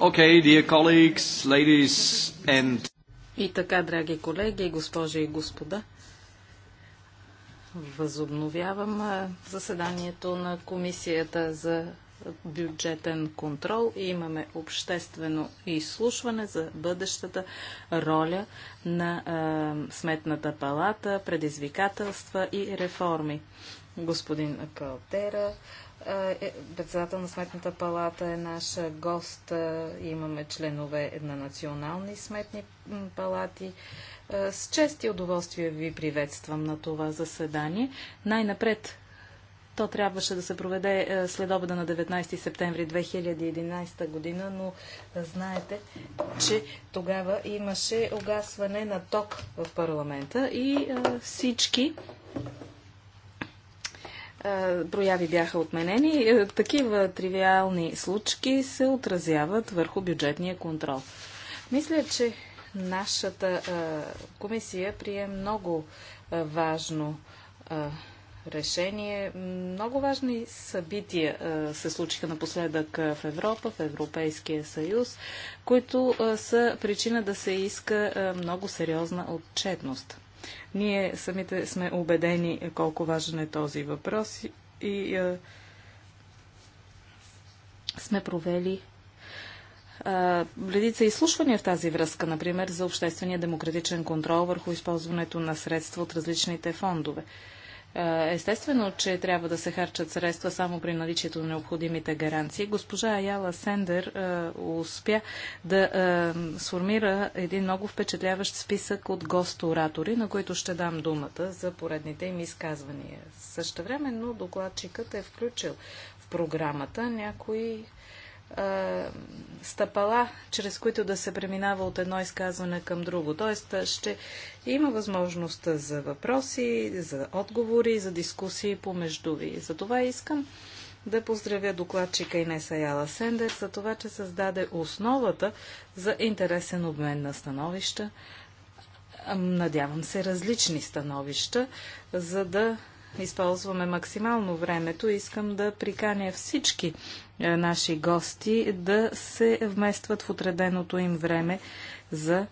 Okay, dear colleagues, ladies and... И така, драги колеги, госпожи и господа, възобновявам заседанието на Комисията за бюджетен контрол и имаме обществено изслушване за бъдещата роля на а, Сметната палата, предизвикателства и реформи. Господин Калтера, е, е, председател на Сметната палата е наш гост. Е, имаме членове на национални сметни палати. С чест и удоволствие ви приветствам на това заседание. Най-напред то трябваше да се проведе след обеда на 19 септември 2011 година, но знаете, че тогава имаше огасване на ток в парламента и всички прояви бяха отменени. Е, такива тривиални случки се отразяват върху бюджетния контрол. Мисля, че нашата комисия прие много важно решение. Много важни събития се случиха напоследък в Европа, в Европейския съюз, които са причина да се иска много сериозна отчетност. Ние самите сме убедени колко важен е този въпрос и а, е, сме провели е, редица изслушвания в тази връзка, например за обществения демократичен контрол върху използването на средства от различните фондове. Е, естествено, че трябва да се харчат средства само при наличието на необходимите гаранции. Госпожа Аяла Сендер е, успя да е, сформира един много впечатляващ списък от гост-оратори, на които ще дам думата за поредните им изказвания. Същевременно докладчикът е включил в програмата някои е, стъпала, чрез които да се преминава от едно изказване към друго. Тоест е, ще има възможност за въпроси, за отговори, за дискусии помежду ви. За това искам да поздравя докладчика Инеса Яла Сендер за това, че създаде основата за интересен обмен на становища. Надявам се различни становища, за да използваме максимално времето. Искам да приканя всички е, наши гости да се вместват в отреденото им време за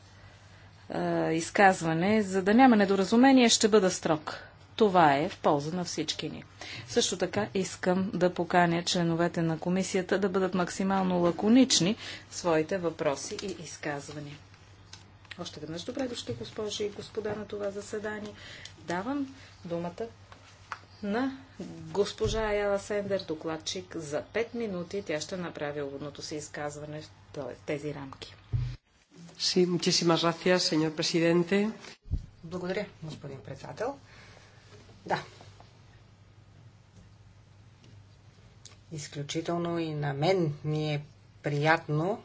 е, изказване. За да няма недоразумение, ще бъда строг. Това е в полза на всички ни. Също така искам да поканя членовете на комисията да бъдат максимално лаконични в своите въпроси и изказвания. Още веднъж добре дошли, госпожи и господа, на това заседание. Давам думата на госпожа Аяла Сендер, докладчик, за 5 минути. Тя ще направи уводното си изказване в тези рамки. Sí, muchísimas gracias, señor presidente. Благодаря, господин председател. Да. Изключително и на мен ми е приятно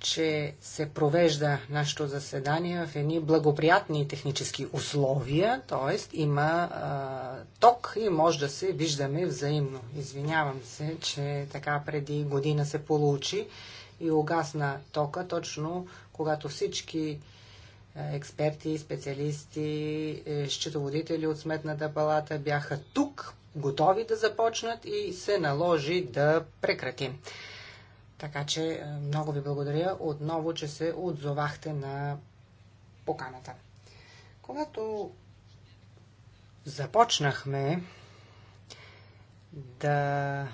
че се провежда нашето заседание в едни благоприятни технически условия, т.е. има а, ток и може да се виждаме взаимно. Извинявам се, че така преди година се получи и угасна тока, точно когато всички експерти, специалисти, е, счетоводители от Сметната палата бяха тук, готови да започнат и се наложи да прекратим. Така че е, много ви благодаря отново, че се отзовахте на поканата. Когато започнахме да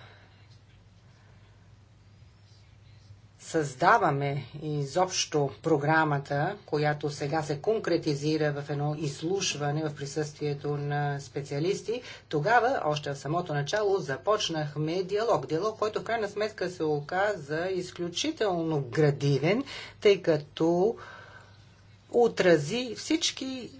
създаваме изобщо програмата, която сега се конкретизира в едно изслушване в присъствието на специалисти, тогава, още в самото начало, започнахме диалог. Диалог, който в крайна сметка се оказа изключително градивен, тъй като отрази всички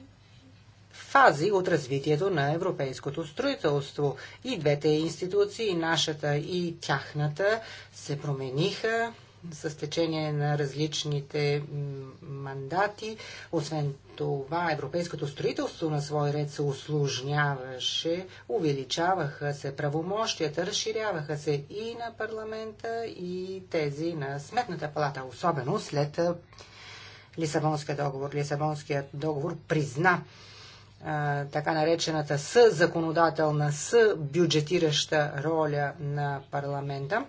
фази от развитието на европейското строителство. И двете институции, нашата и тяхната, се промениха, с течение на различните мандати. Освен това, европейското строителство на свой ред се осложняваше, увеличаваха се правомощията, разширяваха се и на парламента, и тези на Сметната палата, особено след Лисабонския договор. Лисабонският договор призна така наречената съзаконодателна, бюджетираща роля на парламента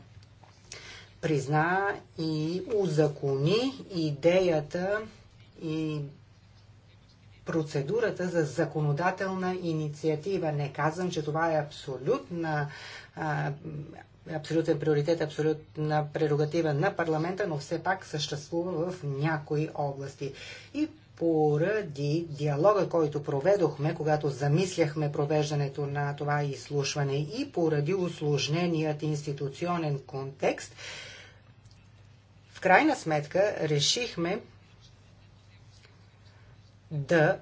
призна и узакони идеята и процедурата за законодателна инициатива. Не казвам, че това е абсолютна а, абсолютен приоритет, абсолютна прерогатива на парламента, но все пак съществува в някои области. И поради диалога, който проведохме, когато замисляхме провеждането на това изслушване и поради усложненият институционен контекст, крайна сметка решихме да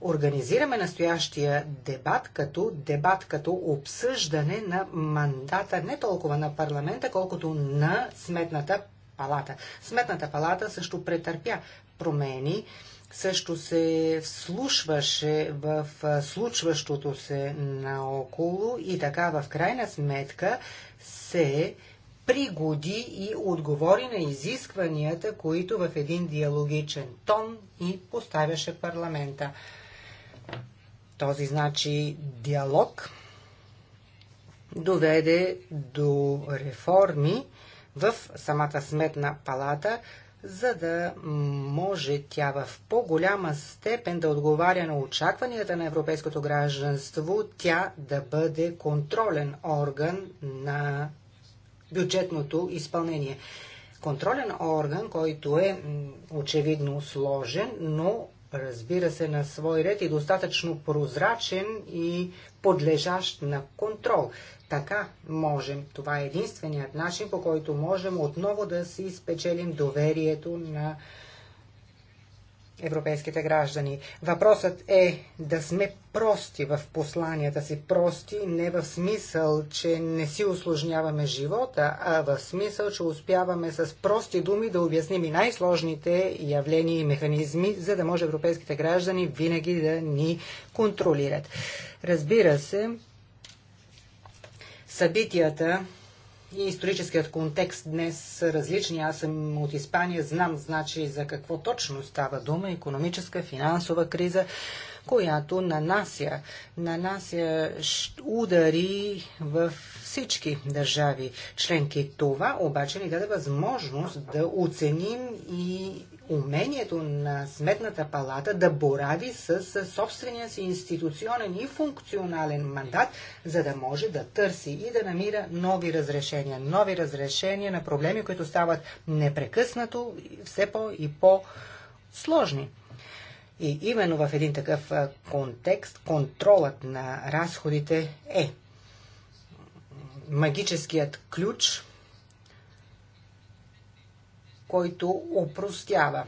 организираме настоящия дебат като дебат, като обсъждане на мандата не толкова на парламента, колкото на Сметната палата. Сметната палата също претърпя промени, също се вслушваше в случващото се наоколо и така в крайна сметка се пригоди и отговори на изискванията, които в един диалогичен тон и поставяше парламента. Този значи диалог доведе до реформи в самата сметна палата, за да може тя в по-голяма степен да отговаря на очакванията на европейското гражданство, тя да бъде контролен орган на бюджетното изпълнение. Контролен орган, който е очевидно сложен, но разбира се на свой ред и достатъчно прозрачен и подлежащ на контрол. Така можем, това е единственият начин, по който можем отново да си спечелим доверието на европейските граждани. Въпросът е да сме прости в посланията си. Прости не в смисъл, че не си осложняваме живота, а в смисъл, че успяваме с прости думи да обясним и най-сложните явления и механизми, за да може европейските граждани винаги да ни контролират. Разбира се, събитията, и историческият контекст днес са различни. Аз съм от Испания, знам значи за какво точно става дума. Економическа, финансова криза която нанася, нанася удари в всички държави членки. Това обаче ни даде възможност да оценим и умението на Сметната палата да борави с собствения си институционен и функционален мандат, за да може да търси и да намира нови разрешения. Нови разрешения на проблеми, които стават непрекъснато все по и по-сложни. И именно в един такъв контекст контролът на разходите е магическият ключ, който упростява.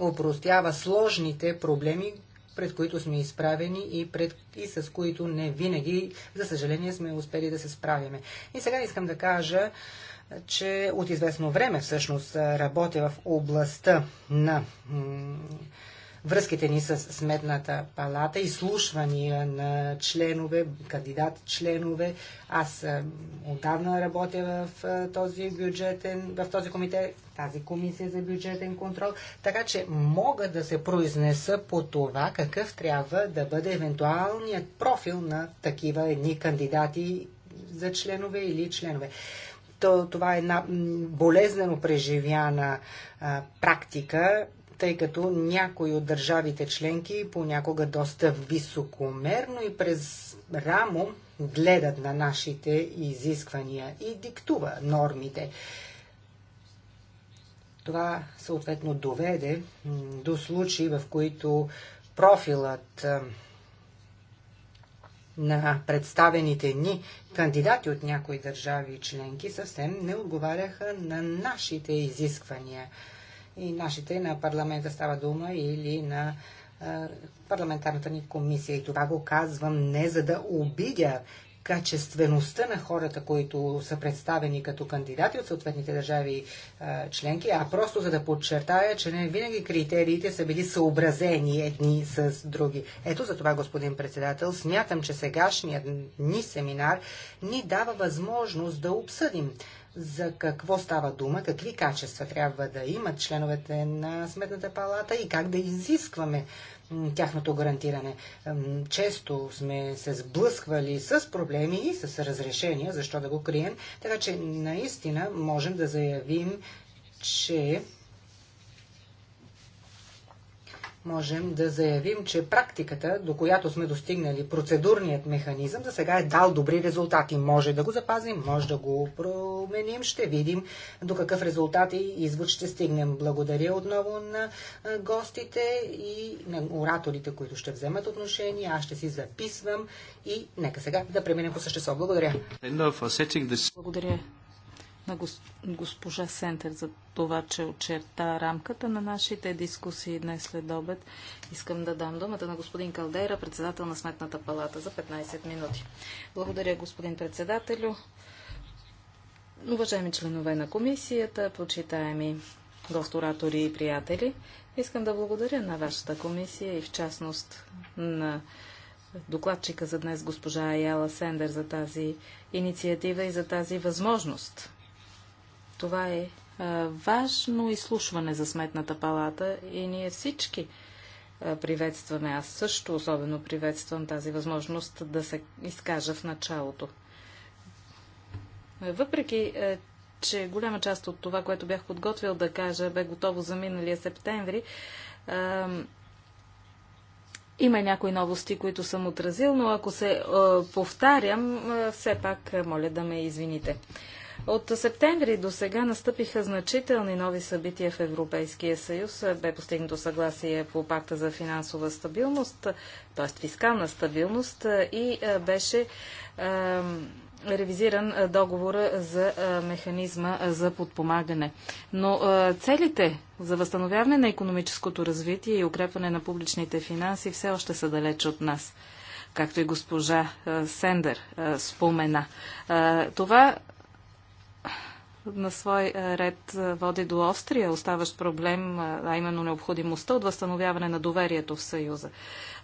Упростява сложните проблеми, пред които сме изправени и, пред, и с които не винаги, за съжаление, сме успели да се справиме. И сега искам да кажа че от известно време всъщност работя в областта на връзките ни с Сметната палата, изслушвания на членове, кандидат-членове. Аз е, отдавна работя в е, този бюджетен, в този комитет, тази комисия за бюджетен контрол, така че мога да се произнеса по това какъв трябва да бъде евентуалният профил на такива едни кандидати за членове или членове то, това е една болезнено преживяна а, практика, тъй като някои от държавите членки понякога доста високомерно и през рамо гледат на нашите изисквания и диктува нормите. Това съответно доведе до случаи, в които профилът на представените ни кандидати от някои държави и членки съвсем не отговаряха на нашите изисквания. И нашите на парламента става дума или на парламентарната ни комисия. И това го казвам не за да обидя качествеността на хората, които са представени като кандидати от съответните държави а, е, членки, а просто за да подчертая, че не винаги критериите са били съобразени едни с други. Ето за това, господин председател, смятам, че сегашният ни семинар ни дава възможност да обсъдим за какво става дума, какви качества трябва да имат членовете на Сметната палата и как да изискваме тяхното гарантиране. Често сме се сблъсквали с проблеми и с разрешения, защо да го крием, така че наистина можем да заявим, че можем да заявим, че практиката, до която сме достигнали, процедурният механизъм, за сега е дал добри резултати. Може да го запазим, може да го променим, ще видим до какъв резултат и извод ще стигнем. Благодаря отново на гостите и на ораторите, които ще вземат отношение. Аз ще си записвам и нека сега да преминем по същество. Благодаря. Благодаря на госпожа Сентер за това, че очерта рамката на нашите дискусии днес след обед. Искам да дам думата на господин Калдейра, председател на Сметната палата, за 15 минути. Благодаря, господин председателю. Уважаеми членове на комисията, почитаеми госторатори и приятели, искам да благодаря на вашата комисия и в частност на докладчика за днес госпожа Аяла Сендер за тази инициатива и за тази възможност това е важно изслушване за Сметната палата и ние всички приветстваме. Аз също особено приветствам тази възможност да се изкажа в началото. Въпреки, че голяма част от това, което бях подготвил да кажа, бе готово за миналия септември, има някои новости, които съм отразил, но ако се повтарям, все пак моля да ме извините. От септември до сега настъпиха значителни нови събития в Европейския съюз. Бе постигнато съгласие по пакта за финансова стабилност, т.е. фискална стабилност и беше ревизиран договора за механизма за подпомагане. Но целите за възстановяване на економическото развитие и укрепване на публичните финанси все още са далеч от нас както и госпожа Сендер спомена. Това на свой е, ред е, води до острия оставащ проблем, е, а именно необходимостта от възстановяване на доверието в Съюза.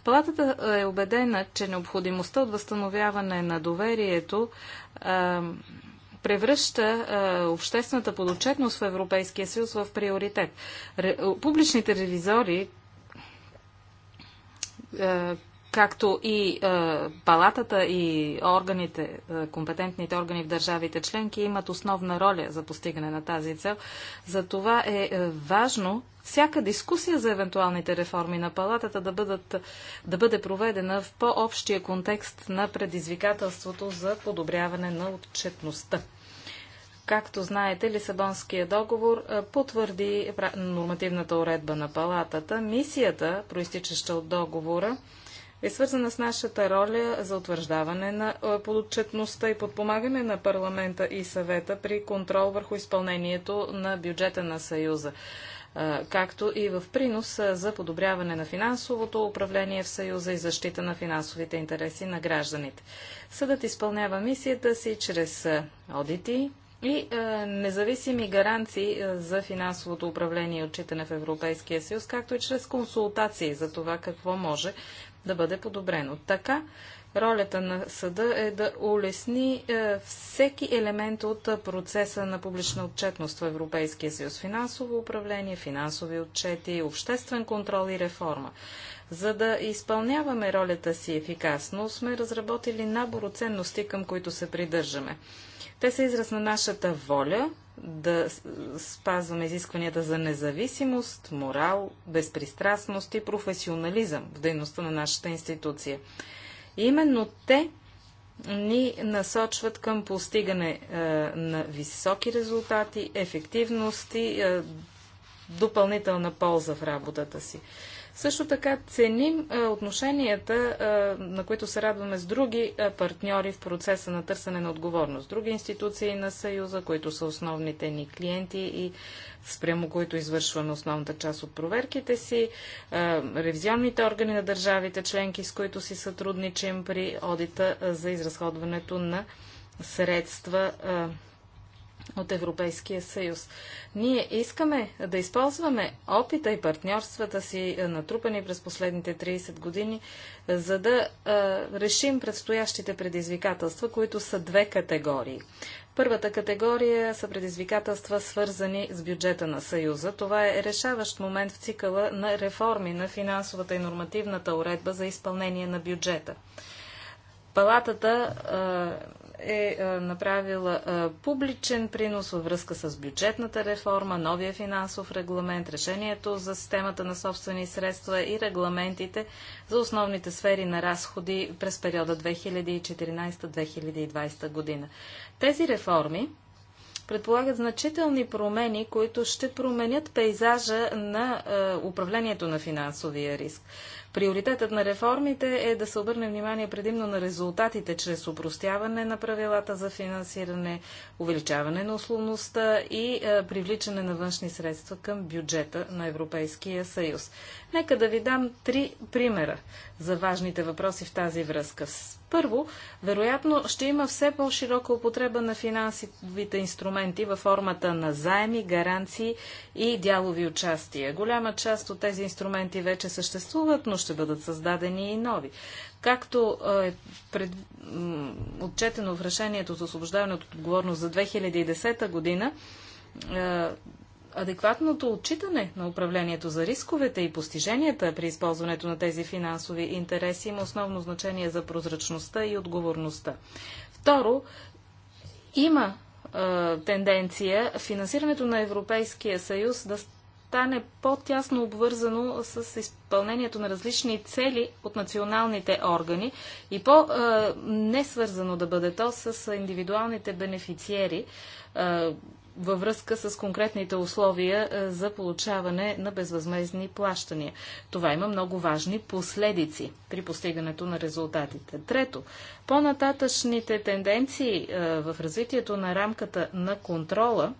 Палатата е убедена, че необходимостта от възстановяване на доверието превръща а, обществената подотчетност в Европейския съюз в приоритет. Ре, публичните ревизори, както и е, палатата и органите, е, компетентните органи в държавите членки имат основна роля за постигане на тази цел. Затова е, е важно всяка дискусия за евентуалните реформи на палатата да, бъдат, да бъде проведена в по-общия контекст на предизвикателството за подобряване на отчетността. Както знаете, Лисабонския договор е, потвърди нормативната уредба на палатата. Мисията, проистичаща от договора, е свързана с нашата роля за утвърждаване на е, подотчетността и подпомагане на парламента и съвета при контрол върху изпълнението на бюджета на Съюза е, както и в принос е, за подобряване на финансовото управление в Съюза и защита на финансовите интереси на гражданите. Съдът изпълнява мисията си чрез одити и независими гаранции за финансовото управление и отчитане в Европейския съюз, както и чрез консултации за това какво може да бъде подобрено. Така, ролята на съда е да улесни е, всеки елемент от е, процеса на публична отчетност в Европейския съюз. Финансово управление, финансови отчети, обществен контрол и реформа. За да изпълняваме ролята си ефикасно, сме разработили набор от ценности, към които се придържаме. Те са израз на нашата воля да спазваме изискванията за независимост, морал, безпристрастност и професионализъм в дейността на нашата институция. И именно те ни насочват към постигане е, на високи резултати, ефективност и е, допълнителна полза в работата си. Също така ценим отношенията, на които се радваме с други партньори в процеса на търсене на отговорност. Други институции на Съюза, които са основните ни клиенти и спрямо които извършваме основната част от проверките си, ревизионните органи на държавите членки, с които си сътрудничим при одита за изразходването на средства от Европейския съюз. Ние искаме да използваме опита и партньорствата си, е, натрупани през последните 30 години, е, за да е, решим предстоящите предизвикателства, които са две категории. Първата категория са предизвикателства, свързани с бюджета на Съюза. Това е решаващ момент в цикъла на реформи на финансовата и нормативната уредба за изпълнение на бюджета. Палатата е, е направила е, публичен принос във връзка с бюджетната реформа, новия финансов регламент, решението за системата на собствени средства и регламентите за основните сфери на разходи през периода 2014-2020 година. Тези реформи предполагат значителни промени, които ще променят пейзажа на е, управлението на финансовия риск. Приоритетът на реформите е да се обърне внимание предимно на резултатите чрез упростяване на правилата за финансиране, увеличаване на условността и е, привличане на външни средства към бюджета на Европейския съюз. Нека да ви дам три примера за важните въпроси в тази връзка. Първо, вероятно ще има все по-широка употреба на финансовите инструменти във формата на заеми, гаранции и дялови участия. Голяма част от тези инструменти вече съществуват, но ще бъдат създадени и нови. Както е пред, отчетено в решението за освобождаването от отговорност за 2010 година, е, адекватното отчитане на управлението за рисковете и постиженията при използването на тези финансови интереси има основно значение за прозрачността и отговорността. Второ, има е, тенденция финансирането на Европейския съюз да стане по-тясно обвързано с изпълнението на различни цели от националните органи и по-несвързано да бъде то с индивидуалните бенефициери, във връзка с конкретните условия е, за получаване на безвъзмезни плащания. Това има много важни последици при постигането на резултатите. Трето, по-нататъчните тенденции е, в развитието на рамката на контрола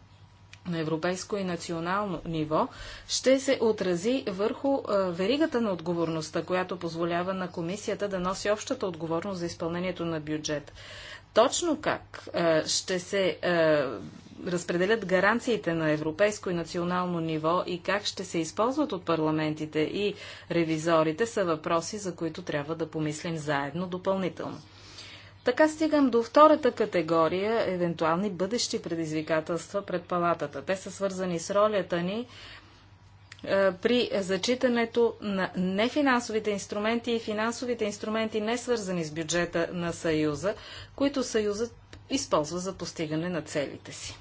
на европейско и национално ниво ще се отрази върху е, веригата на отговорността, която позволява на комисията да носи общата отговорност за изпълнението на бюджет. Точно как ще се разпределят гаранциите на европейско и национално ниво и как ще се използват от парламентите и ревизорите са въпроси, за които трябва да помислим заедно допълнително. Така стигам до втората категория евентуални бъдещи предизвикателства пред палатата. Те са свързани с ролята ни е, при зачитането на нефинансовите инструменти и финансовите инструменти, не свързани с бюджета на Съюза, които Съюзът използва за постигане на целите си.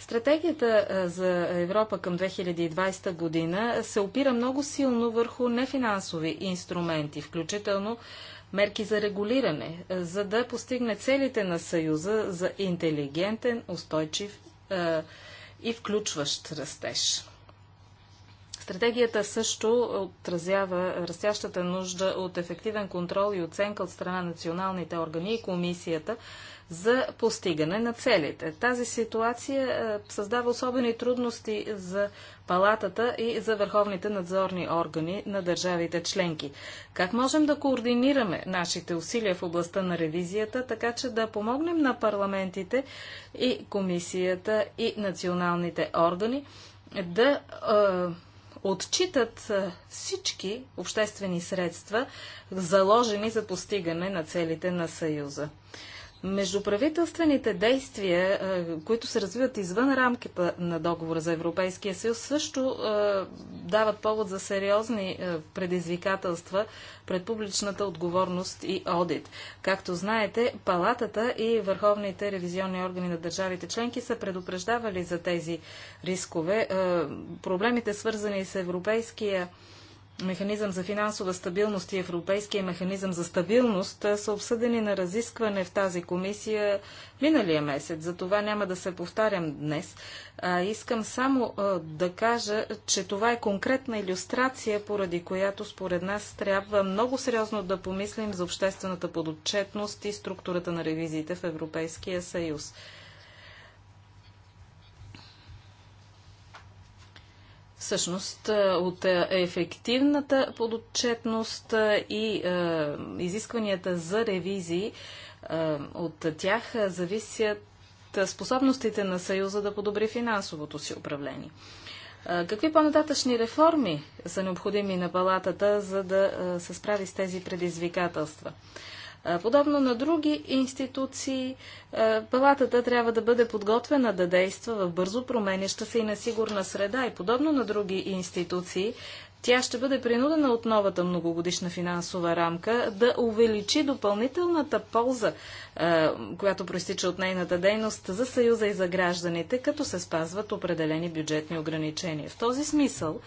Стратегията за Европа към 2020 година се опира много силно върху нефинансови инструменти, включително мерки за регулиране, за да постигне целите на Съюза за интелигентен, устойчив и включващ растеж. Стратегията също отразява растящата нужда от ефективен контрол и оценка от страна националните органи и комисията за постигане на целите. Тази ситуация е, създава особени трудности за палатата и за върховните надзорни органи на държавите членки. Как можем да координираме нашите усилия в областта на ревизията, така че да помогнем на парламентите и комисията и националните органи да е, отчитат е, всички обществени средства, заложени за постигане на целите на Съюза. Междуправителствените действия, които се развиват извън рамките на договора за Европейския съюз, също дават повод за сериозни предизвикателства пред публичната отговорност и одит. Както знаете, палатата и върховните ревизионни органи на държавите членки са предупреждавали за тези рискове. Проблемите, свързани с Европейския съюз, механизъм за финансова стабилност и Европейския механизъм за стабилност са обсъдени на разискване в тази комисия миналия месец. За това няма да се повтарям днес. А, искам само а, да кажа, че това е конкретна иллюстрация, поради която според нас трябва много сериозно да помислим за обществената подотчетност и структурата на ревизиите в Европейския съюз. всъщност е, от е, ефективната подотчетност е, и е, изискванията за ревизии, е, от тях зависят способностите на Съюза да подобри финансовото си управление. Е, какви по-нататъчни реформи са необходими на палатата, за да се справи с тези предизвикателства? Подобно на други институции, палатата трябва да бъде подготвена да действа в бързо променяща се и несигурна среда. И подобно на други институции, тя ще бъде принудена от новата многогодишна финансова рамка да увеличи допълнителната полза, която проистича от нейната дейност за Съюза и за гражданите, като се спазват определени бюджетни ограничения. В този смисъл,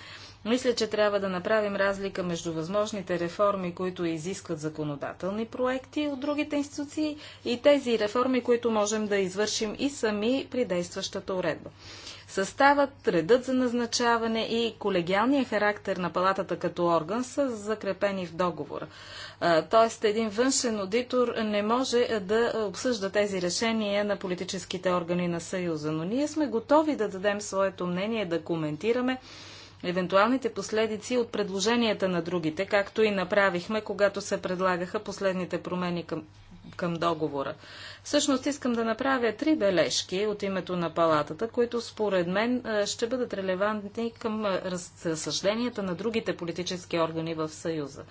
мисля, че трябва да направим разлика между възможните реформи, които изискват законодателни проекти от другите институции и тези реформи, които можем да извършим и сами при действащата уредба. Съставът, редът за назначаване и колегиалния характер на палатата като орган са закрепени в договора. Тоест, един външен аудитор не може да обсъжда тези решения на политическите органи на Съюза. Но ние сме готови да дадем своето мнение, да коментираме евентуалните последици от предложенията на другите, както и направихме, когато се предлагаха последните промени към, към договора. Всъщност искам да направя три бележки от името на палатата, които според мен е, ще бъдат релевантни към е, разсъжденията на другите политически органи в Съюза.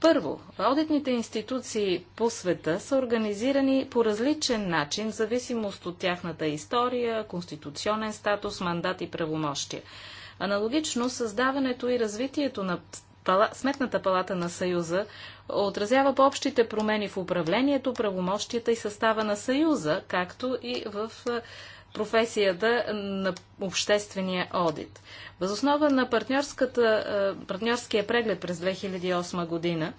Първо, аудитните институции по света са организирани по различен начин, в зависимост от тяхната история, конституционен статус, мандат и правомощия. Аналогично, създаването и развитието на Сметната палата на Съюза отразява по-общите промени в управлението, правомощията и състава на Съюза, както и в професията на обществения одит. Възоснова на партньорския преглед през 2008 година,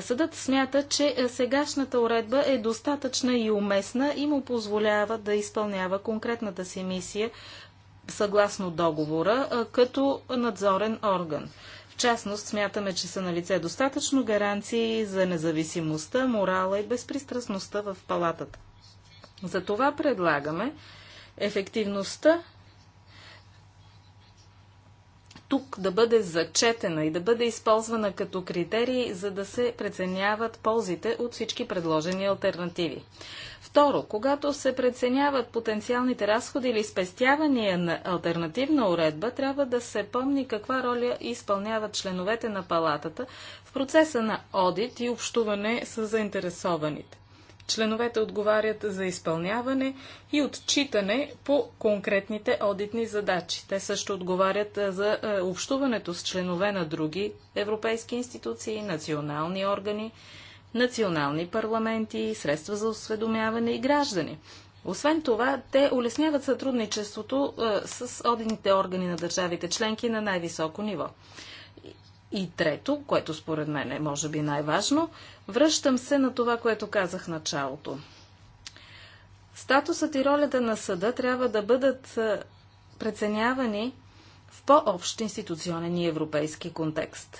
съдът смята, че сегашната уредба е достатъчна и уместна и му позволява да изпълнява конкретната си мисия съгласно договора като надзорен орган. В частност, смятаме, че са на лице достатъчно гаранции за независимостта, морала и безпристрастността в палатата. Затова предлагаме ефективността тук да бъде зачетена и да бъде използвана като критерий, за да се преценяват ползите от всички предложени альтернативи. Второ, когато се преценяват потенциалните разходи или спестявания на альтернативна уредба, трябва да се помни каква роля изпълняват членовете на палатата в процеса на одит и общуване с заинтересованите. Членовете отговарят за изпълняване и отчитане по конкретните одитни задачи. Те също отговарят е, за е, общуването с членове на други европейски институции, национални органи, национални парламенти, средства за осведомяване и граждани. Освен това, те улесняват сътрудничеството е, с одитните органи на държавите членки на най-високо ниво. И трето, което според мен е може би най-важно, връщам се на това, което казах началото. Статусът и ролята на съда трябва да бъдат преценявани в по-общ институционен и европейски контекст.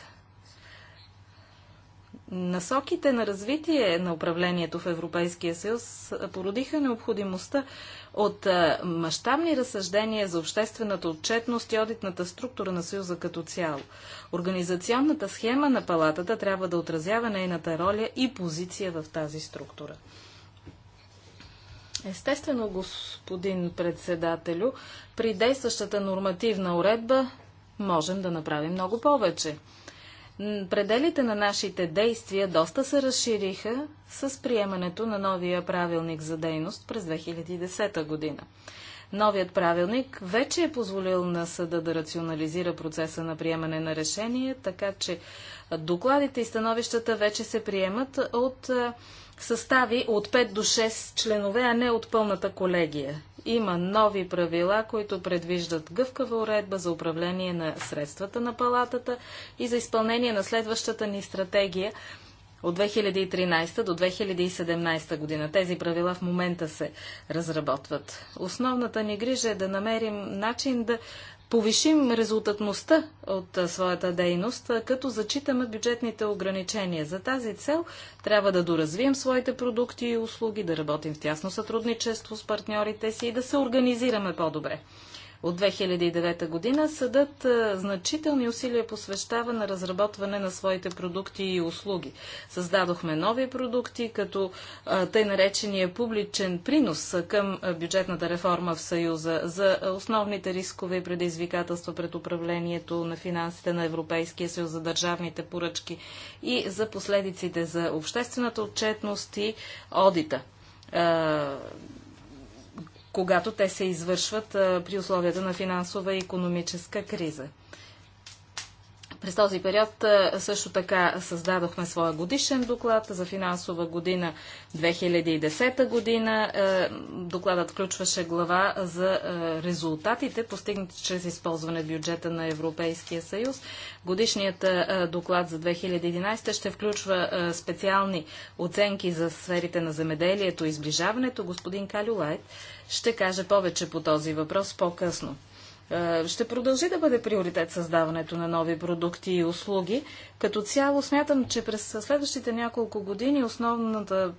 Насоките на развитие на управлението в Европейския съюз породиха необходимостта от е, мащабни разсъждения за обществената отчетност и одитната структура на Съюза като цяло. Организационната схема на палатата трябва да отразява нейната роля и позиция в тази структура. Естествено, господин председателю, при действащата нормативна уредба можем да направим много повече. Пределите на нашите действия доста се разшириха с приемането на новия правилник за дейност през 2010 година. Новият правилник вече е позволил на съда да рационализира процеса на приемане на решение, така че докладите и становищата вече се приемат от състави от 5 до 6 членове, а не от пълната колегия. Има нови правила, които предвиждат гъвкава уредба за управление на средствата на палатата и за изпълнение на следващата ни стратегия от 2013 до 2017 година. Тези правила в момента се разработват. Основната ни грижа е да намерим начин да повишим резултатността от своята дейност, като зачитаме бюджетните ограничения. За тази цел трябва да доразвием своите продукти и услуги, да работим в тясно сътрудничество с партньорите си и да се организираме по-добре от 2009 година съдът е, значителни усилия посвещава на разработване на своите продукти и услуги. Създадохме нови продукти, като е, тъй наречения публичен принос към е, бюджетната реформа в Съюза за основните рискове и предизвикателства пред управлението на финансите на Европейския съюз за държавните поръчки и за последиците за обществената отчетност и одита когато те се извършват при условията на финансова и економическа криза. През този период също така създадохме своя годишен доклад за финансова година 2010 година. Докладът включваше глава за резултатите, постигнати чрез използване бюджета на Европейския съюз. Годишният доклад за 2011 ще включва специални оценки за сферите на земеделието и сближаването. Господин Калюлайт ще каже повече по този въпрос по-късно. Е, ще продължи да бъде приоритет създаването на нови продукти и услуги. Като цяло смятам, че през следващите няколко години основната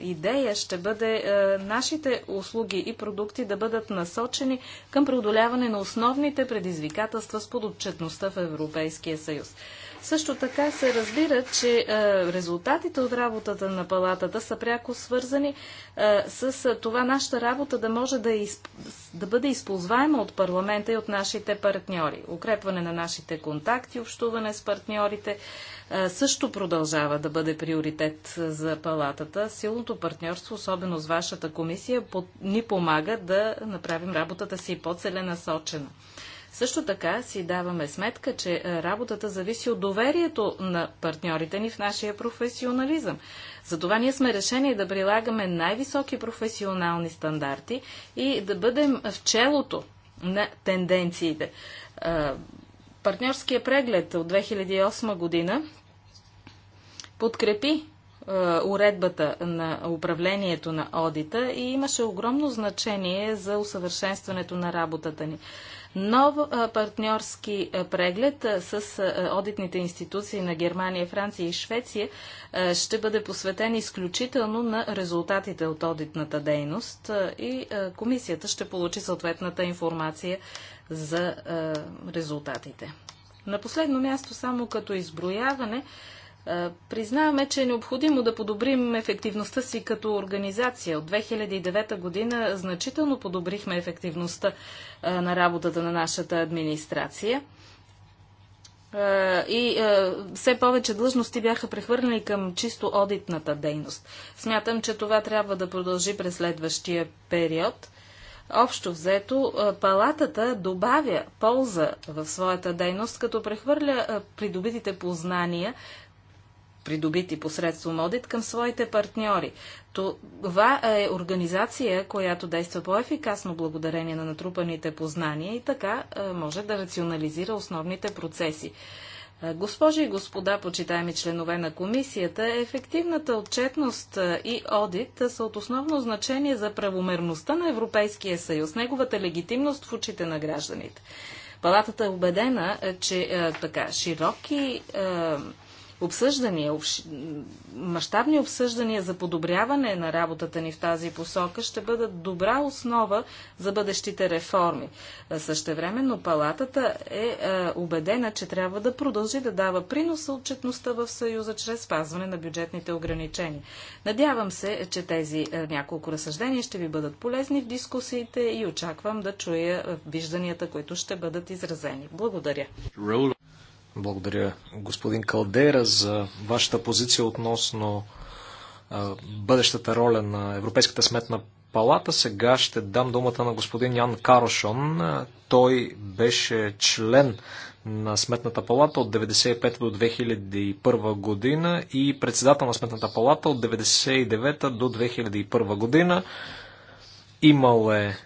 идея ще бъде е, нашите услуги и продукти да бъдат насочени към преодоляване на основните предизвикателства с подотчетността в Европейския съюз. Също така се разбира, че е, резултатите от работата на палатата са пряко свързани е, с е, това нашата работа да може да, изп... да бъде използваема от парламента и от нашите партньори. Укрепване на нашите контакти, общуване с партньорите също продължава да бъде приоритет за палатата. Силното партньорство, особено с вашата комисия, ни помага да направим работата си по-целенасочена. Също така си даваме сметка, че е, работата зависи от доверието на партньорите ни в нашия професионализъм. Затова ние сме решени да прилагаме най-високи професионални стандарти и да бъдем в челото на тенденциите. Е, партньорския преглед от 2008 година подкрепи е, уредбата на управлението на одита и имаше огромно значение за усъвършенстването на работата ни нов партньорски преглед с одитните институции на Германия, Франция и Швеция ще бъде посветен изключително на резултатите от одитната дейност и комисията ще получи съответната информация за резултатите. На последно място, само като изброяване, е, признаваме, че е необходимо да подобрим ефективността си като организация. От 2009 година значително подобрихме ефективността е, на работата на нашата администрация. Е, и все повече длъжности бяха прехвърлени към чисто одитната дейност. Смятам, че това трябва да продължи през следващия период. Общо взето, палатата добавя полза в своята дейност, като прехвърля придобитите познания придобити посредством одит към своите партньори. Това е организация, която действа по-ефикасно благодарение на натрупаните познания и така е, може да рационализира основните процеси. Е, госпожи и господа, почитаеми членове на комисията, ефективната отчетност е, и одит са от основно значение за правомерността на Европейския съюз, неговата легитимност в очите на гражданите. Палатата е убедена, че е, така широки е, обсъждания, общ... мащабни обсъждания за подобряване на работата ни в тази посока ще бъдат добра основа за бъдещите реформи. Същевременно палатата е убедена, че трябва да продължи да дава принос отчетността в Съюза чрез спазване на бюджетните ограничения. Надявам се, че тези няколко разсъждения ще ви бъдат полезни в дискусиите и очаквам да чуя вижданията, които ще бъдат изразени. Благодаря. Благодаря, господин Калдера, за вашата позиция относно бъдещата роля на Европейската сметна палата. Сега ще дам думата на господин Ян Карошон. Той беше член на Сметната палата от 1995 до 2001 година и председател на Сметната палата от 1999 до 2001 година. Имал е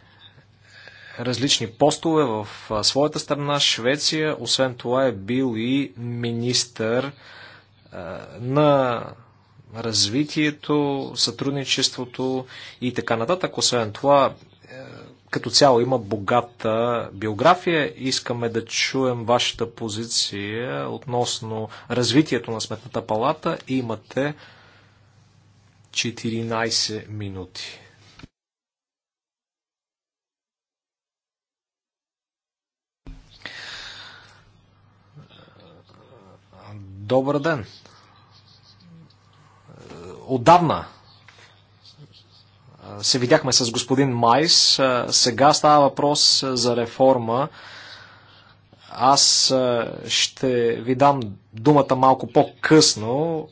различни постове в своята страна, Швеция. Освен това е бил и министър на развитието, сътрудничеството и така нататък. Освен това, е, като цяло има богата биография. Искаме да чуем вашата позиция относно развитието на Сметната палата. Имате 14 минути. Добър ден. Отдавна се видяхме с господин Майс. Сега става въпрос за реформа. Аз ще ви дам думата малко по-късно,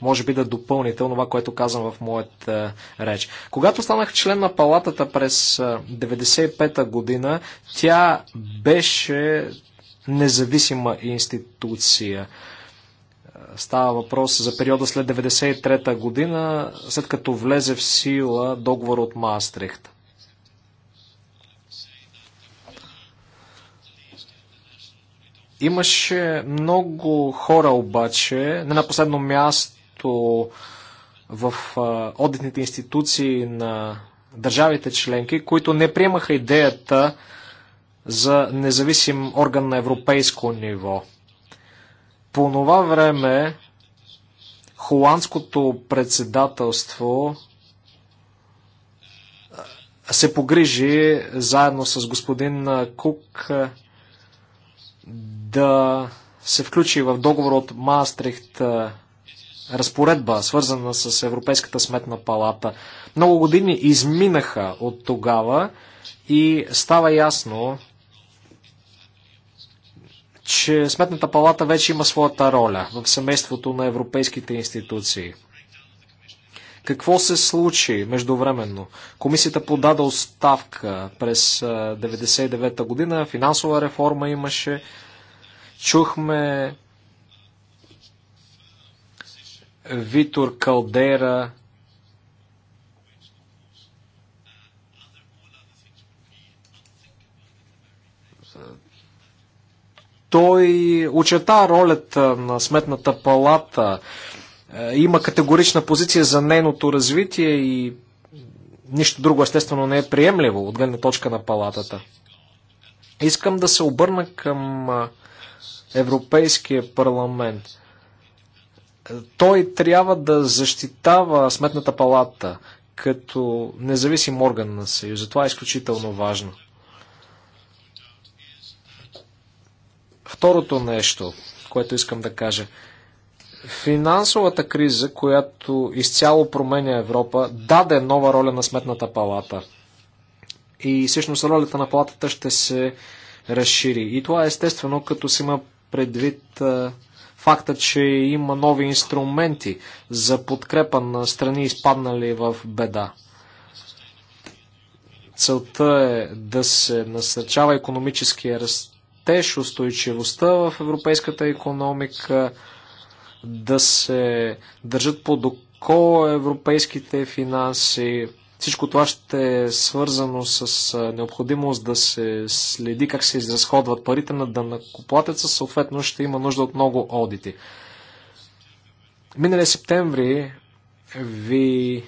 може би да допълните това, което казвам в моята реч. Когато станах член на палатата през 1995 година, тя беше независима институция. Става въпрос за периода след 93-та година, след като влезе в сила договор от Маастрихт. Имаше много хора обаче, не на последно място в одитните институции на държавите членки, които не приемаха идеята за независим орган на европейско ниво. По това време холандското председателство се погрижи заедно с господин Кук да се включи в договор от Маастрихт разпоредба, свързана с Европейската сметна палата. Много години изминаха от тогава и става ясно, че Сметната палата вече има своята роля в семейството на европейските институции. Какво се случи междувременно? Комисията подаде оставка през 1999 година, финансова реформа имаше, чухме Витор Калдера, Той очета ролята на Сметната палата, е, има категорична позиция за нейното развитие и нищо друго естествено не е приемливо от гледна точка на палатата. Искам да се обърна към Европейския парламент. Е, той трябва да защитава Сметната палата като независим орган на Съюза. Това е изключително важно. Второто нещо, което искам да кажа. Финансовата криза, която изцяло променя Европа, даде нова роля на Сметната палата. И всъщност ролята на палатата ще се разшири. И това е естествено, като се има предвид а, факта, че има нови инструменти за подкрепа на страни, изпаднали в беда. Целта е да се насърчава економическия ръст растеж, устойчивостта в европейската економика, да се държат под око европейските финанси. Всичко това ще е свързано с необходимост да се следи как се изразходват парите на данакоплатеца, съответно ще има нужда от много одити. Миналия септември ви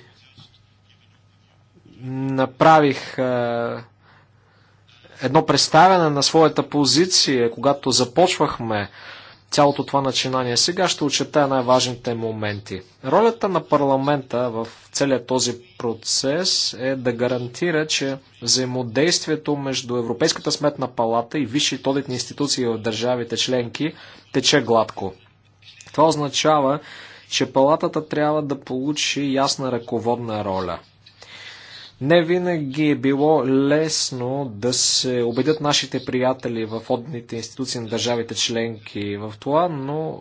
направих едно представяне на своята позиция, когато започвахме цялото това начинание. Сега ще очетая най-важните моменти. Ролята на парламента в целият този процес е да гарантира, че взаимодействието между Европейската сметна палата и висшите одитни институции от държавите членки тече гладко. Това означава, че палатата трябва да получи ясна ръководна роля – не винаги е било лесно да се убедят нашите приятели в одните институции на държавите членки в това, но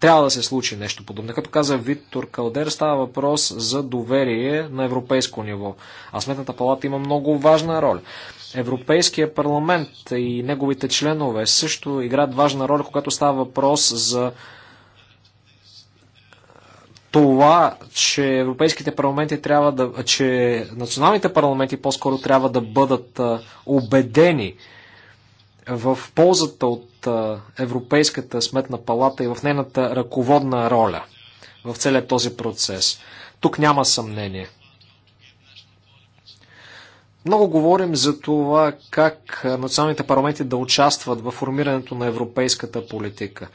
трябва да се случи нещо подобно. Като каза Виктор Калдер, става въпрос за доверие на европейско ниво. А Сметната палата има много важна роля. Европейския парламент и неговите членове също играят важна роля, когато става въпрос за това, че европейските парламенти трябва да, че националните парламенти по-скоро трябва да бъдат убедени в ползата от Европейската сметна палата и в нейната ръководна роля в целият този процес. Тук няма съмнение. Много говорим за това как националните парламенти да участват в формирането на европейската политика.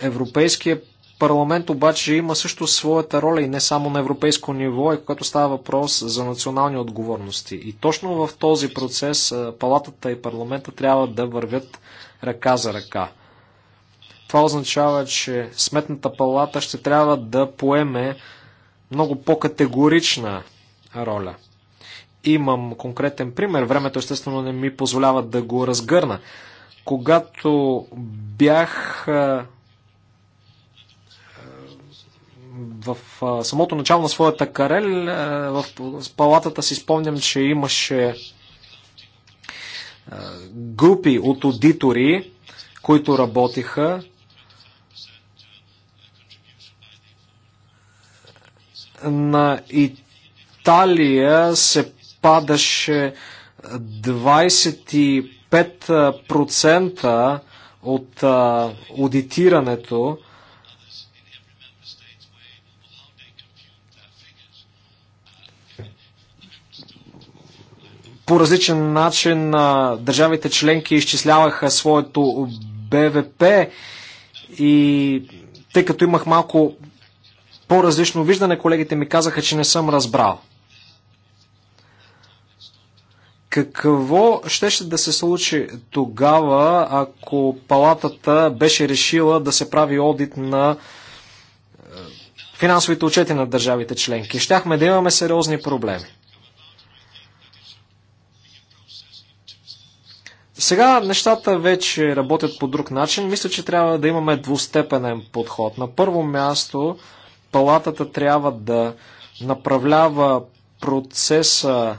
Европейския парламент обаче има също своята роля и не само на европейско ниво, и когато става въпрос за национални отговорности. И точно в този процес палатата и парламента трябва да вървят ръка за ръка. Това означава, че сметната палата ще трябва да поеме много по-категорична роля. Имам конкретен пример. Времето естествено не ми позволява да го разгърна. Когато бях в самото начало на своята карел, в палатата си спомням, че имаше групи от аудитори, които работиха. На Италия се падаше 25% от аудитирането по различен начин държавите членки изчисляваха своето БВП и тъй като имах малко по-различно виждане, колегите ми казаха, че не съм разбрал. Какво ще да се случи тогава, ако палатата беше решила да се прави одит на финансовите отчети на държавите членки? Щяхме да имаме сериозни проблеми. Сега нещата вече работят по друг начин. Мисля, че трябва да имаме двустепенен подход. На първо място, палатата трябва да направлява процеса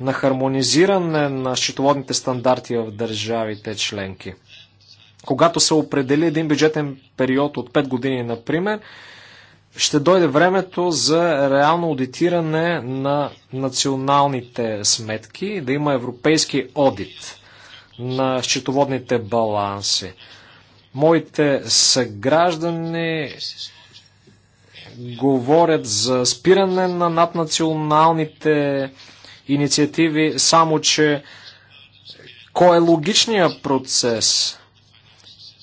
на хармонизиране на счетоводните стандарти в държавите членки. Когато се определи един бюджетен период от 5 години, например, ще дойде времето за реално аудитиране на националните сметки, да има европейски одит на счетоводните баланси. Моите съграждани говорят за спиране на наднационалните инициативи, само че кой е логичният процес?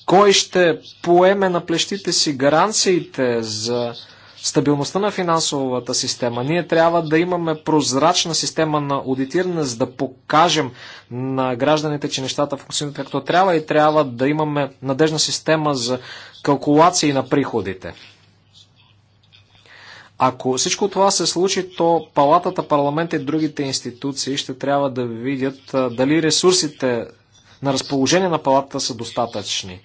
Кой ще поеме на плещите си гаранциите за стабилността на финансовата система. Ние трябва да имаме прозрачна система на аудитиране, за да покажем на гражданите, че нещата функционират както трябва и трябва да имаме надежна система за калкулации на приходите. Ако всичко това се случи, то палатата, парламент и другите институции ще трябва да видят дали ресурсите на разположение на палатата са достатъчни.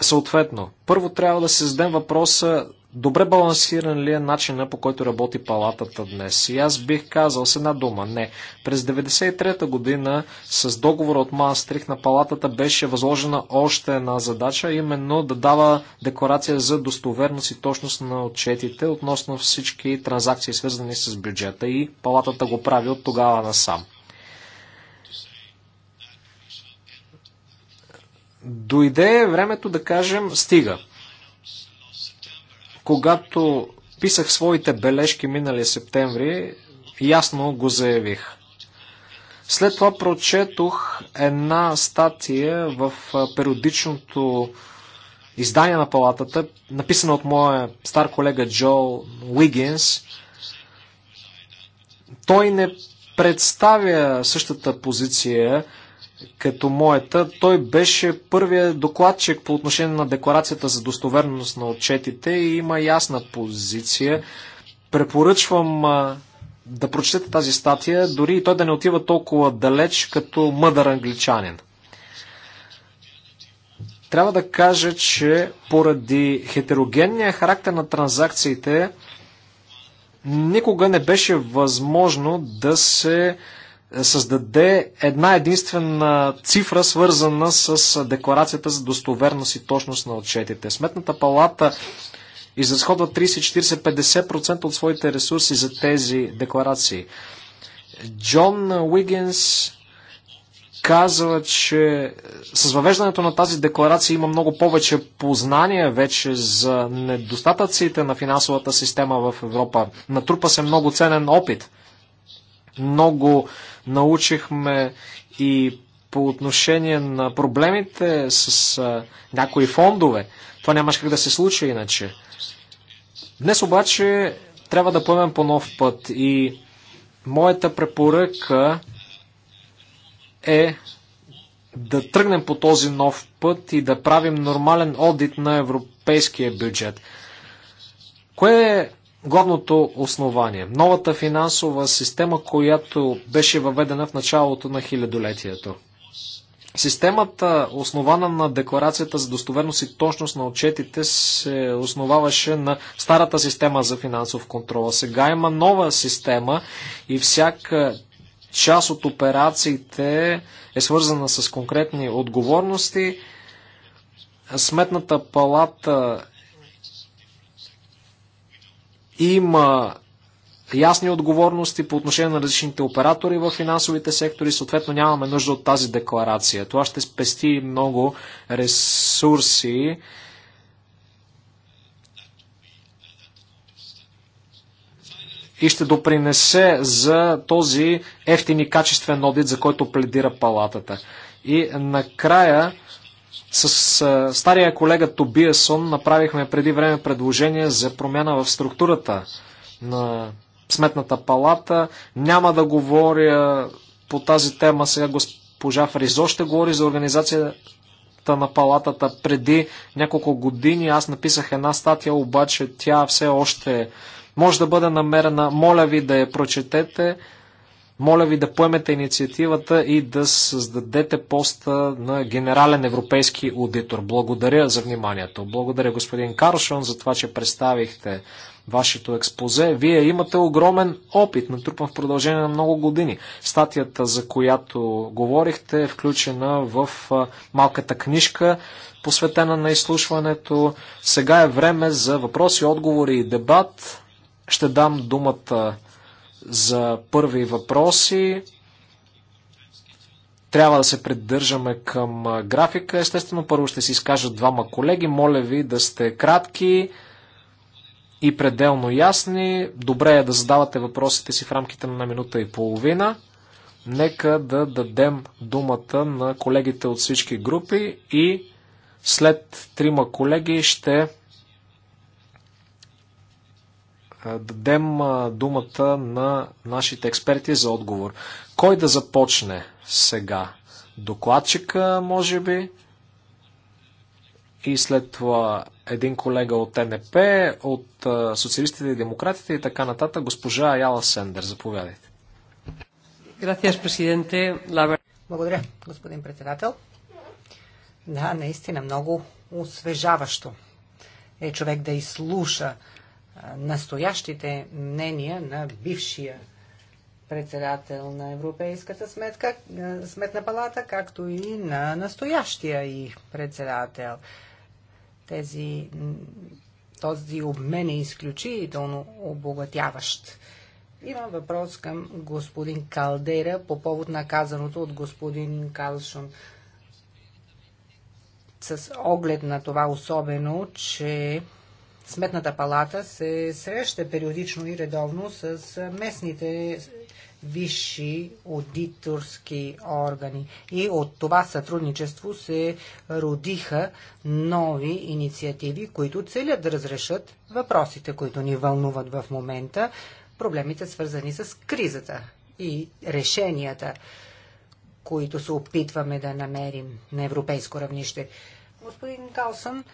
Съответно, първо трябва да се зададем въпроса добре балансиран ли е начина по който работи палатата днес. И аз бих казал с една дума, не. През 1993 година с договор от Маастрих на палатата беше възложена още една задача, именно да дава декларация за достоверност и точност на отчетите относно всички транзакции свързани с бюджета и палатата го прави от тогава насам. дойде времето да кажем стига. Когато писах своите бележки минали септември, ясно го заявих. След това прочетох една статия в периодичното издание на палатата, написана от моя стар колега Джо Уигинс. Той не представя същата позиция, като моята. Той беше първият докладчик по отношение на декларацията за достоверност на отчетите и има ясна позиция. Препоръчвам а, да прочетете тази статия, дори и той да не отива толкова далеч като мъдър англичанин. Трябва да кажа, че поради хетерогенния характер на транзакциите никога не беше възможно да се а, е, създаде една единствена цифра, свързана с е, декларацията за достоверност и точност на отчетите. Сметната палата изразходва 30, 40, 50% от своите ресурси за тези декларации. Джон Уигинс казва, че е, с въвеждането на тази декларация има много повече познания вече за недостатъците на финансовата система в Европа. Натрупа се много ценен опит. Много Научихме и по отношение на проблемите с а, някои фондове. Това нямаше как да се случи иначе. Днес обаче трябва да поемем по нов път и моята препоръка е да тръгнем по този нов път и да правим нормален одит на европейския бюджет. Кое е Главното основание. Новата финансова система, която беше въведена в началото на хилядолетието. Системата, основана на декларацията за достоверност и точност на отчетите, се основаваше на старата система за финансов контрол. Сега има нова система и всяка част от операциите е свързана с конкретни отговорности. Сметната палата има ясни отговорности по отношение на различните оператори в финансовите сектори, съответно нямаме нужда от тази декларация. Това ще спести много ресурси. И ще допринесе за този ефтин и качествен одит, за който пледира палатата. И накрая с а, стария колега Тобиасон направихме преди време предложение за промяна в структурата на Сметната палата. Няма да говоря по тази тема сега госпожа Фризо ще говори за организацията на палатата преди няколко години. Аз написах една статия, обаче тя все още може да бъде намерена. Моля ви да я прочетете. Моля ви да поемете инициативата и да създадете поста на генерален европейски аудитор. Благодаря за вниманието. Благодаря господин Карлшон за това, че представихте вашето експозе. Вие имате огромен опит, натрупан в продължение на много години. Статията, за която говорихте, е включена в малката книжка, посветена на изслушването. Сега е време за въпроси, отговори и дебат. Ще дам думата за първи въпроси. Трябва да се придържаме към графика. Естествено, първо ще си изкажат двама колеги. Моля ви да сте кратки и пределно ясни. Добре е да задавате въпросите си в рамките на минута и половина. Нека да дадем думата на колегите от всички групи и след трима колеги ще дадем думата на нашите експерти за отговор. Кой да започне сега? Докладчика, може би? И след това един колега от НП, от социалистите и демократите и така нататък, госпожа Яла Сендер. Заповядайте. Благодаря, господин председател. Да, наистина много освежаващо е човек да изслуша настоящите мнения на бившия председател на Европейската сметка, сметна палата, както и на настоящия и председател. Тези, този обмен е изключително обогатяващ. Имам въпрос към господин Калдера по повод на казаното от господин Калшон. С оглед на това особено, че Сметната палата се среща периодично и редовно с местните висши аудиторски органи. И от това сътрудничество се родиха нови инициативи, които целят да разрешат въпросите, които ни вълнуват в момента, проблемите свързани с кризата и решенията, които се опитваме да намерим на европейско равнище. Господин Калсън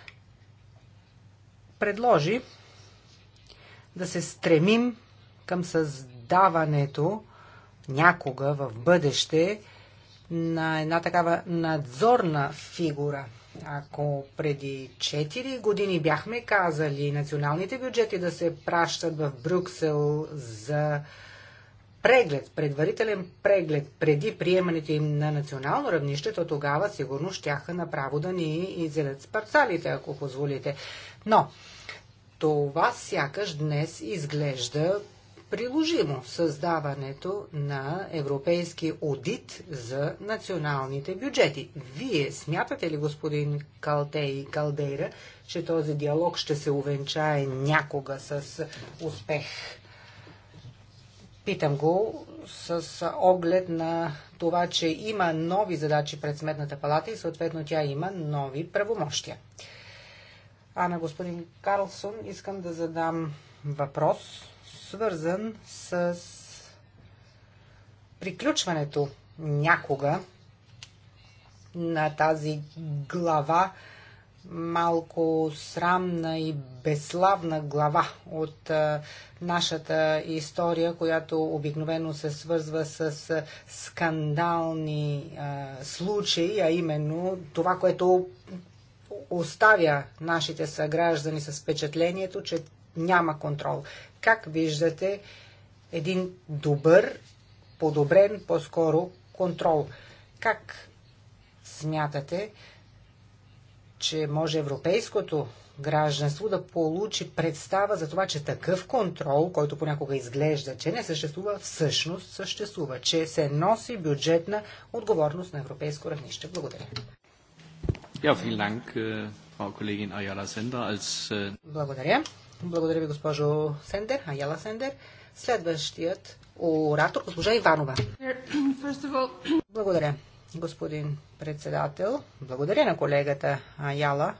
предложи да се стремим към създаването някога в бъдеще на една такава надзорна фигура. Ако преди 4 години бяхме казали националните бюджети да се пращат в Брюксел за преглед, предварителен преглед преди приемането им на национално равнище, то тогава сигурно щяха направо да ни изелят с парцалите, ако позволите. Но това сякаш днес изглежда приложимо създаването на европейски одит за националните бюджети. Вие смятате ли, господин Калтей Калдейра, че този диалог ще се увенчае някога с успех? Питам го с оглед на това, че има нови задачи пред Сметната палата и съответно тя има нови правомощия. А на господин Карлсон искам да задам въпрос, свързан с приключването някога на тази глава, малко срамна и безславна глава от нашата история, която обикновено се свързва с скандални случаи, а именно това, което оставя нашите съграждани с впечатлението, че няма контрол. Как виждате един добър, подобрен по-скоро контрол? Как смятате, че може европейското гражданство да получи представа за това, че такъв контрол, който понякога изглежда, че не съществува, всъщност съществува, че се носи бюджетна отговорност на европейско равнище. Благодаря. Ja, vielen Dank, äh, Frau Kollegin Ayala Sender. Als... Äh, Благодаря. Благодаря ви, госпожо Сендер, Аяла Сендер. Следващият оратор, госпожа Иванова. Благодаря, господин председател. Благодаря на колегата Аяла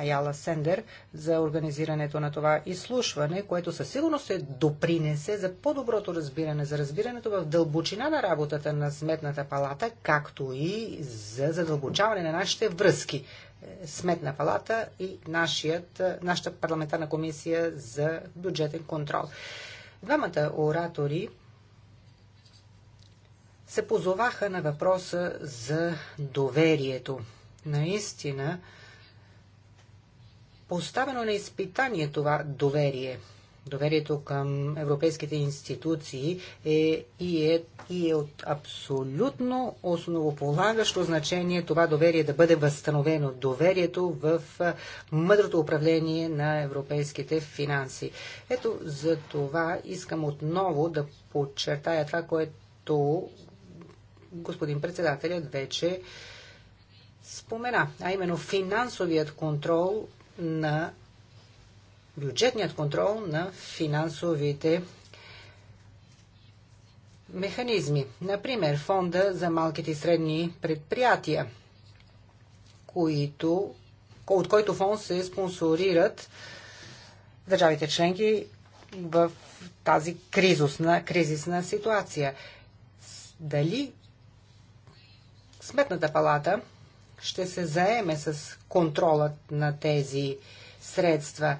Аяла Сендер за организирането на това изслушване, което със сигурност се допринесе за по-доброто разбиране, за разбирането в дълбочина на работата на Сметната палата, както и за задълбочаване на нашите връзки. Сметна палата и нашият, нашата парламентарна комисия за бюджетен контрол. Двамата оратори се позоваха на въпроса за доверието. Наистина, поставено на изпитание това доверие. Доверието към европейските институции е и, е и е от абсолютно основополагащо значение това доверие да бъде възстановено. Доверието в мъдрото управление на европейските финанси. Ето за това искам отново да подчертая това, което господин председателят вече спомена, а именно финансовият контрол на бюджетният контрол на финансовите механизми. Например, фонда за малките и средни предприятия, които, от който фонд се спонсорират държавите членки в тази кризисна, кризисна ситуация. Дали Сметната палата ще се заеме с контролът на тези средства.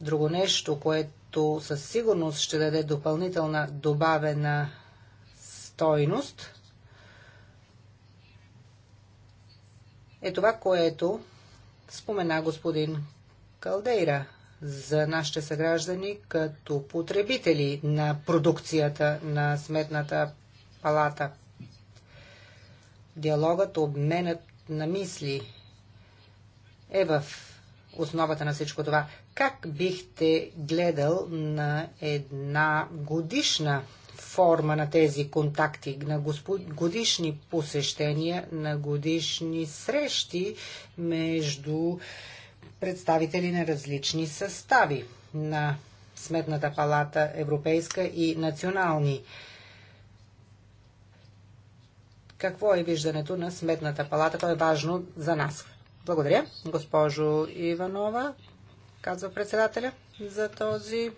Друго нещо, което със сигурност ще даде допълнителна добавена стойност, е това, което спомена господин Калдейра за нашите съграждани като потребители на продукцията на Сметната палата – диалогът, обменът на мисли е в основата на всичко това. Как бихте гледал на една годишна форма на тези контакти, на годишни посещения, на годишни срещи между представители на различни състави на Сметната палата, европейска и национални? Какво е виждането на Сметната палата? То е важно за нас. Благодаря, госпожо Иванова, казва председателя, за този,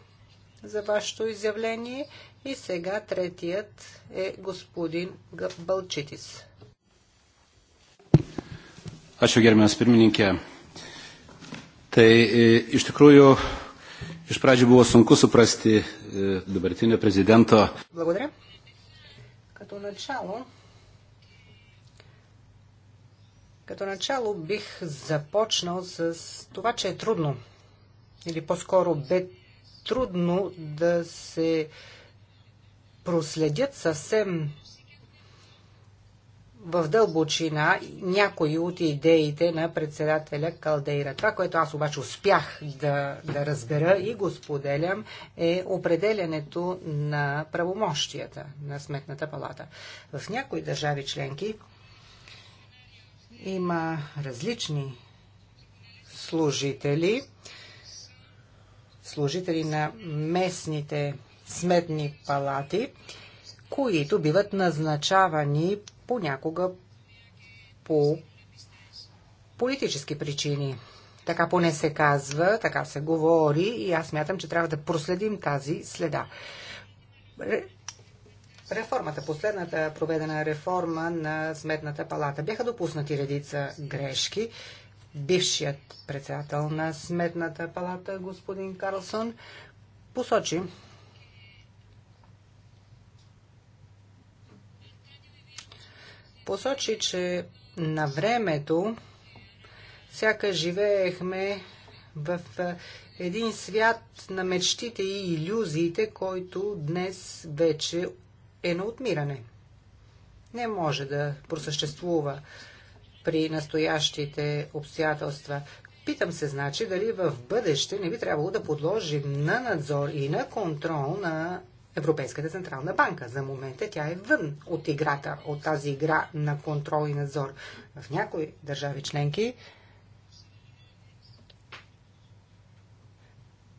за вашето изявление. И сега третият е господин Балчитис. Ačiū gerbiamas pirmininkė. Tai e, iš tikrųjų iš pradžių buvo sunku suprasti e, dabartinio prezidento. Благодаря. Като начало Като начало бих започнал с това, че е трудно, или по-скоро бе трудно да се проследят съвсем в дълбочина някои от идеите на председателя Калдейра. Това, което аз обаче успях да, да разбера и го споделям, е определенето на правомощията на Сметната палата. В някои държави членки има различни служители, служители на местните сметни палати, които биват назначавани понякога по политически причини. Така поне се казва, така се говори и аз мятам, че трябва да проследим тази следа реформата, последната проведена реформа на Сметната палата. Бяха допуснати редица грешки. Бившият председател на Сметната палата, господин Карлсон, посочи, посочи, че на времето всяка живеехме в един свят на мечтите и иллюзиите, който днес вече е на отмиране. Не може да просъществува при настоящите обстоятелства. Питам се, значи, дали в бъдеще не би трябвало да подложим на надзор и на контрол на Европейската Централна банка. За момента тя е вън от играта, от тази игра на контрол и надзор. В някои държави членки,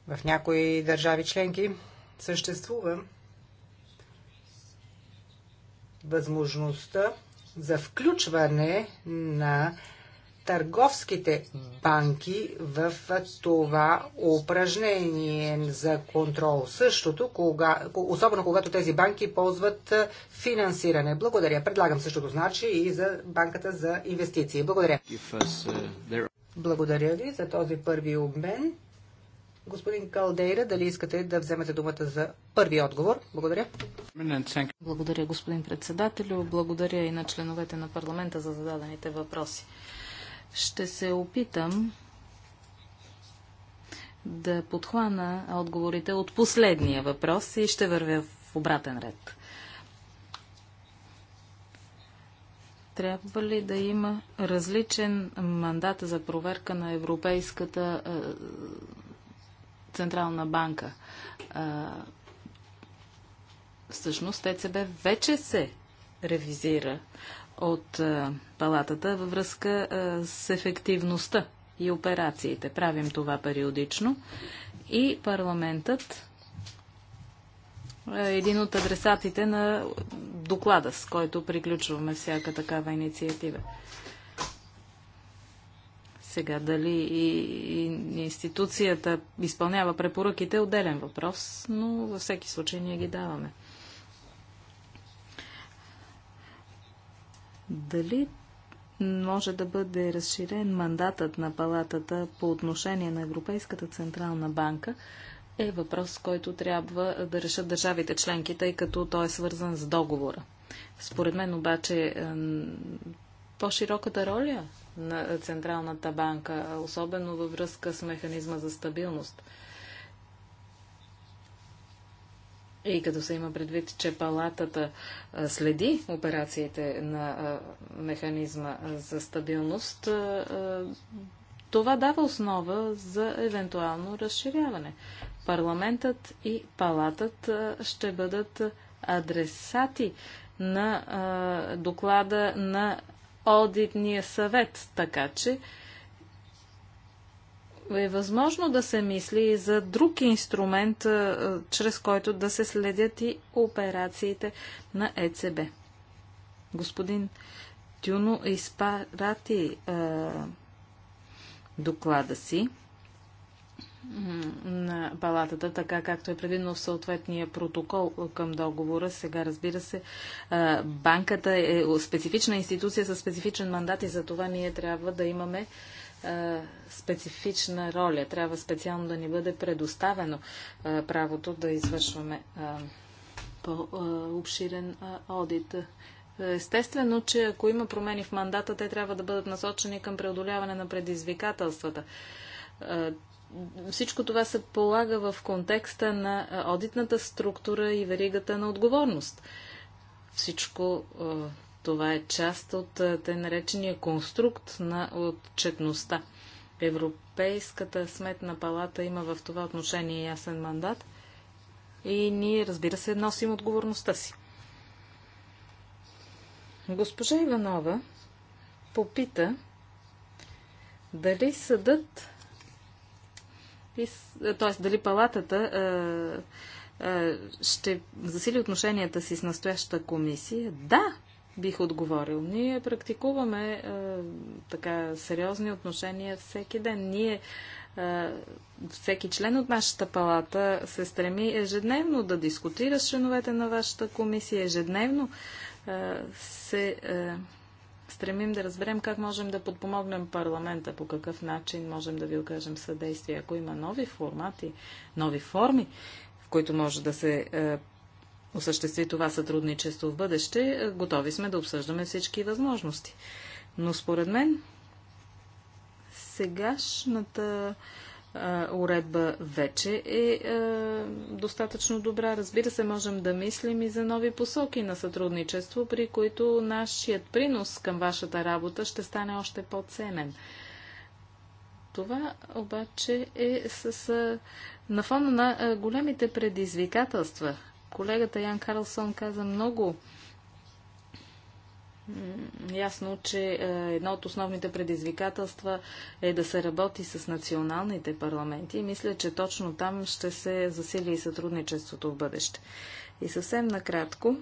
в някои държави членки съществува възможността за включване на търговските банки в това упражнение за контрол. Същото, кога, особено когато тези банки ползват финансиране. Благодаря. Предлагам същото значи и за банката за инвестиции. Благодаря. Uh, Благодаря ви за този първи обмен. Господин Калдейра, дали искате да вземете думата за първи отговор? Благодаря. Благодаря, господин председателю. Благодаря и на членовете на парламента за зададените въпроси. Ще се опитам да подхвана отговорите от последния въпрос и ще вървя в обратен ред. трябва ли да има различен мандат за проверка на Европейската е, Централна банка. А, всъщност ЕЦБ вече се ревизира от а, палатата във връзка а, с ефективността и операциите. Правим това периодично и парламентът е един от адресатите на доклада, с който приключваме всяка такава инициатива. Сега дали и, и институцията изпълнява препоръките е отделен въпрос, но във всеки случай ние ги даваме. Дали може да бъде разширен мандатът на палатата по отношение на Европейската централна банка е въпрос, който трябва да решат държавите членки, тъй като той е свързан с договора. Според мен обаче по-широката роля на Централната банка, особено във връзка с механизма за стабилност. И като се има предвид, че палатата следи операциите на механизма за стабилност, това дава основа за евентуално разширяване. Парламентът и палатът ще бъдат адресати на доклада на одитния съвет, така че е възможно да се мисли и за друг инструмент, чрез който да се следят и операциите на ЕЦБ. Господин Тюно изпарати е, доклада си на палатата, така както е предвидено в съответния протокол към договора. Сега, разбира се, банката е специфична институция със специфичен мандат и за това ние трябва да имаме специфична роля. Трябва специално да ни бъде предоставено правото да извършваме по-обширен одит. Естествено, че ако има промени в мандата, те трябва да бъдат насочени към преодоляване на предизвикателствата всичко това се полага в контекста на одитната структура и веригата на отговорност. Всичко това е част от те наречения конструкт на отчетността. Европейската сметна палата има в това отношение ясен мандат и ние, разбира се, носим отговорността си. Госпожа Иванова попита дали съдът е, т.е. дали палатата е, е, ще засили отношенията си с настоящата комисия? Да, бих отговорил. Ние практикуваме е, така сериозни отношения всеки ден. Ние, всеки член от нашата палата се стреми ежедневно да дискутира с членовете на вашата комисия. Ежедневно се стремим да разберем как можем да подпомогнем парламента, по какъв начин можем да ви окажем съдействие. Ако има нови формати, нови форми, в които може да се е, осъществи това сътрудничество в бъдеще, е, готови сме да обсъждаме всички възможности. Но според мен сегашната е, уредба вече е, е, достатъчно добра. Разбира се, можем да мислим и за нови посоки на сътрудничество, при които нашият принос към вашата работа ще стане още по-ценен. Това обаче е с, с, на фона на големите предизвикателства. Колегата Ян Карлсон каза много ясно, че е, едно от основните предизвикателства е да се работи с националните парламенти и мисля, че точно там ще се засили и сътрудничеството в бъдеще. И съвсем накратко,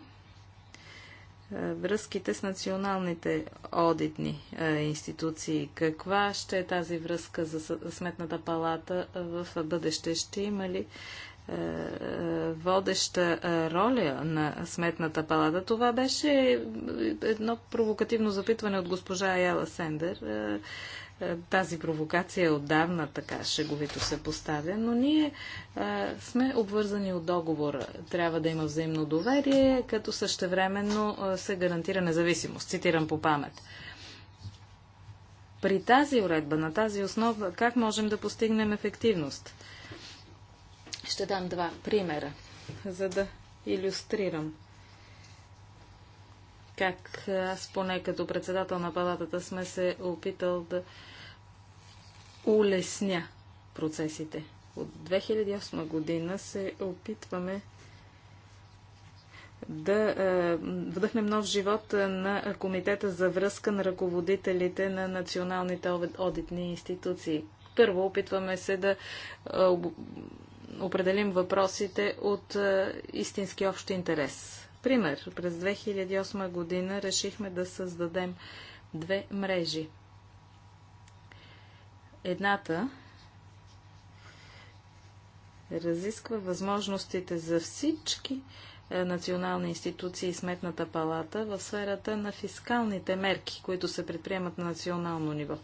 е, връзките с националните одитни е, институции. Каква ще е тази връзка за Сметната палата в бъдеще? Ще има ли е, водеща е, роля на Сметната палата. Това беше едно провокативно запитване от госпожа Яла Сендер. Е, тази провокация отдавна така шеговито се поставя, но ние сме обвързани от договора. Трябва да има взаимно доверие, като същевременно се гарантира независимост. Цитирам по памет. При тази уредба, на тази основа, как можем да постигнем ефективност? Ще дам два примера, за да иллюстрирам как аз поне като председател на палатата сме се опитал да улесня процесите. От 2008 година се опитваме да е, вдъхнем нов живот на Комитета за връзка на ръководителите на националните одитни институции. Първо опитваме се да е, определим въпросите от е, истински общ интерес. Пример, през 2008 година решихме да създадем две мрежи. Едната разисква възможностите за всички е, национални институции и Сметната палата в сферата на фискалните мерки, които се предприемат на национално ниво.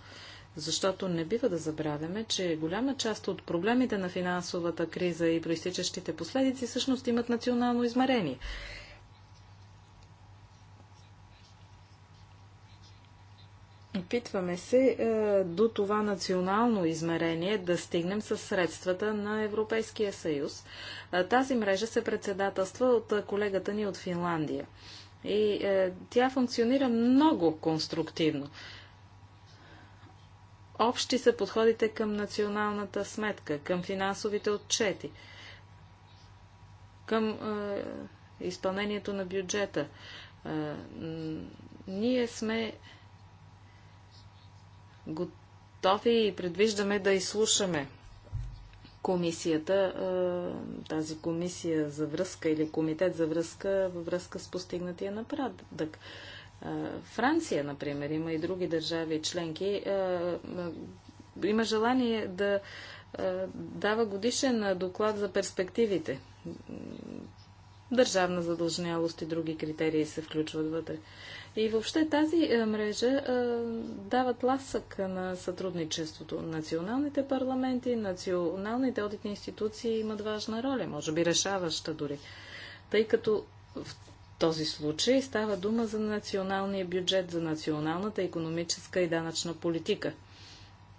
Защото не бива да забравяме, че голяма част от проблемите на финансовата криза и проистичащите последици всъщност имат национално измерение. Опитваме се е, до това национално измерение да стигнем с средствата на Европейския съюз. Е, тази мрежа се председателства от е, колегата ни от Финландия. И е, тя функционира много конструктивно. Общи са подходите към националната сметка, към финансовите отчети, към е, изпълнението на бюджета. Е, ние сме готови и предвиждаме да изслушаме комисията, е, тази комисия за връзка или комитет за връзка във връзка с постигнатия напредък. Франция, например, има и други държави членки, има желание да дава годишен доклад за перспективите. Държавна задължнялост и други критерии се включват вътре. И въобще тази мрежа дава тласък на сътрудничеството. Националните парламенти, националните одитни институции имат важна роля, може би решаваща дори. Тъй като в този случай става дума за националния бюджет, за националната економическа и данъчна политика.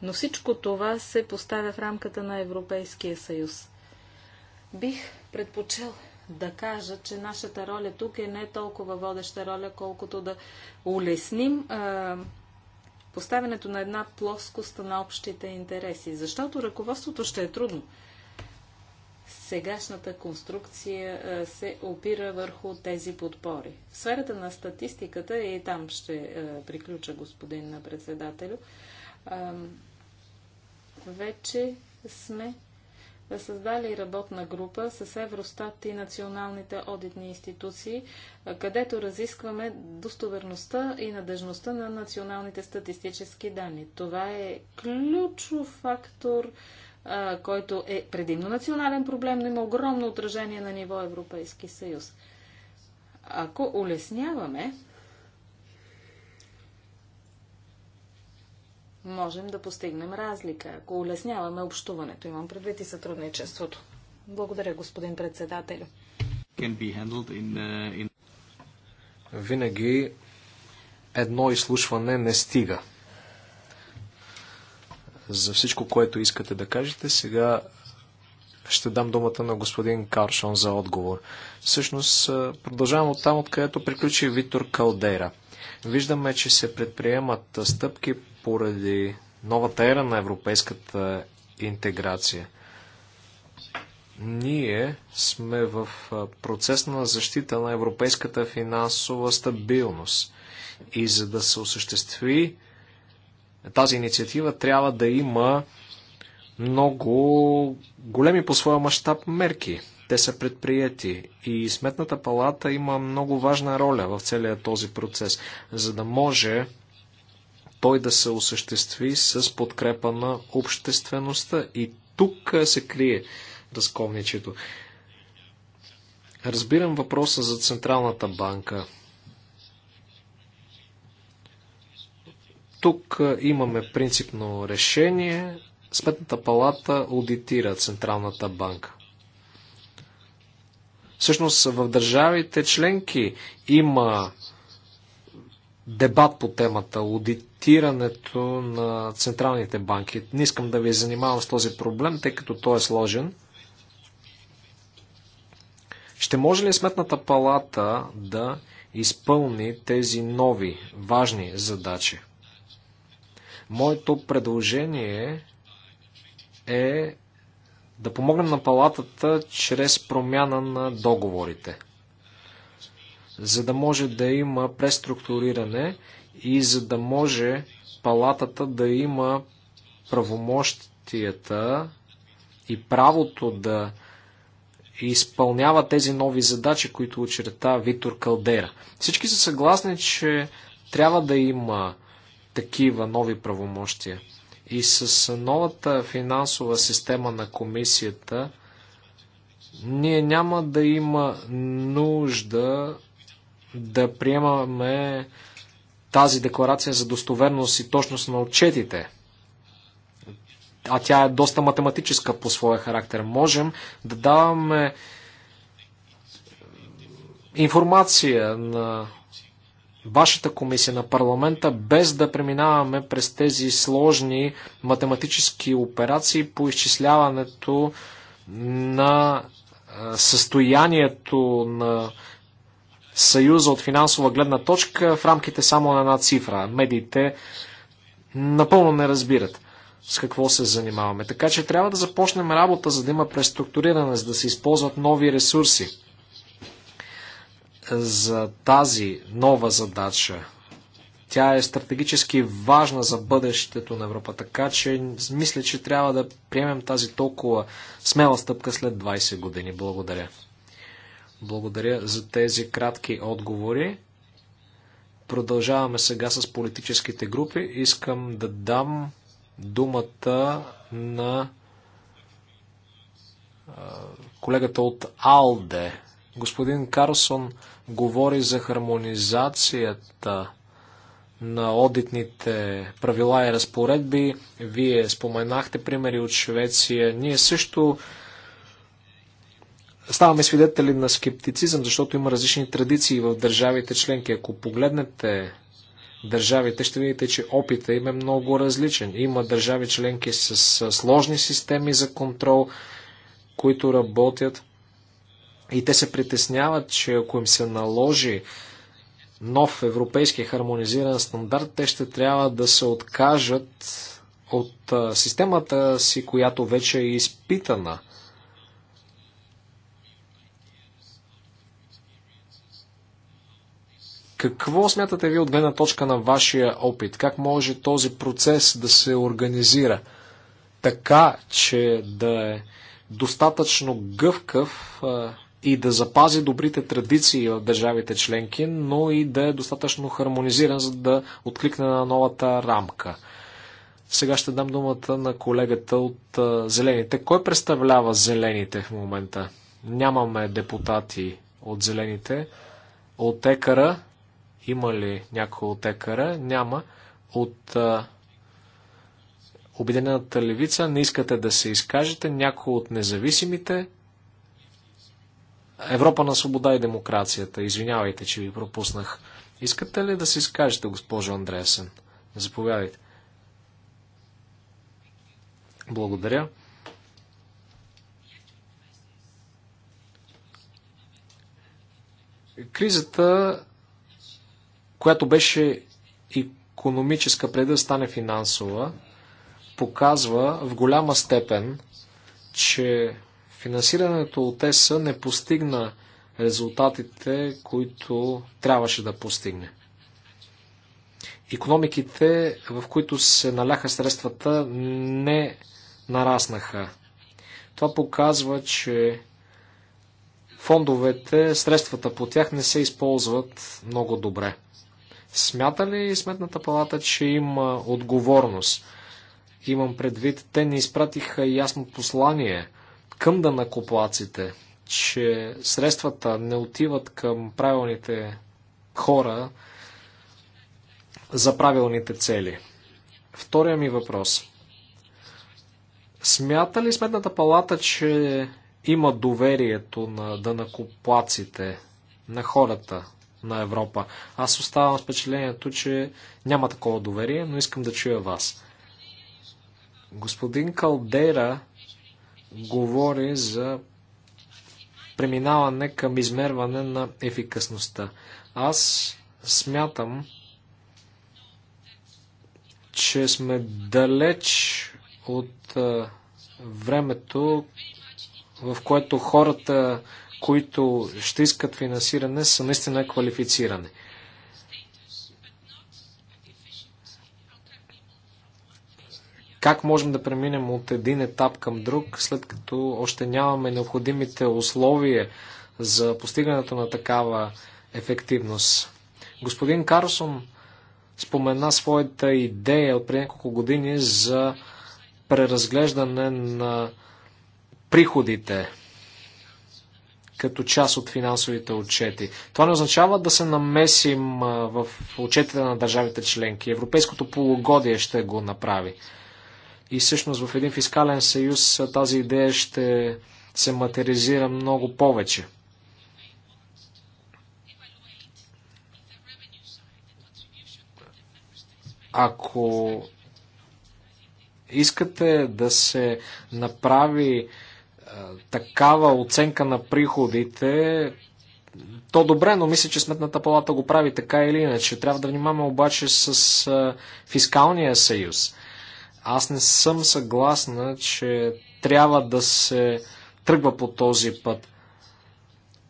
Но всичко това се поставя в рамката на Европейския съюз. Бих предпочел да кажа, че нашата роля тук е не толкова водеща роля, колкото да улесним а, поставянето на една плоскост на общите интереси. Защото ръководството ще е трудно сегашната конструкция се опира върху тези подпори. В сферата на статистиката, и там ще приключа господин председателю, вече сме създали работна група с Евростат и националните одитни институции, където разискваме достоверността и надежността на националните статистически данни. Това е ключов фактор който е предимно национален проблем, но има огромно отражение на ниво Европейски съюз. Ако улесняваме, можем да постигнем разлика, ако улесняваме общуването. Имам предвид и сътрудничеството. Благодаря, господин председател. Uh, Винаги едно изслушване не стига за всичко, което искате да кажете. Сега ще дам думата на господин Каршон за отговор. Всъщност, продължавам от там, откъдето приключи Витор Калдера. Виждаме, че се предприемат стъпки поради новата ера на европейската интеграция. Ние сме в процес на защита на европейската финансова стабилност. И за да се осъществи тази инициатива трябва да има много големи по своя мащаб мерки. Те са предприяти и Сметната палата има много важна роля в целия този процес, за да може той да се осъществи с подкрепа на обществеността. И тук се крие разковничето. Разбирам въпроса за Централната банка. Тук имаме принципно решение. Сметната палата аудитира Централната банка. Всъщност в държавите членки има дебат по темата аудитирането на централните банки. Не искам да ви занимавам с този проблем, тъй като той е сложен. Ще може ли Сметната палата да изпълни тези нови важни задачи? Моето предложение е да помогнем на палатата чрез промяна на договорите, за да може да има преструктуриране и за да може палатата да има правомощията и правото да изпълнява тези нови задачи, които очерта Виктор Калдера. Всички са съгласни, че трябва да има такива нови правомощия. И с новата финансова система на комисията, ние няма да има нужда да приемаме тази декларация за достоверност и точност на отчетите. А тя е доста математическа по своя характер. Можем да даваме информация на вашата комисия на парламента, без да преминаваме през тези сложни математически операции по изчисляването на състоянието на Съюза от финансова гледна точка в рамките само на една цифра. Медиите напълно не разбират с какво се занимаваме. Така че трябва да започнем работа, за да има преструктуриране, за да се използват нови ресурси за тази нова задача. Тя е стратегически важна за бъдещето на Европа, така че мисля, че трябва да приемем тази толкова смела стъпка след 20 години. Благодаря. Благодаря за тези кратки отговори. Продължаваме сега с политическите групи. Искам да дам думата на колегата от АЛДЕ, господин Карлсон говори за хармонизацията на одитните правила и разпоредби. Вие споменахте примери от Швеция. Ние също ставаме свидетели на скептицизъм, защото има различни традиции в държавите членки. Ако погледнете държавите, ще видите, че опита им е много различен. Има държави членки с сложни системи за контрол, които работят и те се притесняват, че ако им се наложи нов европейски хармонизиран стандарт, те ще трябва да се откажат от системата си, която вече е изпитана. Какво смятате ви от гледна точка на вашия опит? Как може този процес да се организира така, че да е достатъчно гъвкав и да запази добрите традиции в държавите членки, но и да е достатъчно хармонизиран, за да откликне на новата рамка. Сега ще дам думата на колегата от Зелените. Кой представлява Зелените в момента? Нямаме депутати от Зелените. От Екара има ли някой от Екара? Няма. От Обединената левица не искате да се изкажете. Някой от независимите Европа на свобода и демокрацията. Извинявайте, че ви пропуснах. Искате ли да се изкажете, госпожо Андресен? Заповядайте. Благодаря. Кризата, която беше економическа преди да стане финансова, показва в голяма степен, че Финансирането от ЕСА не постигна резултатите, които трябваше да постигне. Економиките, в които се наляха средствата, не нараснаха. Това показва, че фондовете, средствата по тях не се използват много добре. Смята ли Сметната палата, че има отговорност? Имам предвид, те не изпратиха ясно послание към накоплаците, че средствата не отиват към правилните хора за правилните цели. Втория ми въпрос. Смята ли Сметната палата, че има доверието на дънакоплаците, на хората на Европа? Аз оставам с впечатлението, че няма такова доверие, но искам да чуя вас. Господин Калдера говори за преминаване към измерване на ефикасността. Аз смятам, че сме далеч от времето, в което хората, които ще искат финансиране, са наистина квалифицирани. Как можем да преминем от един етап към друг, след като още нямаме необходимите условия за постигането на такава ефективност? Господин Карлсон спомена своята идея от преди няколко години за преразглеждане на приходите като част от финансовите отчети. Това не означава да се намесим в отчетите на държавите членки. Европейското полугодие ще го направи. И всъщност в един фискален съюз тази идея ще се материализира много повече. Ако искате да се направи такава оценка на приходите, то добре, но мисля, че Сметната палата го прави така или иначе. Трябва да внимаваме обаче с фискалния съюз. Аз не съм съгласна, че трябва да се тръгва по този път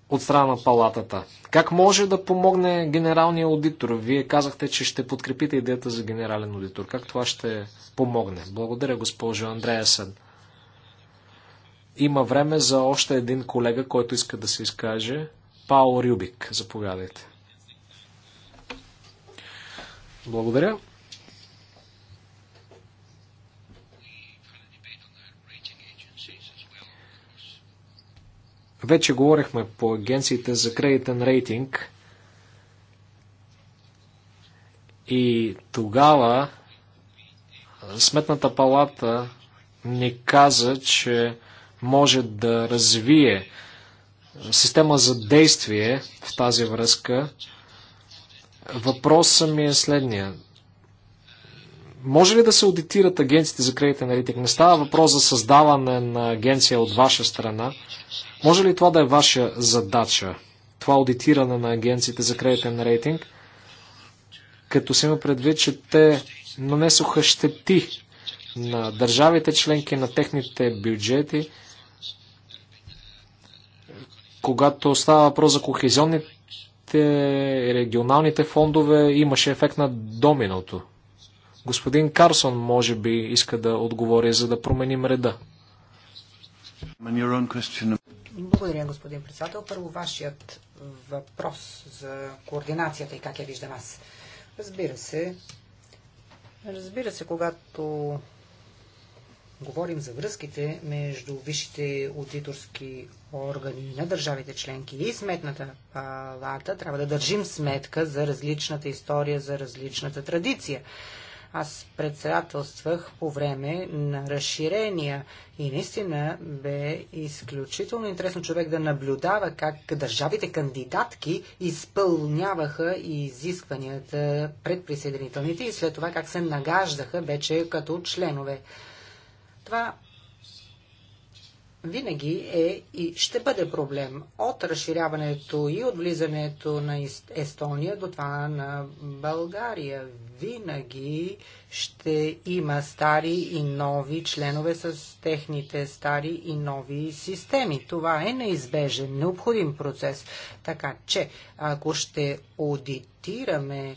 от страна на палатата. Как може да помогне генералния аудитор? Вие казахте, че ще подкрепите идеята за генерален аудитор. Как това ще помогне? Благодаря, госпожо Андреасен. Има време за още един колега, който иска да се изкаже. Пао Рюбик, заповядайте. Благодаря. Вече говорихме по агенциите за кредитен рейтинг и тогава Сметната палата ни каза, че може да развие система за действие в тази връзка. Въпросът ми е следния. Може ли да се аудитират агенциите за кредитен рейтинг? Не става въпрос за създаване на агенция от ваша страна. Може ли това да е ваша задача? Това аудитиране на агенциите за кредитен рейтинг? Като се има предвид, че те нанесоха щети на държавите членки, на техните бюджети, когато става въпрос за кохезионните регионалните фондове, имаше ефект на доминото. Господин Карсон, може би, иска да отговори, за да променим реда. Благодаря, господин председател. Първо вашият въпрос за координацията и как я виждам аз. Разбира се, разбира се, когато говорим за връзките между висшите аудиторски органи на държавите членки и сметната палата, трябва да държим сметка за различната история, за различната традиция. Аз председателствах по време на разширения и наистина бе изключително интересно човек да наблюдава как държавите кандидатки изпълняваха изискванията пред присъединителните и след това как се нагаждаха вече като членове. Това винаги е и ще бъде проблем от разширяването и от влизането на Естония до това на България. Винаги ще има стари и нови членове с техните стари и нови системи. Това е неизбежен, необходим процес. Така че, ако ще аудитираме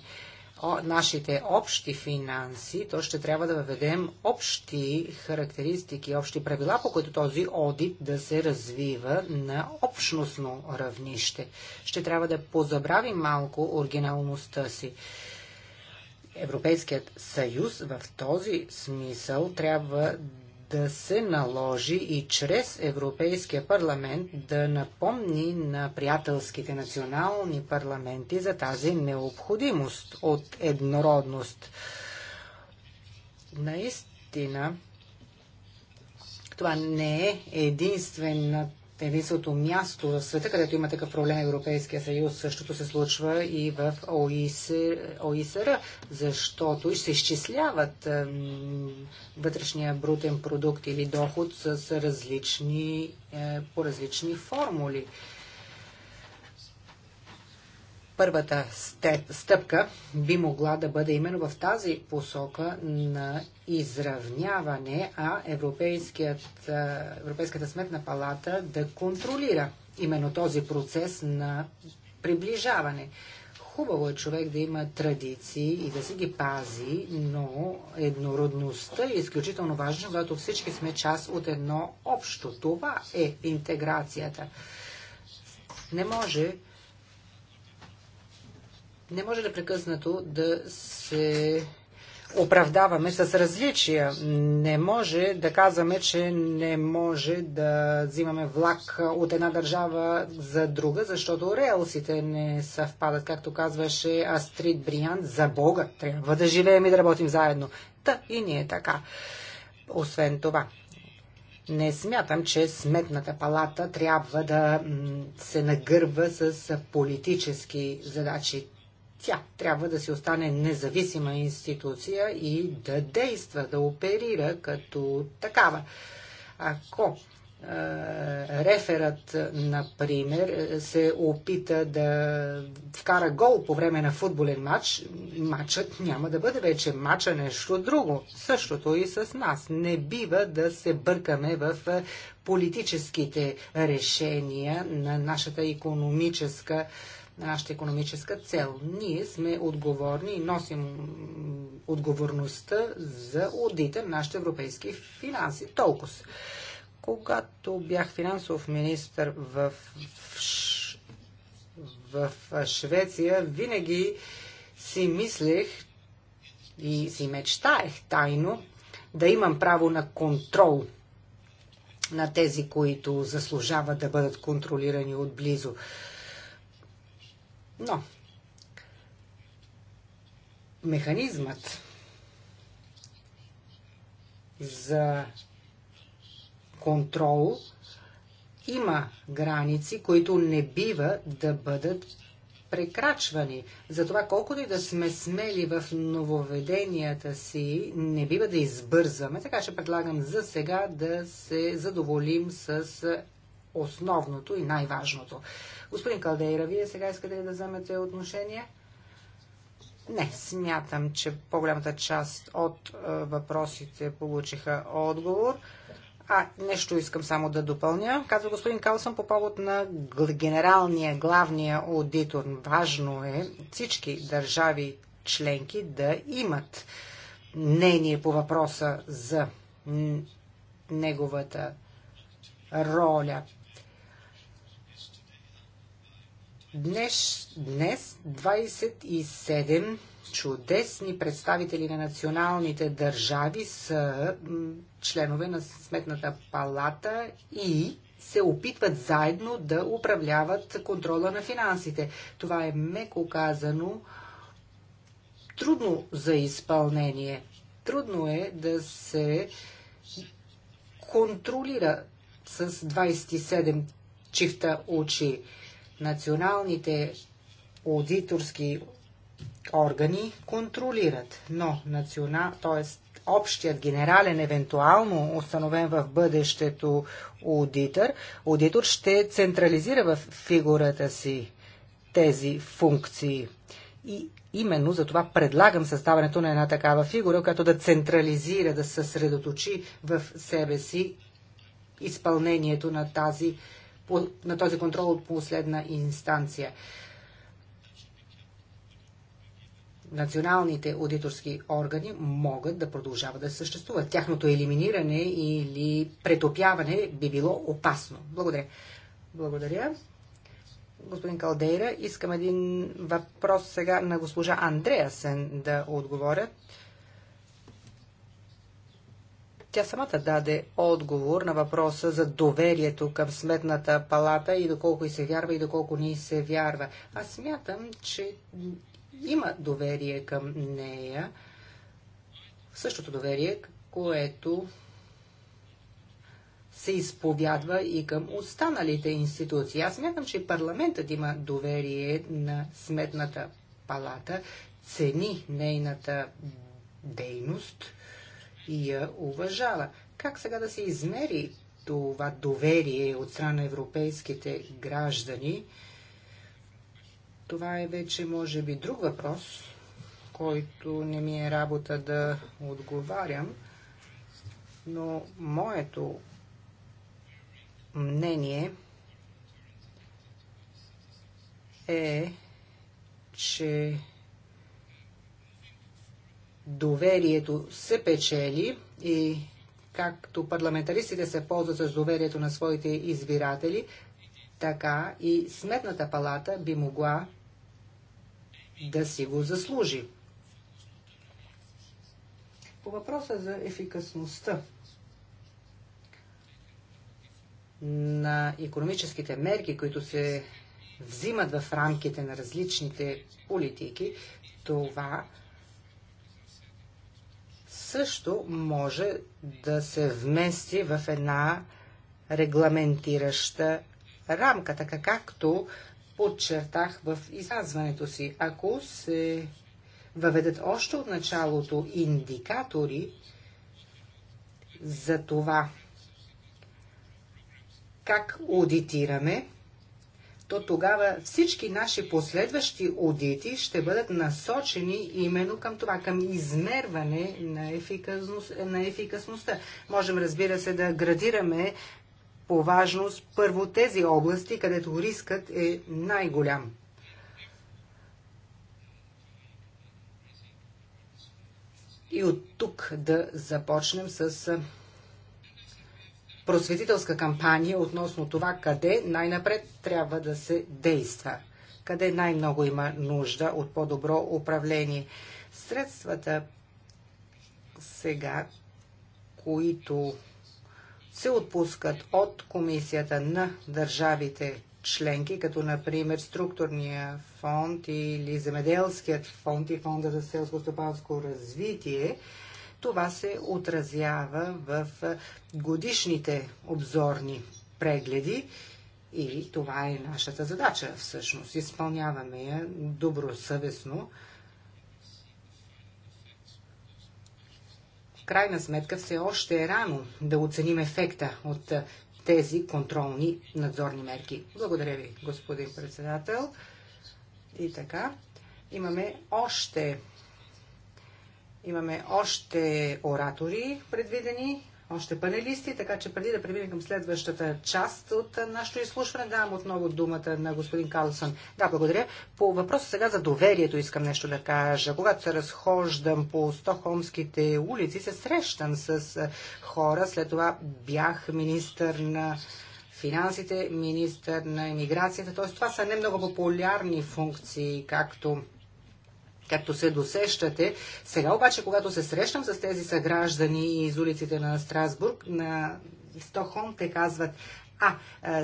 нашите общи финанси, то ще трябва да въведем общи характеристики, общи правила, по които този одит да се развива на общностно равнище. Ще трябва да позабравим малко оригиналността си. Европейският съюз в този смисъл трябва да се наложи и чрез Европейския парламент да напомни на приятелските национални парламенти за тази необходимост от еднородност. Наистина, това не е единствената единственото място в света, където има такъв проблем Европейския съюз. Същото се случва и в ОИСР, защото се изчисляват вътрешния брутен продукт или доход с различни, е, по различни формули първата стъпка би могла да бъде именно в тази посока на изравняване, а Европейската сметна палата да контролира именно този процес на приближаване. Хубаво е човек да има традиции и да си ги пази, но еднородността е изключително важна, защото всички сме част от едно общо. Това е интеграцията. Не може не може непрекъснато да се оправдаваме с различия. Не може да казваме, че не може да взимаме влак от една държава за друга, защото релсите не съвпадат. Както казваше Астрид Бриант, за Бога трябва да живеем и да работим заедно. Та и ние така. Освен това, не смятам, че Сметната палата трябва да се нагърва с политически задачи тя трябва да си остане независима институция и да действа, да оперира като такава. Ако е, реферът, например, се опита да вкара гол по време на футболен матч, матчът няма да бъде вече матча нещо друго. Същото и с нас. Не бива да се бъркаме в е, политическите решения на нашата економическа нашата економическа цел. Ние сме отговорни и носим отговорността за одита на нашите европейски финанси. Толкова. Когато бях финансов министр в, в, в Швеция, винаги си мислех и си мечтаех тайно да имам право на контрол на тези, които заслужават да бъдат контролирани отблизо. Но механизмът за контрол има граници, които не бива да бъдат прекрачвани. Затова колкото и да сме смели в нововеденията си, не бива да избързваме, така че предлагам за сега да се задоволим с основното и най-важното. Господин Калдейра, вие сега искате ли да вземете отношение? Не, смятам, че по-голямата част от е, въпросите получиха отговор. А, нещо искам само да допълня. Казва господин Калсън по повод на генералния, главния аудитор. Важно е всички държави членки да имат мнение по въпроса за неговата роля Днес, днес 27 чудесни представители на националните държави са членове на Сметната палата и се опитват заедно да управляват контрола на финансите. Това е меко казано трудно за изпълнение. Трудно е да се контролира с 27 чифта очи националните аудиторски органи контролират, но национал, т.е. общият генерален, евентуално установен в бъдещето аудитор, аудитор ще централизира в фигурата си тези функции. И именно за това предлагам съставането на една такава фигура, която да централизира, да съсредоточи в себе си изпълнението на тази на този контрол от последна инстанция. Националните аудиторски органи могат да продължават да съществуват. Тяхното елиминиране или претопяване би било опасно. Благодаря. Благодаря. Господин Калдейра, искам един въпрос сега на госпожа Андреасен да отговорят. Тя самата даде отговор на въпроса за доверието към сметната палата и доколко и се вярва и доколко ни се вярва. Аз смятам, че има доверие към нея, същото доверие, което се изповядва и към останалите институции. Аз мятам, че парламентът има доверие на Сметната палата, цени нейната дейност и я уважава. Как сега да се измери това доверие от страна на европейските граждани? Това е вече, може би, друг въпрос, който не ми е работа да отговарям, но моето мнение е, че доверието се печели и както парламентаристите се ползват с доверието на своите избиратели, така и Сметната палата би могла да си го заслужи. По въпроса за ефикасността на економическите мерки, които се взимат в рамките на различните политики, това също може да се вмести в една регламентираща рамка, така както подчертах в изказването си. Ако се въведат още от началото индикатори за това как аудитираме то тогава всички наши последващи одити ще бъдат насочени именно към това, към измерване на, ефикасност, на ефикасността. Можем, разбира се, да градираме по важност първо тези области, където рискът е най-голям. И от тук да започнем с просветителска кампания относно това къде най-напред трябва да се действа, къде най-много има нужда от по-добро управление. Средствата сега, които се отпускат от комисията на държавите членки, като например структурния фонд или земеделският фонд и фонда за селско-стопанско развитие, това се отразява в годишните обзорни прегледи и това е нашата задача всъщност. Изпълняваме я добросъвестно. В крайна сметка все още е рано да оценим ефекта от тези контролни надзорни мерки. Благодаря ви, господин председател. И така, имаме още Имаме още оратори предвидени, още панелисти, така че преди да преминем към следващата част от нашето изслушване, давам отново думата на господин Карлсон. Да, благодаря. По въпроса сега за доверието искам нещо да кажа. Когато се разхождам по стохолмските улици, се срещам с хора. След това бях министър на финансите, министър на иммиграцията. Тоест, това са не много популярни функции, както както се досещате. Сега обаче, когато се срещам с тези съграждани из улиците на Страсбург, на Стокхолм, те казват, а,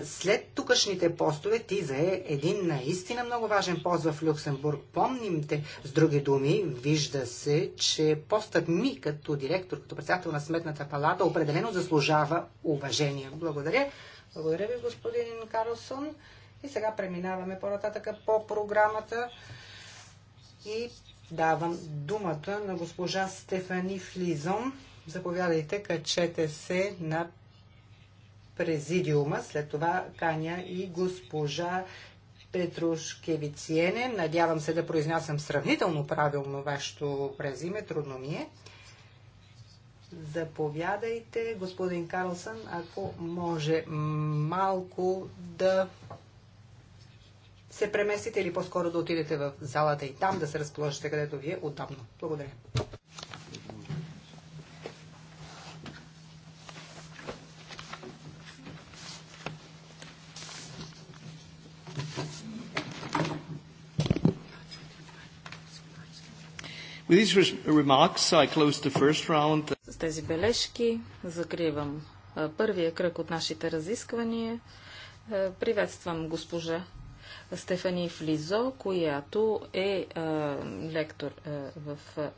след тукашните постове ти зае един наистина много важен пост в Люксембург. Помним те. С други думи, вижда се, че постът ми като директор, като председател на Сметната палата определено заслужава уважение. Благодаря. Благодаря ви, господин Карлсон. И сега преминаваме по-нататъка по програмата и давам думата на госпожа Стефани Флизон. Заповядайте, качете се на президиума. След това каня и госпожа Петрушкевициене. Надявам се да произнасям сравнително правилно вашето презиме, трудно ми е. Заповядайте, господин Карлсън, ако може малко да се преместите или по-скоро да отидете в залата и там да се разположите, където вие отдавна. Благодаря. С тези бележки закривам първия кръг от нашите разисквания. Е, приветствам госпожа Стефани Флизо, която е а, лектор а, в а,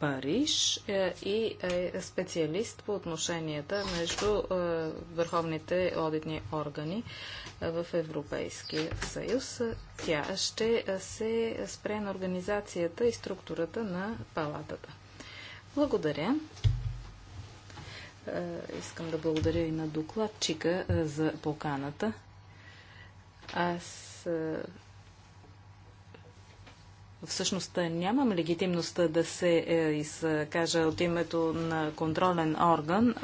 Париж и е специалист по отношенията между върховните одитни органи в Европейския съюз. Тя ще се спре на организацията и структурата на палатата. Благодаря. Искам да благодаря и на докладчика за поканата. Аз всъщност нямам легитимността да се е, изкажа от името на контролен орган.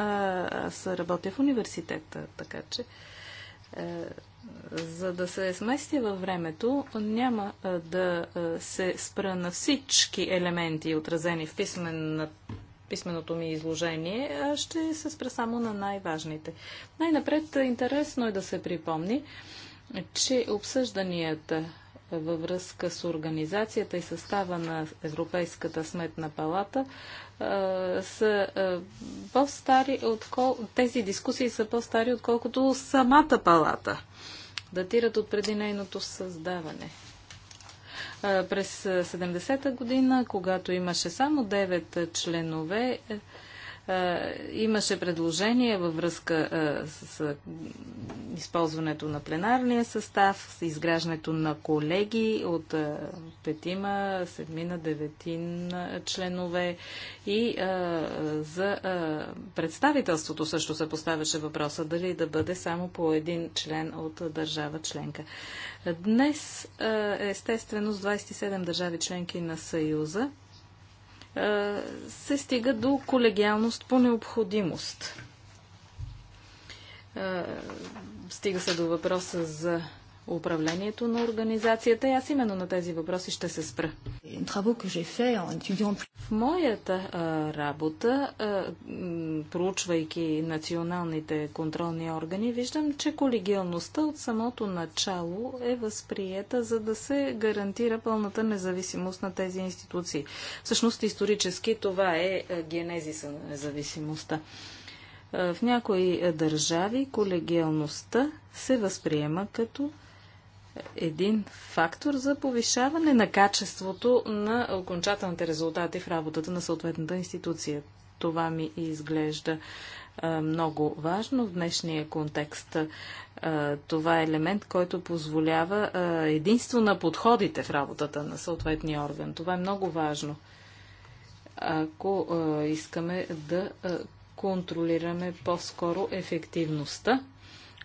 Аз работя в университета, така че е, за да се смести във времето, няма да се спра на всички елементи, отразени в писмен, писменото ми изложение, а ще се спра само на най-важните. Най-напред интересно е да се припомни, че обсъжданията във връзка с организацията и състава на Европейската сметна палата са по-стари, откол... тези дискусии са по-стари, отколкото самата палата. Датират от преди нейното създаване. през 70-та година, когато имаше само 9 членове, е, е, имаше предложение във връзка е, с използването на пленарния състав, с изграждането на колеги от е, петима, седмина, деветин членове и за представителството също се поставяше въпроса дали да бъде само по един член от държава членка. Днес, естествено, с 27 държави членки на Съюза е, се стига до колегиалност по необходимост. Е, стига се до въпроса за управлението на организацията и аз именно на тези въпроси ще се спра. В моята а, работа, а, проучвайки националните контролни органи, виждам, че колегиалността от самото начало е възприета, за да се гарантира пълната независимост на тези институции. Всъщност, исторически това е, е генезиса на независимостта. В някои държави колегиалността се възприема като един фактор за повишаване на качеството на окончателните резултати в работата на съответната институция. Това ми изглежда много важно в днешния контекст. Това е елемент, който позволява единство на подходите в работата на съответния орган. Това е много важно, ако искаме да контролираме по-скоро ефективността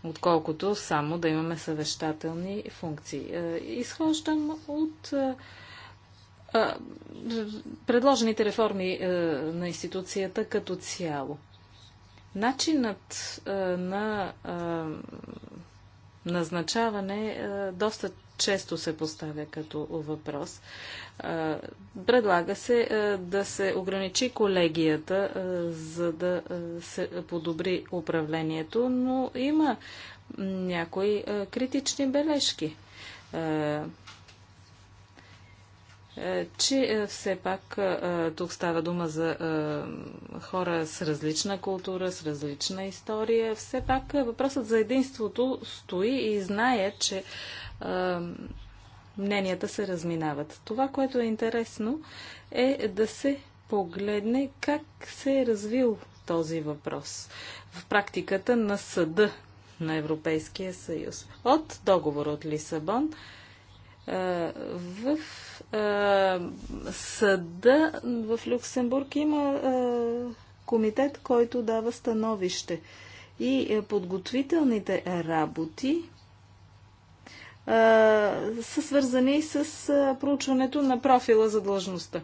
отколкото само да имаме съвещателни функции. Е, изхождам от е, е, предложените реформи на институцията като цяло. Начинът на назначаване доста често се поставя като въпрос. Предлага се да се ограничи колегията, за да се подобри управлението, но има някои критични бележки че все пак тук става дума за хора с различна култура, с различна история. Все пак въпросът за единството стои и знае, че мненията се разминават. Това, което е интересно, е да се погледне как се е развил този въпрос в практиката на съда на Европейския съюз. От договор от Лисабон в съда в Люксембург има комитет, който дава становище. И подготвителните работи са свързани с проучването на профила за длъжността.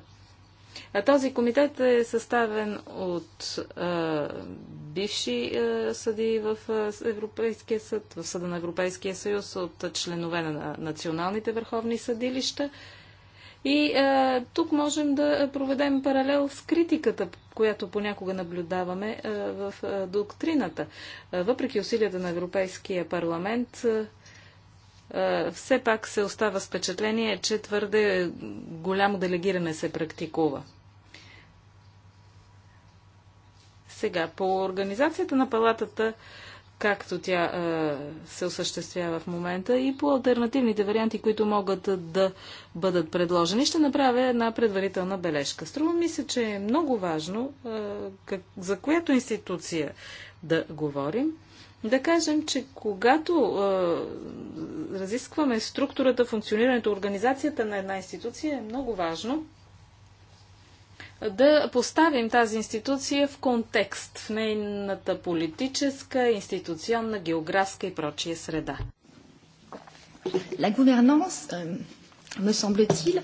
Този комитет е съставен от бивши съди в Европейския съд, в Съда на Европейския съюз, от членове на националните върховни съдилища. И е, тук можем да проведем паралел с критиката, която понякога наблюдаваме е, в е, доктрината. въпреки усилията на Европейския парламент, е, все пак се остава с впечатление, че твърде голямо делегиране се практикува. Сега, по организацията на палатата, както тя е, се осъществява в момента и по альтернативните варианти, които могат да бъдат предложени. Ще направя една предварителна бележка. Струва ми се, че е много важно е, как, за която институция да говорим да кажем, че когато е, разискваме структурата, функционирането, организацията на една институция, е много важно да поставим тази институция в контекст, в нейната политическа, институционна, географска и прочие среда. La gouvernance, euh, me semble-t-il,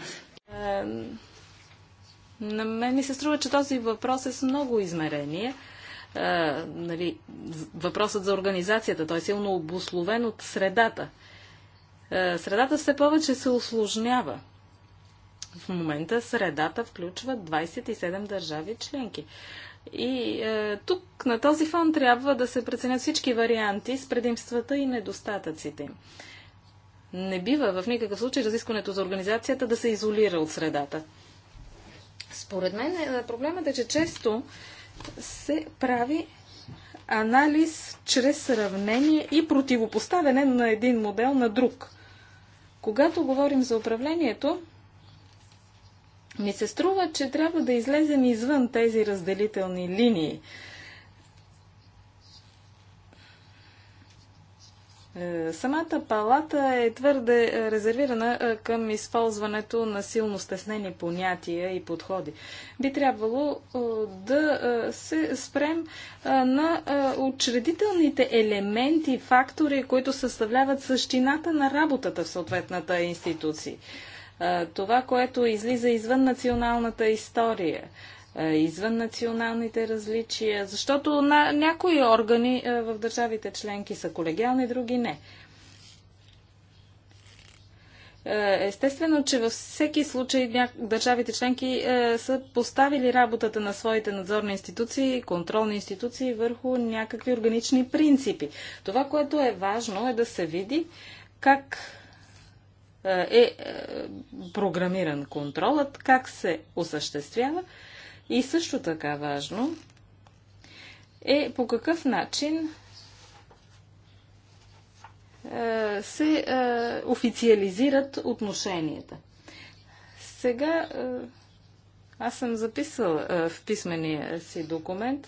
на мен ми се струва, че този въпрос е с много измерения а, е, нали, въпросът за организацията. Той е силно обословен от средата. А, е, средата все повече се осложнява. В момента средата включва 27 държави членки. И е, тук на този фон трябва да се преценят всички варианти с предимствата и недостатъците им. Не бива в никакъв случай разискването за организацията да се изолира от средата. Според мен е, проблемът е, че често се прави анализ чрез сравнение и противопоставяне на един модел на друг. Когато говорим за управлението, ми се струва, че трябва да излезем извън тези разделителни линии. Е, самата палата е твърде е, резервирана е, към използването на силно стеснени понятия и подходи. Би трябвало да се спрем на учредителните елементи, фактори, които съставляват същината на работата в съответната институция. Това, което излиза извън националната история – извън националните различия, защото на някои органи в държавите членки са колегиални, други не. Естествено, че във всеки случай държавите членки са поставили работата на своите надзорни институции, контролни институции върху някакви органични принципи. Това, което е важно е да се види как е програмиран контролът, как се осъществява и също така важно е по какъв начин е, се е, официализират отношенията. Сега е, аз съм записал е, в писмения си документ,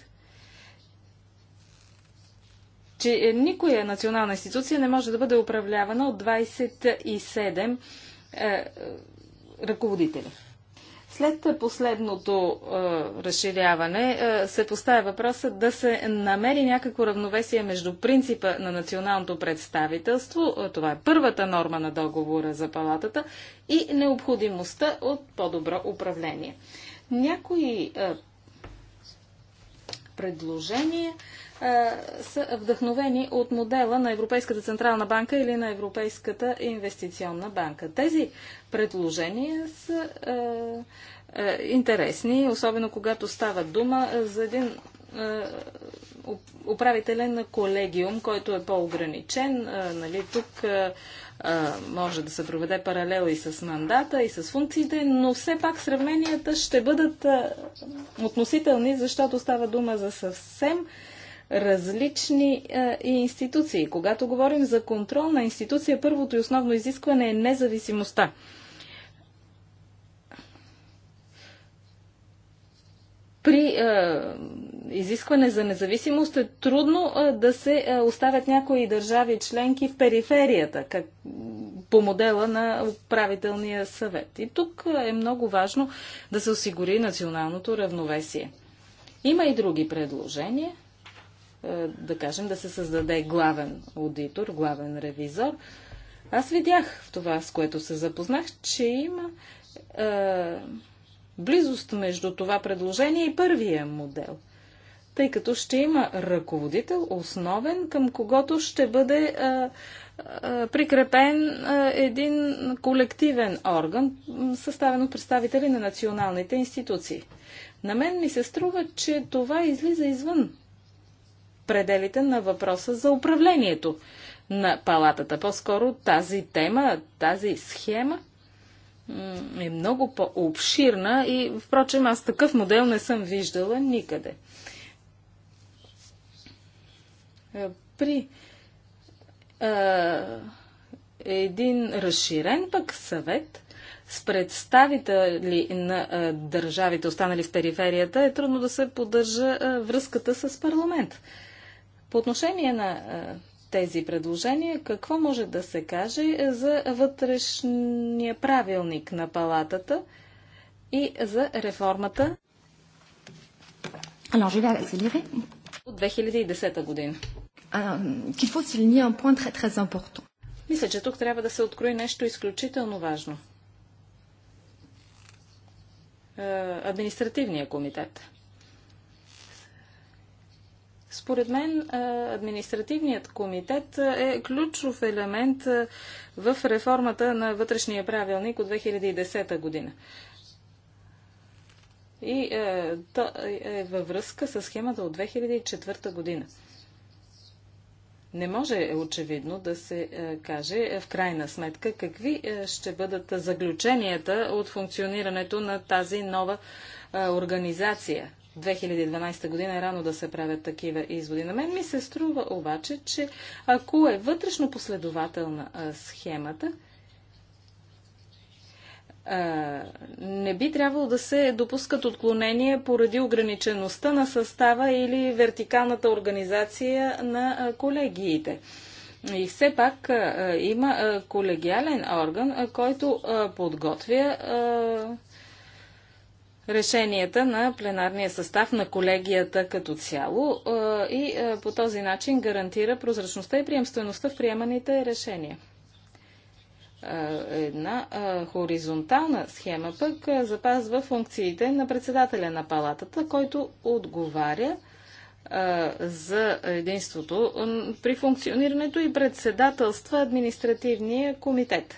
че е, никоя национална институция не може да бъде управлявана от 27 е, ръководители. След последното е, разширяване е, се поставя въпросът да се намери някакво равновесие между принципа на националното представителство, е, това е първата норма на договора за палатата, и необходимостта от по-добро управление. Някои е, предложения а, са вдъхновени от модела на Европейската Централна банка или на Европейската инвестиционна банка. Тези предложения са а, а, интересни, особено когато става дума за един управителен колегиум, който е по-ограничен. Нали, тук а, може да се проведе паралел и с мандата, и с функциите, но все пак сравненията ще бъдат а, относителни, защото става дума за съвсем различни а, институции. Когато говорим за контрол на институция, първото и основно изискване е независимостта. При а, изискване за независимост е трудно да се оставят някои държави членки в периферията, как, по модела на управителния съвет. И тук е много важно да се осигури националното равновесие. Има и други предложения. да кажем, да се създаде главен аудитор, главен ревизор. Аз видях в това, с което се запознах, че има близост между това предложение и първия модел тъй като ще има ръководител, основен, към когото ще бъде а, а, прикрепен а, един колективен орган, съставен от представители на националните институции. На мен ми се струва, че това излиза извън пределите на въпроса за управлението на палатата. По-скоро тази тема, тази схема е много по-обширна и, впрочем, аз такъв модел не съм виждала никъде. Е, при а, един разширен пък съвет с представители на а, държавите, останали в периферията, е трудно да се поддържа а, връзката с парламент. По отношение на а, тези предложения, какво може да се каже е, за вътрешния правилник на палатата и за реформата? Alors, je vais accélérer от 2010 година. Мисля, че тук трябва да се открои нещо изключително важно. Е, Административния комитет. Според мен е, административният комитет е ключов елемент е, в реформата на вътрешния правилник от 2010 година и е, та, е, е във връзка с схемата от 2004 година. Не може е, очевидно да се е, каже е, в крайна сметка какви е, ще бъдат заключенията от функционирането на тази нова е, организация. 2012 година е рано да се правят такива изводи. На мен ми се струва обаче, че ако е вътрешно последователна схемата, не би трябвало да се допускат отклонения поради ограничеността на състава или вертикалната организация на колегиите. И все пак има колегиален орган, който подготвя решенията на пленарния състав на колегията като цяло и по този начин гарантира прозрачността и приемствеността в приеманите решения. Една хоризонтална схема пък запазва функциите на председателя на палатата, който отговаря за единството при функционирането и председателства административния комитет.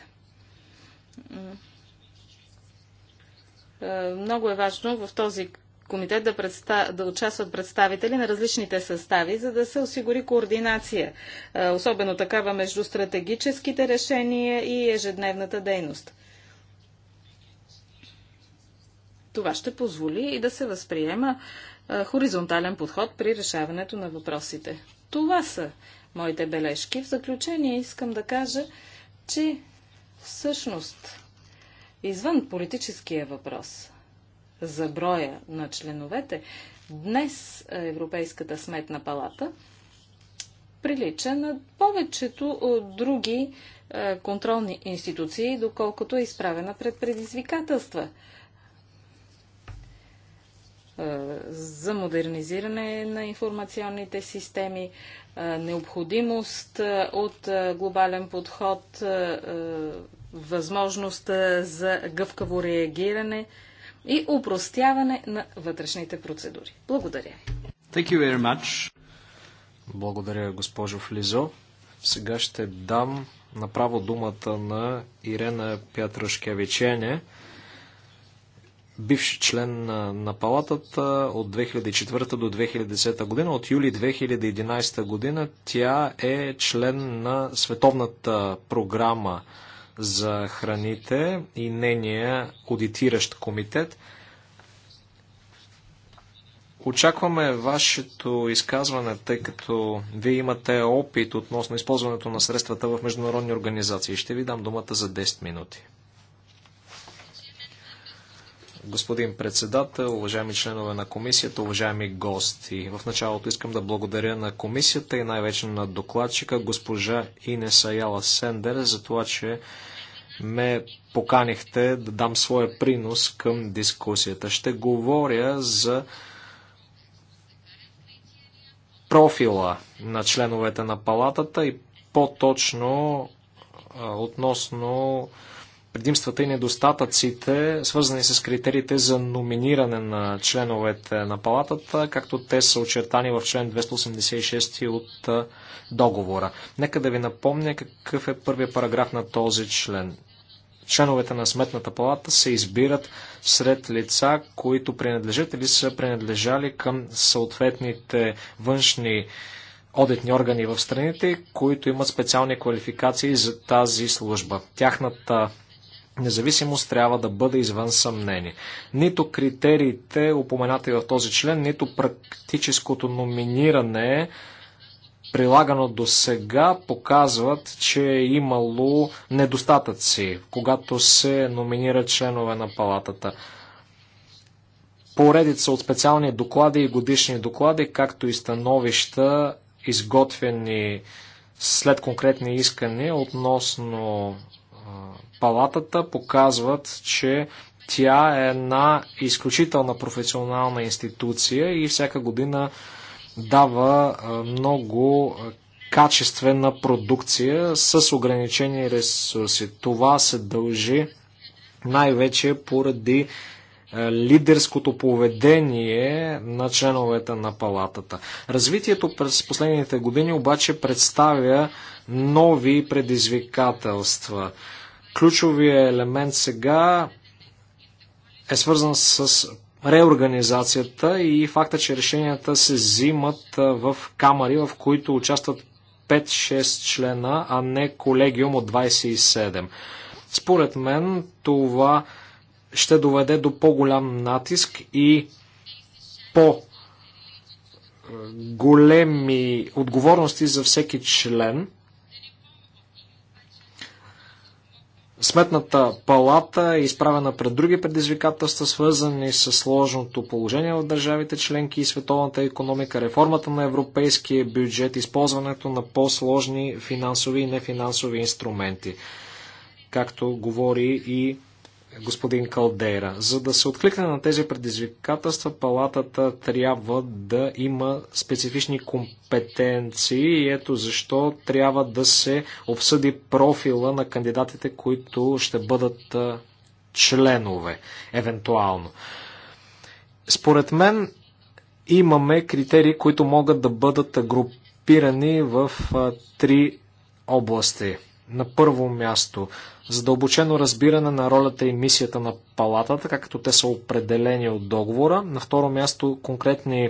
Много е важно в този комитет да, представ... да участват представители на различните състави, за да се осигури координация, е, особено такава между стратегическите решения и ежедневната дейност. Това ще позволи и да се възприема е, хоризонтален подход при решаването на въпросите. Това са моите бележки. В заключение искам да кажа, че всъщност извън политическия въпрос, за броя на членовете, днес Европейската сметна палата прилича на повечето от други контролни институции, доколкото е изправена пред предизвикателства за модернизиране на информационните системи, необходимост от глобален подход, възможност за гъвкаво реагиране и упростяване на вътрешните процедури. Благодаря ви. Thank you very much. Благодаря, госпожо Флизо. Сега ще дам направо думата на Ирена Пятрашкевичене, бивш член на, на палатата от 2004 до 2010 година. От юли 2011 година тя е член на Световната програма за храните и нения аудитиращ комитет. Очакваме вашето изказване, тъй като вие имате опит относно използването на средствата в международни организации. Ще ви дам думата за 10 минути. Господин председател, уважаеми членове на комисията, уважаеми гости. В началото искам да благодаря на комисията и най-вече на докладчика госпожа Инеса Яла Сендер за това, че ме поканихте да дам своя принос към дискусията. Ще говоря за профила на членовете на палатата и по-точно относно предимствата и недостатъците, свързани с критериите за номиниране на членовете на палатата, както те са очертани в член 286 от договора. Нека да ви напомня какъв е първият параграф на този член. Членовете на Сметната палата се избират сред лица, които принадлежат или са принадлежали към съответните външни одитни органи в страните, които имат специални квалификации за тази служба. Тяхната независимост трябва да бъде извън съмнение. Нито критериите, упоменати в този член, нито практическото номиниране, прилагано до сега, показват, че е имало недостатъци, когато се номинират членове на палатата. Поредица от специални доклади и годишни доклади, както и становища, изготвени след конкретни искания относно палатата показват, че тя е една изключителна професионална институция и всяка година дава много качествена продукция с ограничени ресурси. Това се дължи най-вече поради лидерското поведение на членовете на палатата. Развитието през последните години обаче представя нови предизвикателства. Ключовия елемент сега е свързан с реорганизацията и факта, че решенията се взимат в камери, в които участват 5-6 члена, а не колегиум от 27. Според мен това ще доведе до по-голям натиск и по големи отговорности за всеки член. Сметната палата е изправена пред други предизвикателства, свързани с сложното положение в държавите членки и световната економика, реформата на европейския бюджет, използването на по-сложни финансови и нефинансови инструменти, както говори и господин Калдейра. За да се откликне на тези предизвикателства, палатата трябва да има специфични компетенции и ето защо трябва да се обсъди профила на кандидатите, които ще бъдат членове, евентуално. Според мен имаме критерии, които могат да бъдат групирани в три области – на първо място, задълбочено разбиране на ролята и мисията на палатата, както те са определени от договора. На второ място, конкретни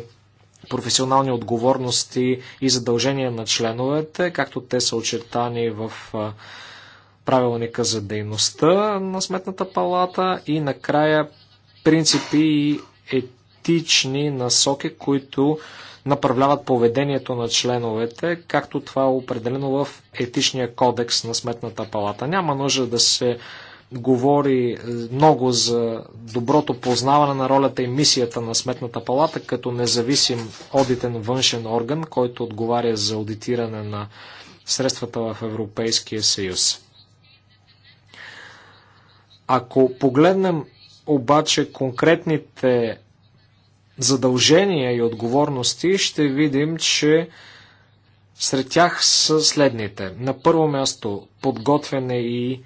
професионални отговорности и задължения на членовете, както те са очертани в правилника за дейността на Сметната палата и накрая принципи и етични насоки, които направляват поведението на членовете, както това е определено в етичния кодекс на Сметната палата. Няма нужда да се говори е, много за доброто познаване на ролята и мисията на Сметната палата като независим одитен външен орган, който отговаря за аудитиране на средствата в Европейския съюз. Ако погледнем обаче конкретните задължения и отговорности, ще видим, че сред тях са следните. На първо място подготвяне и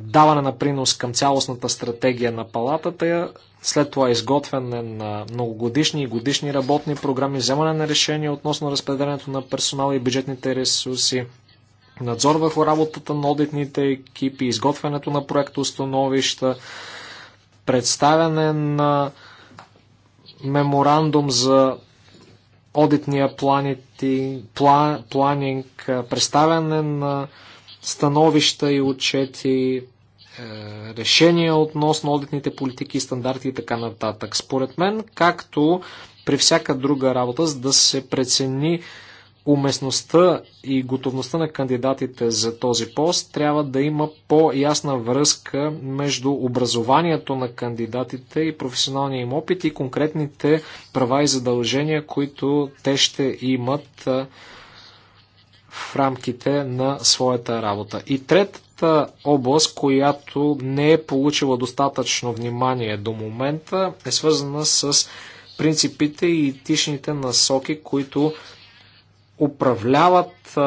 даване на принос към цялостната стратегия на палатата, след това изготвяне на многогодишни и годишни работни програми, вземане на решения относно разпределението на персонала и бюджетните ресурси, надзор върху работата на одитните екипи, изготвянето на проекто представяне на меморандум за одитния пла, планинг, представяне на становища и отчети, е, решения относно одитните политики и стандарти и така нататък. Според мен, както при всяка друга работа, за да се прецени уместността и готовността на кандидатите за този пост трябва да има по-ясна връзка между образованието на кандидатите и професионалния им опит и конкретните права и задължения, които те ще имат в рамките на своята работа. И третата област, която не е получила достатъчно внимание до момента, е свързана с принципите и етичните насоки, които управляват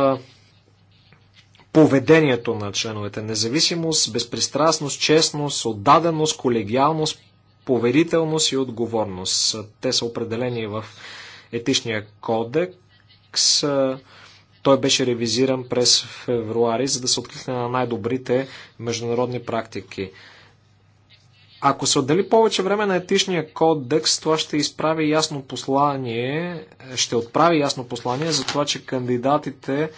поведението на членовете. Независимост, безпристрастност, честност, отдаденост, колегиалност, поверителност и отговорност. Те са определени в етичния кодекс. Той беше ревизиран през февруари, за да се откликне на най-добрите международни практики. Ако се отдели повече време на етичния кодекс, това ще изправи ясно послание, ще отправи ясно послание за това, че кандидатите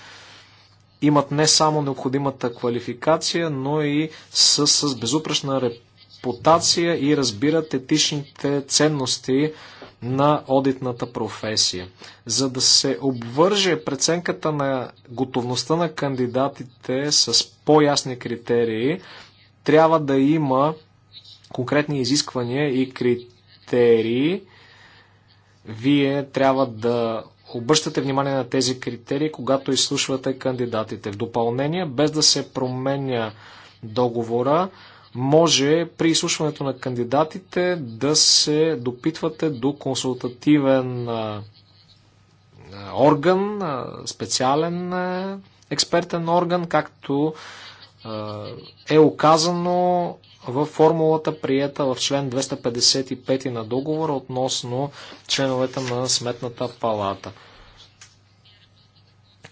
имат не само необходимата квалификация, но и с, с безупречна репутация и разбират етичните ценности на одитната професия. За да се обвърже преценката на готовността на кандидатите с по-ясни критерии, трябва да има конкретни изисквания и критерии. Вие трябва да обръщате внимание на тези критерии, когато изслушвате кандидатите. В допълнение, без да се променя договора, може при изслушването на кандидатите да се допитвате до консултативен орган, специален експертен орган, както е оказано в формулата приета в член 255 на договора относно членовете на Сметната палата.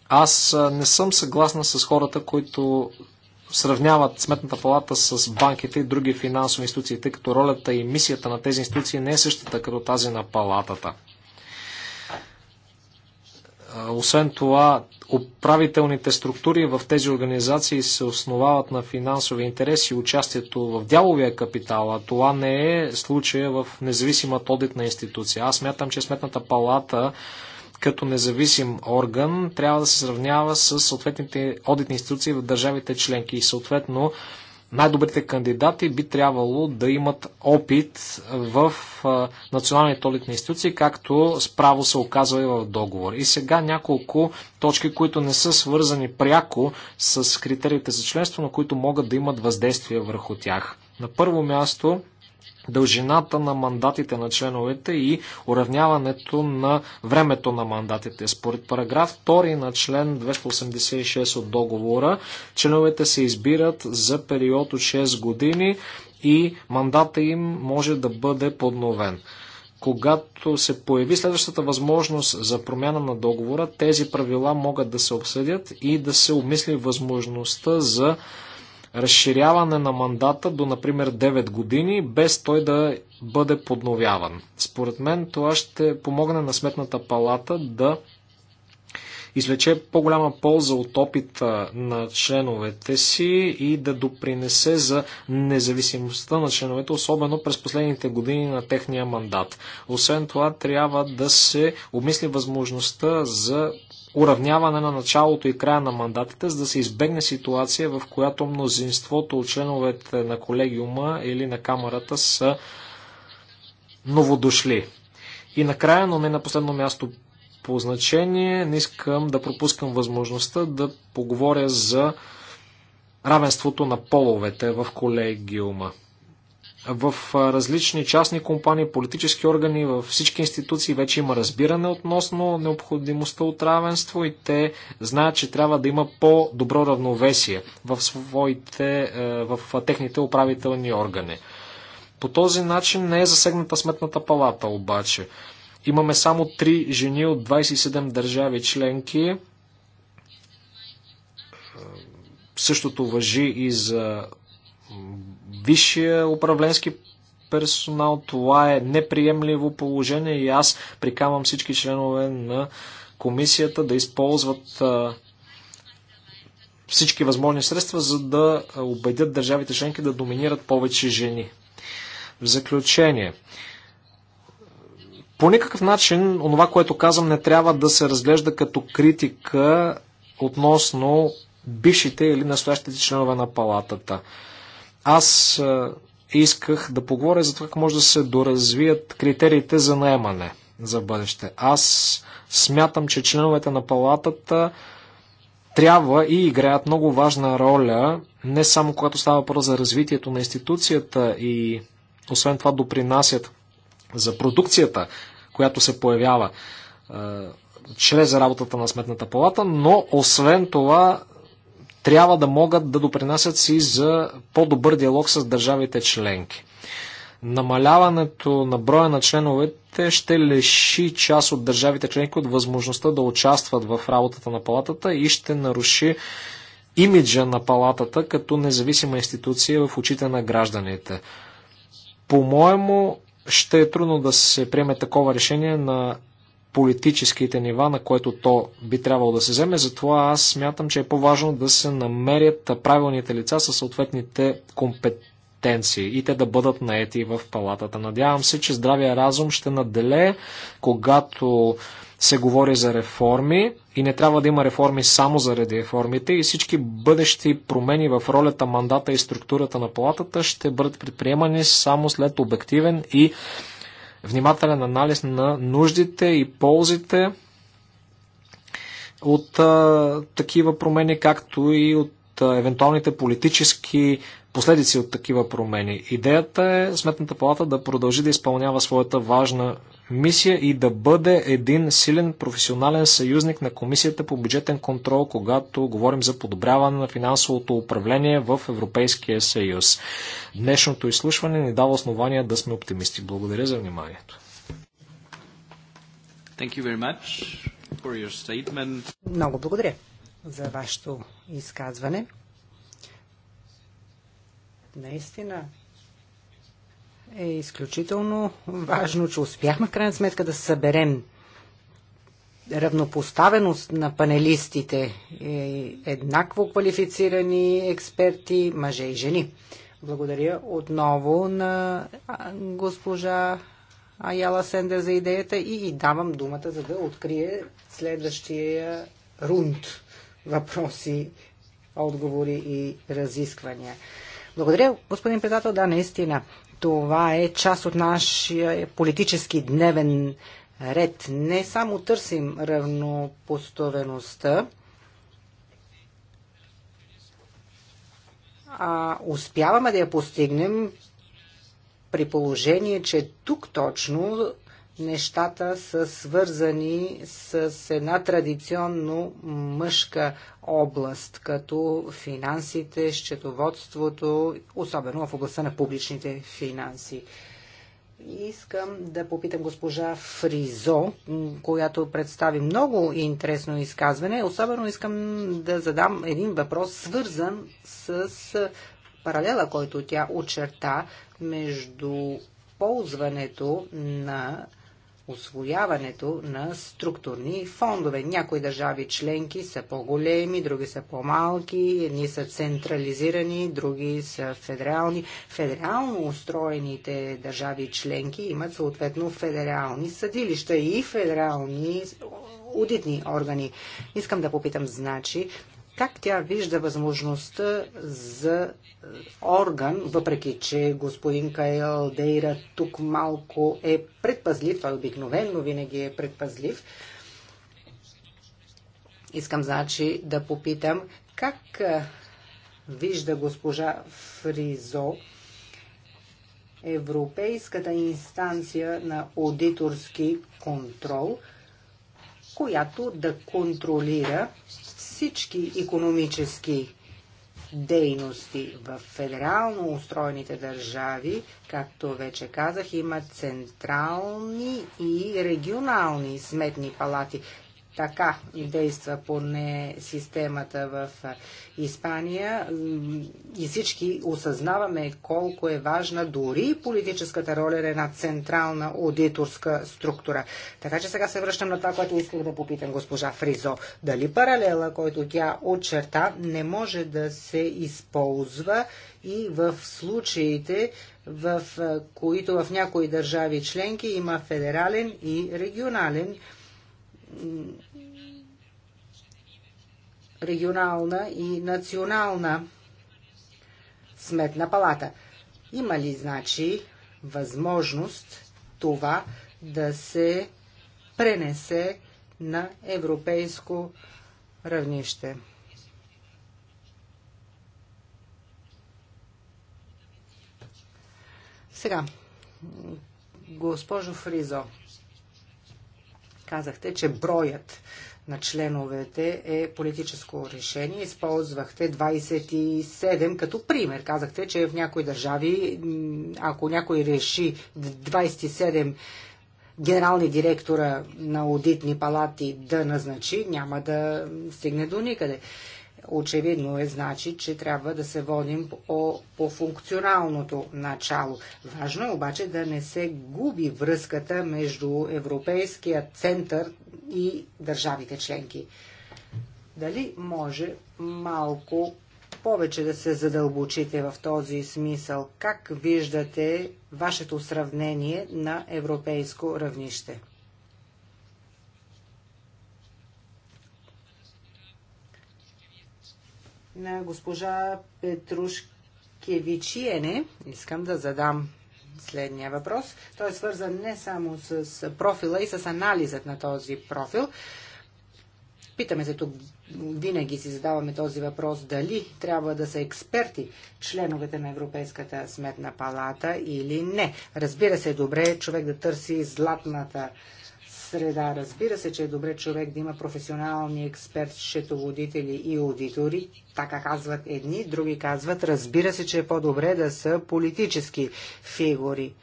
Аз не съм съгласна с хората, които сравняват Сметната палата с банките и други финансови институции, тъй като ролята и мисията на тези институции не е същата като тази на палатата. Освен това, управителните структури в тези организации се основават на финансови интереси и участието в дяловия капитал, а това не е случая в независимата одитна институция. Аз мятам, че Сметната палата като независим орган трябва да се сравнява с съответните одитни институции в държавите членки и съответно най-добрите кандидати би трябвало да имат опит в националните толитни институции, както справо се оказва и в договор. И сега няколко точки, които не са свързани пряко с критериите за членство, но които могат да имат въздействие върху тях. На първо място дължината на мандатите на членовете и уравняването на времето на мандатите. Според параграф 2 на член 286 от договора, членовете се избират за период от 6 години и мандата им може да бъде подновен. Когато се появи следващата възможност за промяна на договора, тези правила могат да се обсъдят и да се обмисли възможността за разширяване на мандата до, например, 9 години, без той да бъде подновяван. Според мен това ще помогне на Сметната палата да извлече по-голяма полза от опита на членовете си и да допринесе за независимостта на членовете, особено през последните години на техния мандат. Освен това, трябва да се обмисли възможността за уравняване на началото и края на мандатите, за да се избегне ситуация, в която мнозинството от членовете на колегиума или на камерата са новодошли. И накрая, но не на последно място по значение, не искам да пропускам възможността да поговоря за равенството на половете в колегиума в различни частни компании, политически органи, във всички институции вече има разбиране относно необходимостта от равенство и те знаят, че трябва да има по-добро равновесие в, своите, е, в техните управителни органи. По този начин не е засегната сметната палата обаче. Имаме само три жени от 27 държави членки. Е, същото въжи и за висшия управленски персонал. Това е неприемливо положение и аз прикамвам всички членове на комисията да използват всички възможни средства, за да убедят държавите членки да доминират повече жени. В заключение, по никакъв начин онова, което казвам, не трябва да се разглежда като критика относно бившите или настоящите членове на палатата. Аз исках да поговоря за това как може да се доразвият критериите за наемане за бъдеще. Аз смятам, че членовете на палатата трябва и играят много важна роля, не само когато става въпрос за развитието на институцията и освен това допринасят за продукцията, която се появява чрез работата на Сметната палата, но освен това трябва да могат да допринасят си за по-добър диалог с държавите членки. Намаляването на броя на членовете ще лиши част от държавите членки от възможността да участват в работата на палатата и ще наруши имиджа на палатата като независима институция в очите на гражданите. По-моему, ще е трудно да се приеме такова решение на политическите нива, на което то би трябвало да се вземе. Затова аз смятам, че е по-важно да се намерят правилните лица със съответните компетенции и те да бъдат наети в палатата. Надявам се, че здравия разум ще наделее, когато се говори за реформи и не трябва да има реформи само заради реформите и всички бъдещи промени в ролята, мандата и структурата на палатата ще бъдат предприемани само след обективен и внимателен анализ на нуждите и ползите от а, такива промени, както и от а, евентуалните политически последици от такива промени. Идеята е Сметната палата да продължи да изпълнява своята важна мисия и да бъде един силен професионален съюзник на Комисията по бюджетен контрол, когато говорим за подобряване на финансовото управление в Европейския съюз. Днешното изслушване ни дава основания да сме оптимисти. Благодаря за вниманието. Много благодаря за вашето изказване. Наистина е изключително важно, че успяхме в крайна сметка да съберем равнопоставеност на панелистите, е, еднакво квалифицирани експерти, мъже и жени. Благодаря отново на госпожа Аяла Сендер за идеята и, и давам думата, за да открие следващия рунд въпроси, отговори и разисквания. Благодаря, господин председател. Да, наистина. Това е част от нашия политически дневен ред. Не само търсим равнопоставеността, а успяваме да я постигнем при положение, че тук точно нещата са свързани с една традиционно мъжка област, като финансите, счетоводството, особено в областта на публичните финанси. Искам да попитам госпожа Фризо, която представи много интересно изказване. Особено искам да задам един въпрос, свързан с паралела, който тя очерта между ползването на освояването на структурни фондове. Някои държави членки са по-големи, други са по-малки, едни са централизирани, други са федерални. Федерално устроените държави членки имат съответно федерални съдилища и федерални аудитни органи. Искам да попитам, значи, как тя вижда възможността за е, орган, въпреки че господин Кайл Дейра тук малко е предпазлив, той обикновенно винаги е предпазлив. Искам, значи, да попитам как е, вижда госпожа Фризо Европейската инстанция на аудиторски контрол, която да контролира всички економически дейности в федерално устроените държави, както вече казах, има централни и регионални сметни палати така действа поне системата в Испания и всички осъзнаваме колко е важна дори политическата роля на една централна аудиторска структура. Така че сега се връщам на това, което исках да попитам госпожа Фризо. Дали паралела, който тя очерта, не може да се използва и в случаите, в които в някои държави членки има федерален и регионален регионална и национална сметна палата. Има ли, значи, възможност това да се пренесе на европейско равнище? Сега, госпожо Фризо, Казахте, че броят на членовете е политическо решение. Използвахте 27 като пример. Казахте, че в някои държави, ако някой реши 27 генерални директора на аудитни палати да назначи, няма да стигне до никъде. Очевидно е, значи, че трябва да се водим по, по функционалното начало. Важно е обаче да не се губи връзката между Европейския център и държавите членки. Дали може малко повече да се задълбочите в този смисъл? Как виждате вашето сравнение на европейско равнище? на госпожа Петрушкевичиене искам да задам следния въпрос. Той е свързан не само с профила и с анализът на този профил. Питаме се тук, винаги си задаваме този въпрос, дали трябва да са експерти членовете на Европейската сметна палата или не. Разбира се, добре е човек да търси златната среда. Разбира се, че е добре човек да има професионални експерт, счетоводители и аудитори. Така казват едни, други казват. Разбира се, че е по-добре да са политически фигури.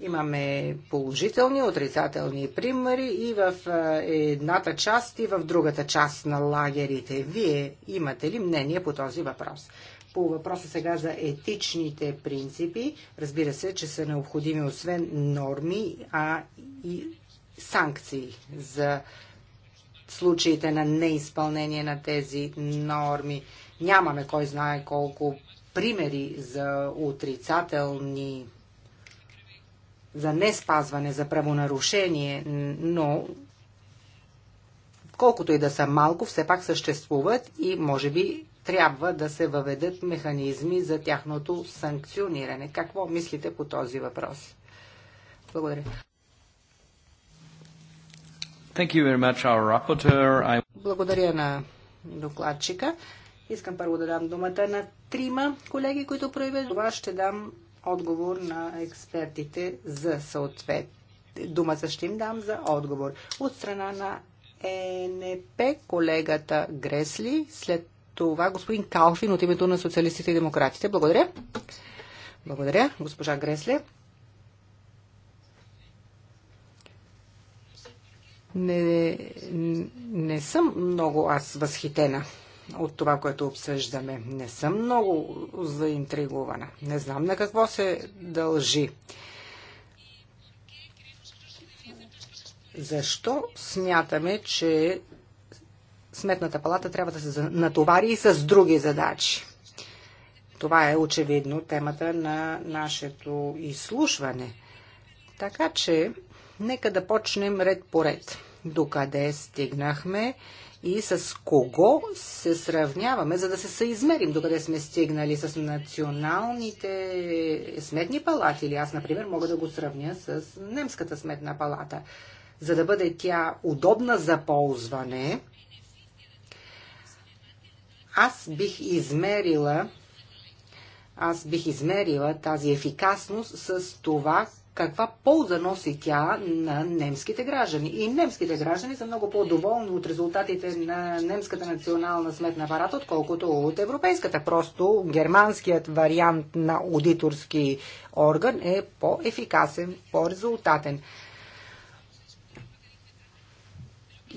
Имаме положителни, отрицателни примери и в едната част, и в другата част на лагерите. Вие имате ли мнение по този въпрос? по въпроса сега за етичните принципи. Разбира се, че са необходими освен норми, а и санкции за случаите на неизпълнение на тези норми. Нямаме кой знае колко примери за отрицателни, за не спазване, за правонарушение, но колкото и да са малко, все пак съществуват и може би трябва да се въведат механизми за тяхното санкциониране. Какво мислите по този въпрос? Благодаря. Thank you very much, our rapporteur. I... Благодаря на докладчика. Искам първо да дам думата на трима колеги, които проявят. Това ще дам отговор на експертите за съответ. Думата ще им дам за отговор. От страна на ЕНП колегата Гресли, след това господин Калфин от името на социалистите и демократите. Благодаря. Благодаря, госпожа Гресле. Не, не съм много аз възхитена от това, което обсъждаме. Не съм много заинтригувана. Не знам на какво се дължи. Защо смятаме, че Сметната палата трябва да се натовари и с други задачи. Това е очевидно темата на нашето изслушване. Така че, нека да почнем ред по ред. Докъде стигнахме и с кого се сравняваме, за да се съизмерим докъде сме стигнали с националните сметни палати. Или аз, например, мога да го сравня с немската сметна палата. За да бъде тя удобна за ползване, аз бих измерила аз бих измерила тази ефикасност с това, каква полза носи тя на немските граждани. И немските граждани са много по-доволни от резултатите на немската национална сметна апарат, отколкото от европейската. Просто германският вариант на аудиторски орган е по-ефикасен, по-резултатен.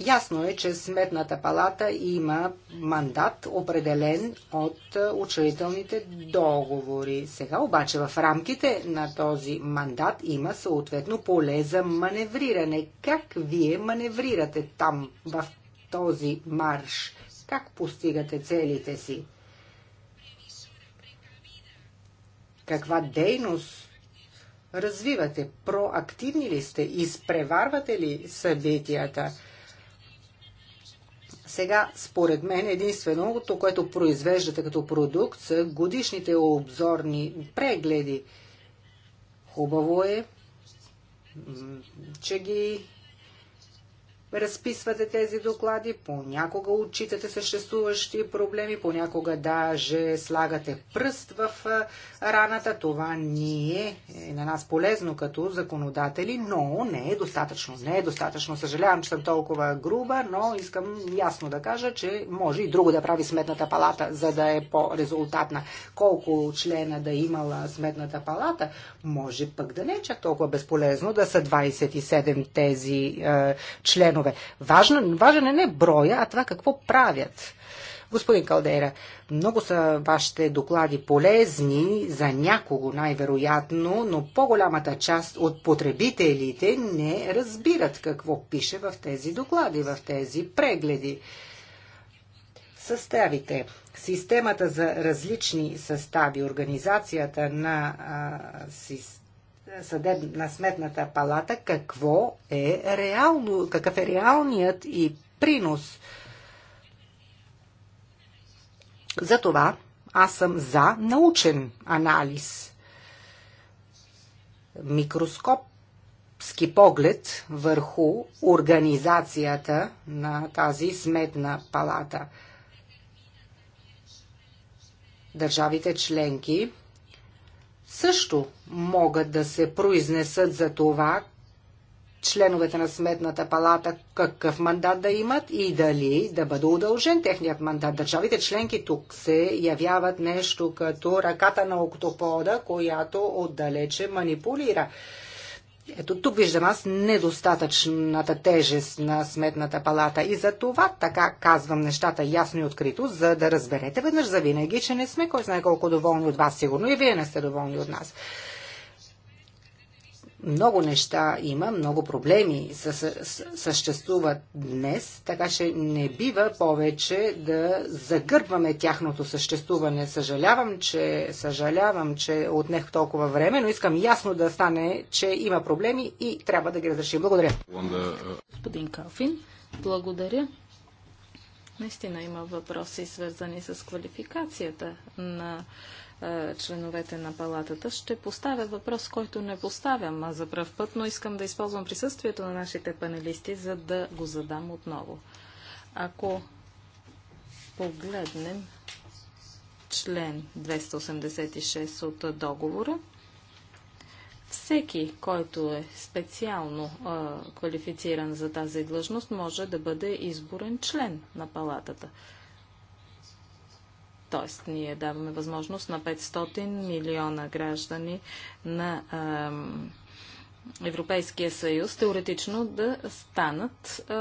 Ясно е, че Сметната палата има мандат определен от е, учредителните договори. Сега обаче в рамките на този мандат има съответно поле за маневриране. Как вие маневрирате там в този марш? Как постигате целите си? Каква дейност развивате? Проактивни ли сте? Изпреварвате ли събитията? Сега, според мен, единственото, което произвеждате като продукт са годишните обзорни прегледи. Хубаво е, че ги разписвате тези доклади, понякога отчитате съществуващи проблеми, понякога даже слагате пръст в раната. Това ни е, на нас полезно като законодатели, но не е достатъчно. Не е достатъчно. Съжалявам, че съм толкова груба, но искам ясно да кажа, че може и друго да прави Сметната палата, за да е по-резултатна. Колко члена да имала Сметната палата, може пък да не е чак толкова безполезно да са 27 тези е, членове спорове. Важен, важен е не броя, а това какво правят. Господин Калдейра, много са вашите доклади полезни за някого най-вероятно, но по-голямата част от потребителите не разбират какво пише в тези доклади, в тези прегледи. Съставите. Системата за различни състави, организацията на а, системата, съдеб, на сметната палата какво е реално, какъв е реалният и принос. Затова аз съм за научен анализ. Микроскопски поглед върху организацията на тази сметна палата. Държавите членки също могат да се произнесат за това, членовете на Сметната палата какъв мандат да имат и дали да бъде удължен техният мандат. Държавите членки тук се явяват нещо като ръката на октопода, която отдалече манипулира. Ето тук виждам аз недостатъчната тежест на Сметната палата и за това така казвам нещата ясно и открито, за да разберете веднъж за винаги, че не сме кой знае колко доволни от вас, сигурно и вие не сте доволни от нас. Много неща има, много проблеми съществуват днес, така че не бива повече да загърбваме тяхното съществуване. Съжалявам, че, съжалявам, че отнех толкова време, но искам ясно да стане, че има проблеми и трябва да ги разрешим. Благодаря. Господин Калфин, благодаря. Наистина има въпроси, свързани с квалификацията на е, членовете на палатата. Ще поставя въпрос, който не поставям за пръв път, но искам да използвам присъствието на нашите панелисти, за да го задам отново. Ако погледнем член 286 от договора, всеки, който е специално а, е, квалифициран за тази длъжност, може да бъде изборен член на палатата. Тоест, ние даваме възможност на 500 милиона граждани на Европейския съюз теоретично да станат е,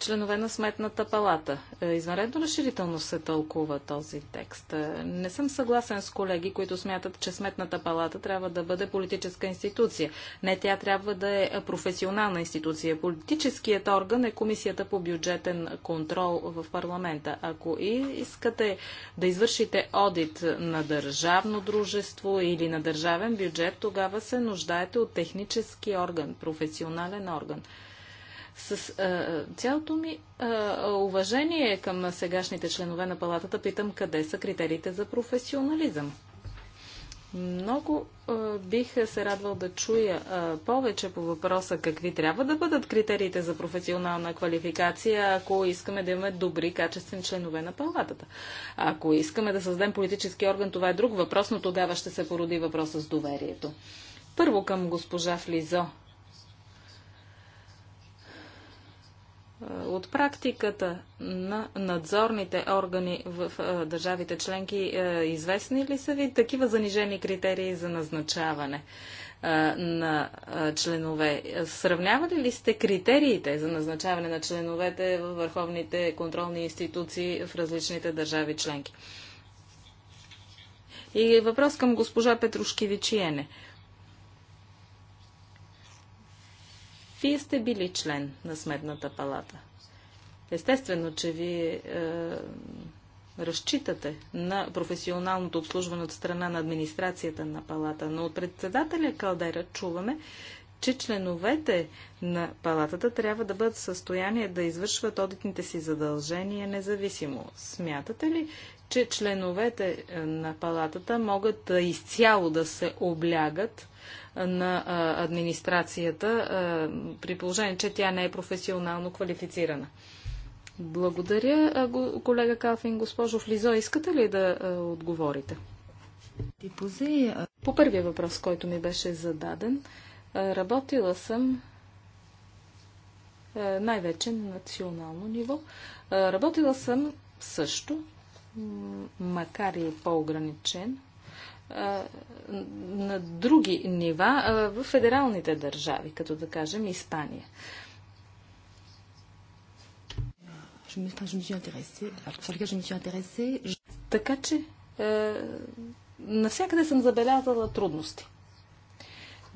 членове на Сметната палата. Е, извънредно разширително се тълкува този текст. Е, не съм съгласен с колеги, които смятат, че Сметната палата трябва да бъде политическа институция. Не, тя трябва да е професионална институция. Политическият орган е Комисията по бюджетен контрол в парламента. Ако и искате да извършите одит на държавно дружество или на държавен бюджет, тогава се нуждаете от технически орган, професионален орган. С а, цялото ми а, уважение към сегашните членове на палатата питам къде са критериите за професионализъм. Много а, бих се радвал да чуя а, повече по въпроса какви трябва да бъдат критериите за професионална квалификация, ако искаме да имаме добри, качествени членове на палатата. Ако искаме да създадем политически орган, това е друг въпрос, но тогава ще се породи въпроса с доверието. Първо към госпожа Флизо Е, от практиката на надзорните органи в е, държавите членки е, известни ли са ви такива занижени критерии за назначаване на членове? Сравнявали ли сте критериите за назначаване на членовете в върховните контролни институции в различните държави членки? И въпрос към госпожа Петрушкивичиене. Вие сте били член на Сметната палата. Естествено, че вие е, разчитате на професионалното обслужване от страна на администрацията на палата, но от председателя Калдера чуваме, че членовете на палатата трябва да бъдат в състояние да извършват одитните си задължения независимо. Смятате ли, че членовете е, на палатата могат изцяло да се облягат на администрацията, при положение, че тя не е професионално квалифицирана. Благодаря, колега Калфин. Госпожо Флизо, искате ли да отговорите? По първия въпрос, който ми беше зададен, работила съм най-вече на национално ниво. Работила съм също, макар и по-ограничен, на други нива в федералните държави, като да кажем Испания. Така че е, навсякъде съм забелязала трудности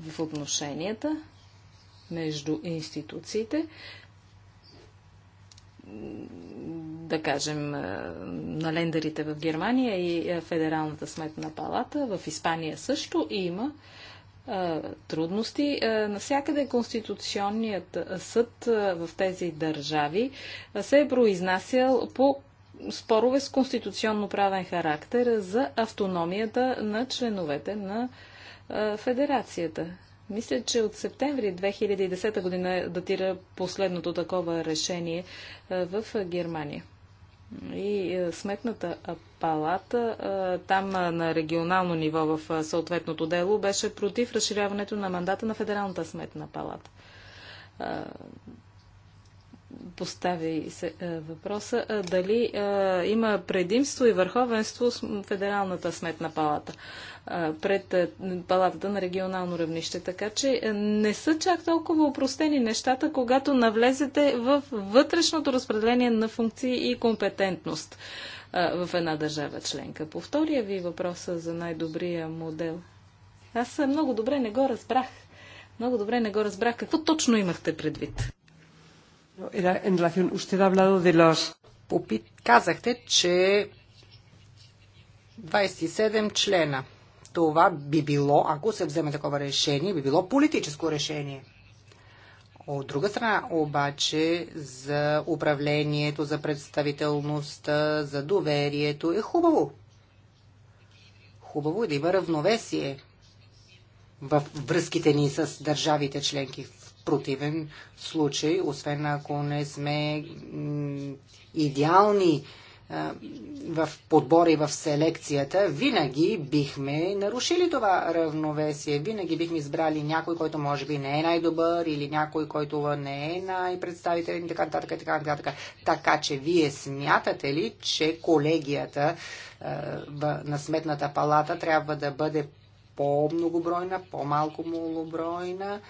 в отношенията между институциите, да кажем, е, на лендерите в Германия и е, Федералната сметна палата. В Испания също има е, трудности. Насякъде Конституционният съд в тези държави се е произнасял по спорове с конституционно-правен характер за автономията на членовете на федерацията. Мисля, че от септември 2010 година датира последното такова решение в Германия. И сметната палата там на регионално ниво в съответното дело беше против разширяването на мандата на Федералната сметна палата постави се е, въпроса е, дали е, има предимство и върховенство с Федералната сметна палата пред палатата на регионално равнище. Така че не са чак толкова упростени нещата, когато навлезете в вътрешното разпределение на функции и компетентност в една държава членка. По втория ви въпроса за най-добрия модел. Аз много добре не го разбрах. Много добре не го разбрах. Какво точно имахте предвид? Попит, казахте, че 27 члена. Това би било, ако се вземе такова решение, би било политическо решение. От друга страна обаче за управлението, за представителността, за доверието е хубаво. Хубаво е да има равновесие в връзките ни с държавите членки противен случай, освен ако не сме идеални в подбора и в селекцията, винаги бихме нарушили това равновесие. Винаги бихме избрали някой, който може би не е най-добър или някой, който не е най-представителен и така нататък. Така, така, така. така че вие смятате ли, че колегията на Сметната палата трябва да бъде по-многобройна, по-малко многобройна? по малко малобройна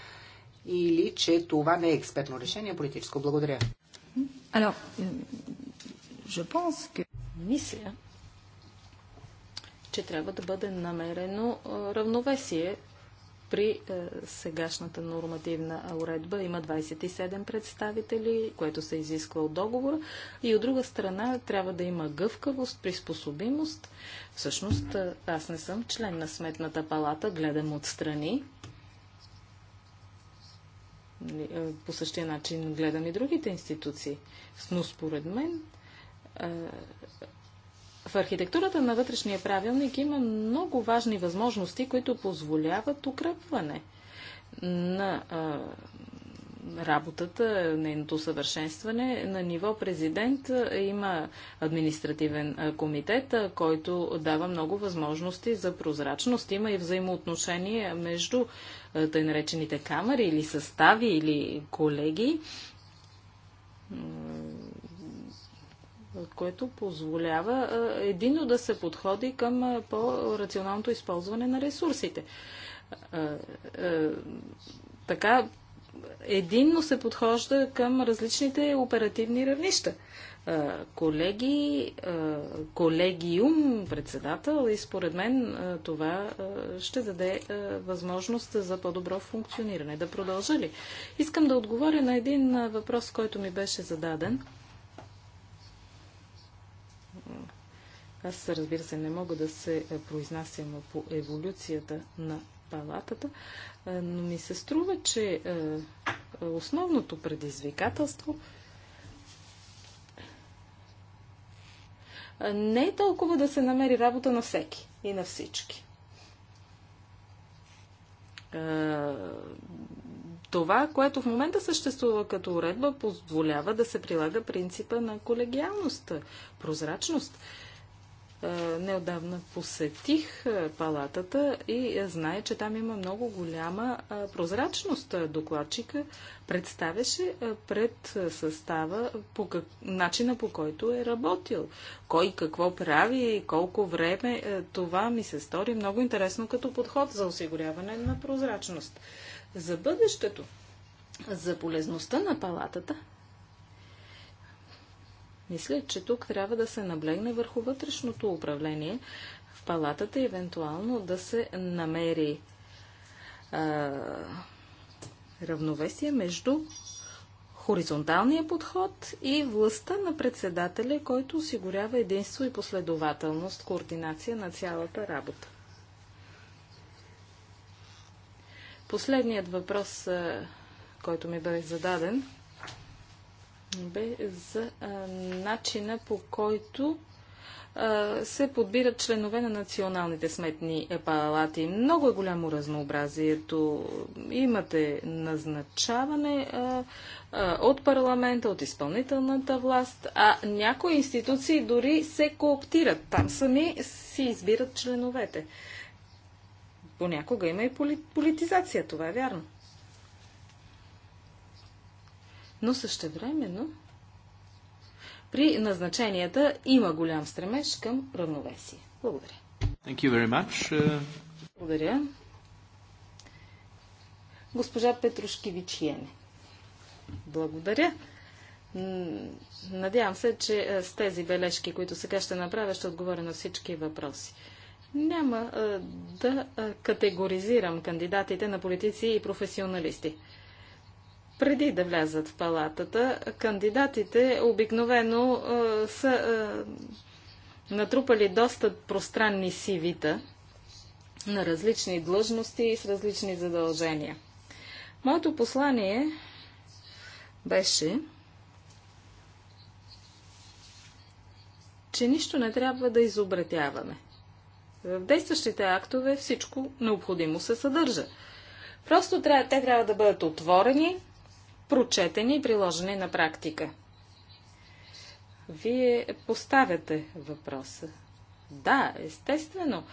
или че това не е експертно решение, политическо. Благодаря. Alors, euh, que... Мисля, че трябва да бъде намерено равновесие при сегашната нормативна уредба. Има 27 представители, което се изисква от договора. И от друга страна трябва да има гъвкавост, приспособимост. Всъщност, аз не съм член на Сметната палата, гледам отстрани е, по същия начин гледам и другите институции. Но според мен е, в архитектурата на вътрешния правилник има много важни възможности, които позволяват укрепване на е, работата, нейното съвършенстване. На ниво президент има административен комитет, който дава много възможности за прозрачност. Има и взаимоотношения между е, тъй наречените камери или състави или колеги, което позволява е, едино да се подходи към е, по-рационалното използване на ресурсите. Така единно се подхожда към различните оперативни равнища колеги, колегиум, председател и според мен това ще даде възможност за по-добро функциониране. Да продължа ли? Искам да отговоря на един въпрос, който ми беше зададен. Аз, разбира се, не мога да се произнасям по еволюцията на палатата, но ми се струва, че основното предизвикателство – не е толкова да се намери работа на всеки и на всички. Това, което в момента съществува като уредба, позволява да се прилага принципа на колегиалност, прозрачност. Е, неодавна посетих е, палатата и е, знае, че там има много голяма прозрачност. Докладчика представяше пред състава по как... начина по който е работил. Кой какво прави и колко време. Това ми се стори много интересно като подход за осигуряване на прозрачност. За бъдещето, за полезността на палатата, мисля, че тук трябва да се наблегне върху вътрешното управление в палатата и евентуално да се намери а, равновесие между хоризонталния подход и властта на председателя, който осигурява единство и последователност, координация на цялата работа. Последният въпрос, който ми бе зададен, бе за а, начина по който се подбират членове на националните сметни палати. Много е голямо разнообразието. Имате назначаване а, от парламента, от изпълнителната власт, а някои институции дори се кооптират. Там сами си избират членовете. Понякога има и политизация, това е вярно. Но същевременно при назначенията има голям стремеж към равновесие. Благодаря. Thank you very much. Uh, Благодаря. Госпожа Йене. Благодаря. Надявам се, че е, с тези бележки, които сега ще направя, ще отговоря на всички въпроси. Няма е, да е, категоризирам кандидатите на политици и професионалисти преди да влязат в палатата. Кандидатите обикновено е, са е, натрупали доста пространни сивита на различни длъжности и с различни задължения. Моето послание беше, че нищо не трябва да изобретяваме. В действащите актове всичко необходимо се съдържа. Просто те трябва да бъдат отворени, прочетени и приложени на практика. Вие поставяте въпроса. Да, естествено.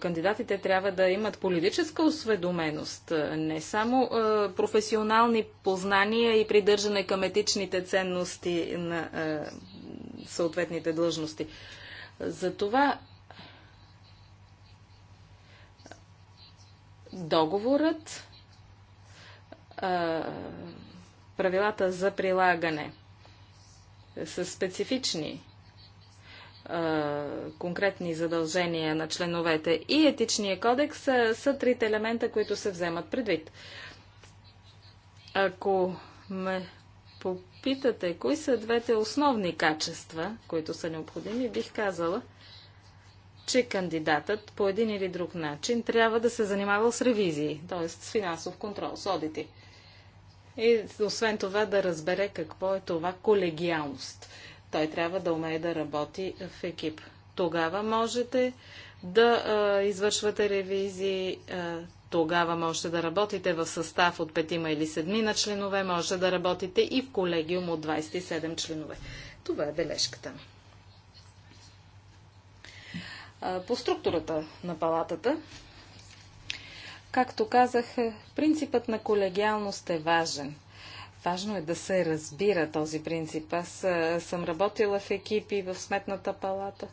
Кандидатите трябва да имат политическа осведоменост, не само професионални познания и придържане към етичните ценности на съответните длъжности. Затова договорът правилата за прилагане са специфични конкретни задължения на членовете и етичния кодекс са, са трите елемента, които се вземат предвид. Ако ме попитате кои са двете основни качества, които са необходими, бих казала, че кандидатът по един или друг начин трябва да се занимава с ревизии, т.е. с финансов контрол, с одити. И освен това да разбере какво е това колегиалност. Той трябва да умее да работи в екип. Тогава можете да а, извършвате ревизии, а, тогава можете да работите в състав от петима или седмина членове, може да работите и в колегиум от 27 членове. Това е бележката. А, по структурата на палатата Както казах, е, принципът на колегиалност е важен. Важно е да се разбира този принцип. Аз е, съм работила в екипи в Сметната палата.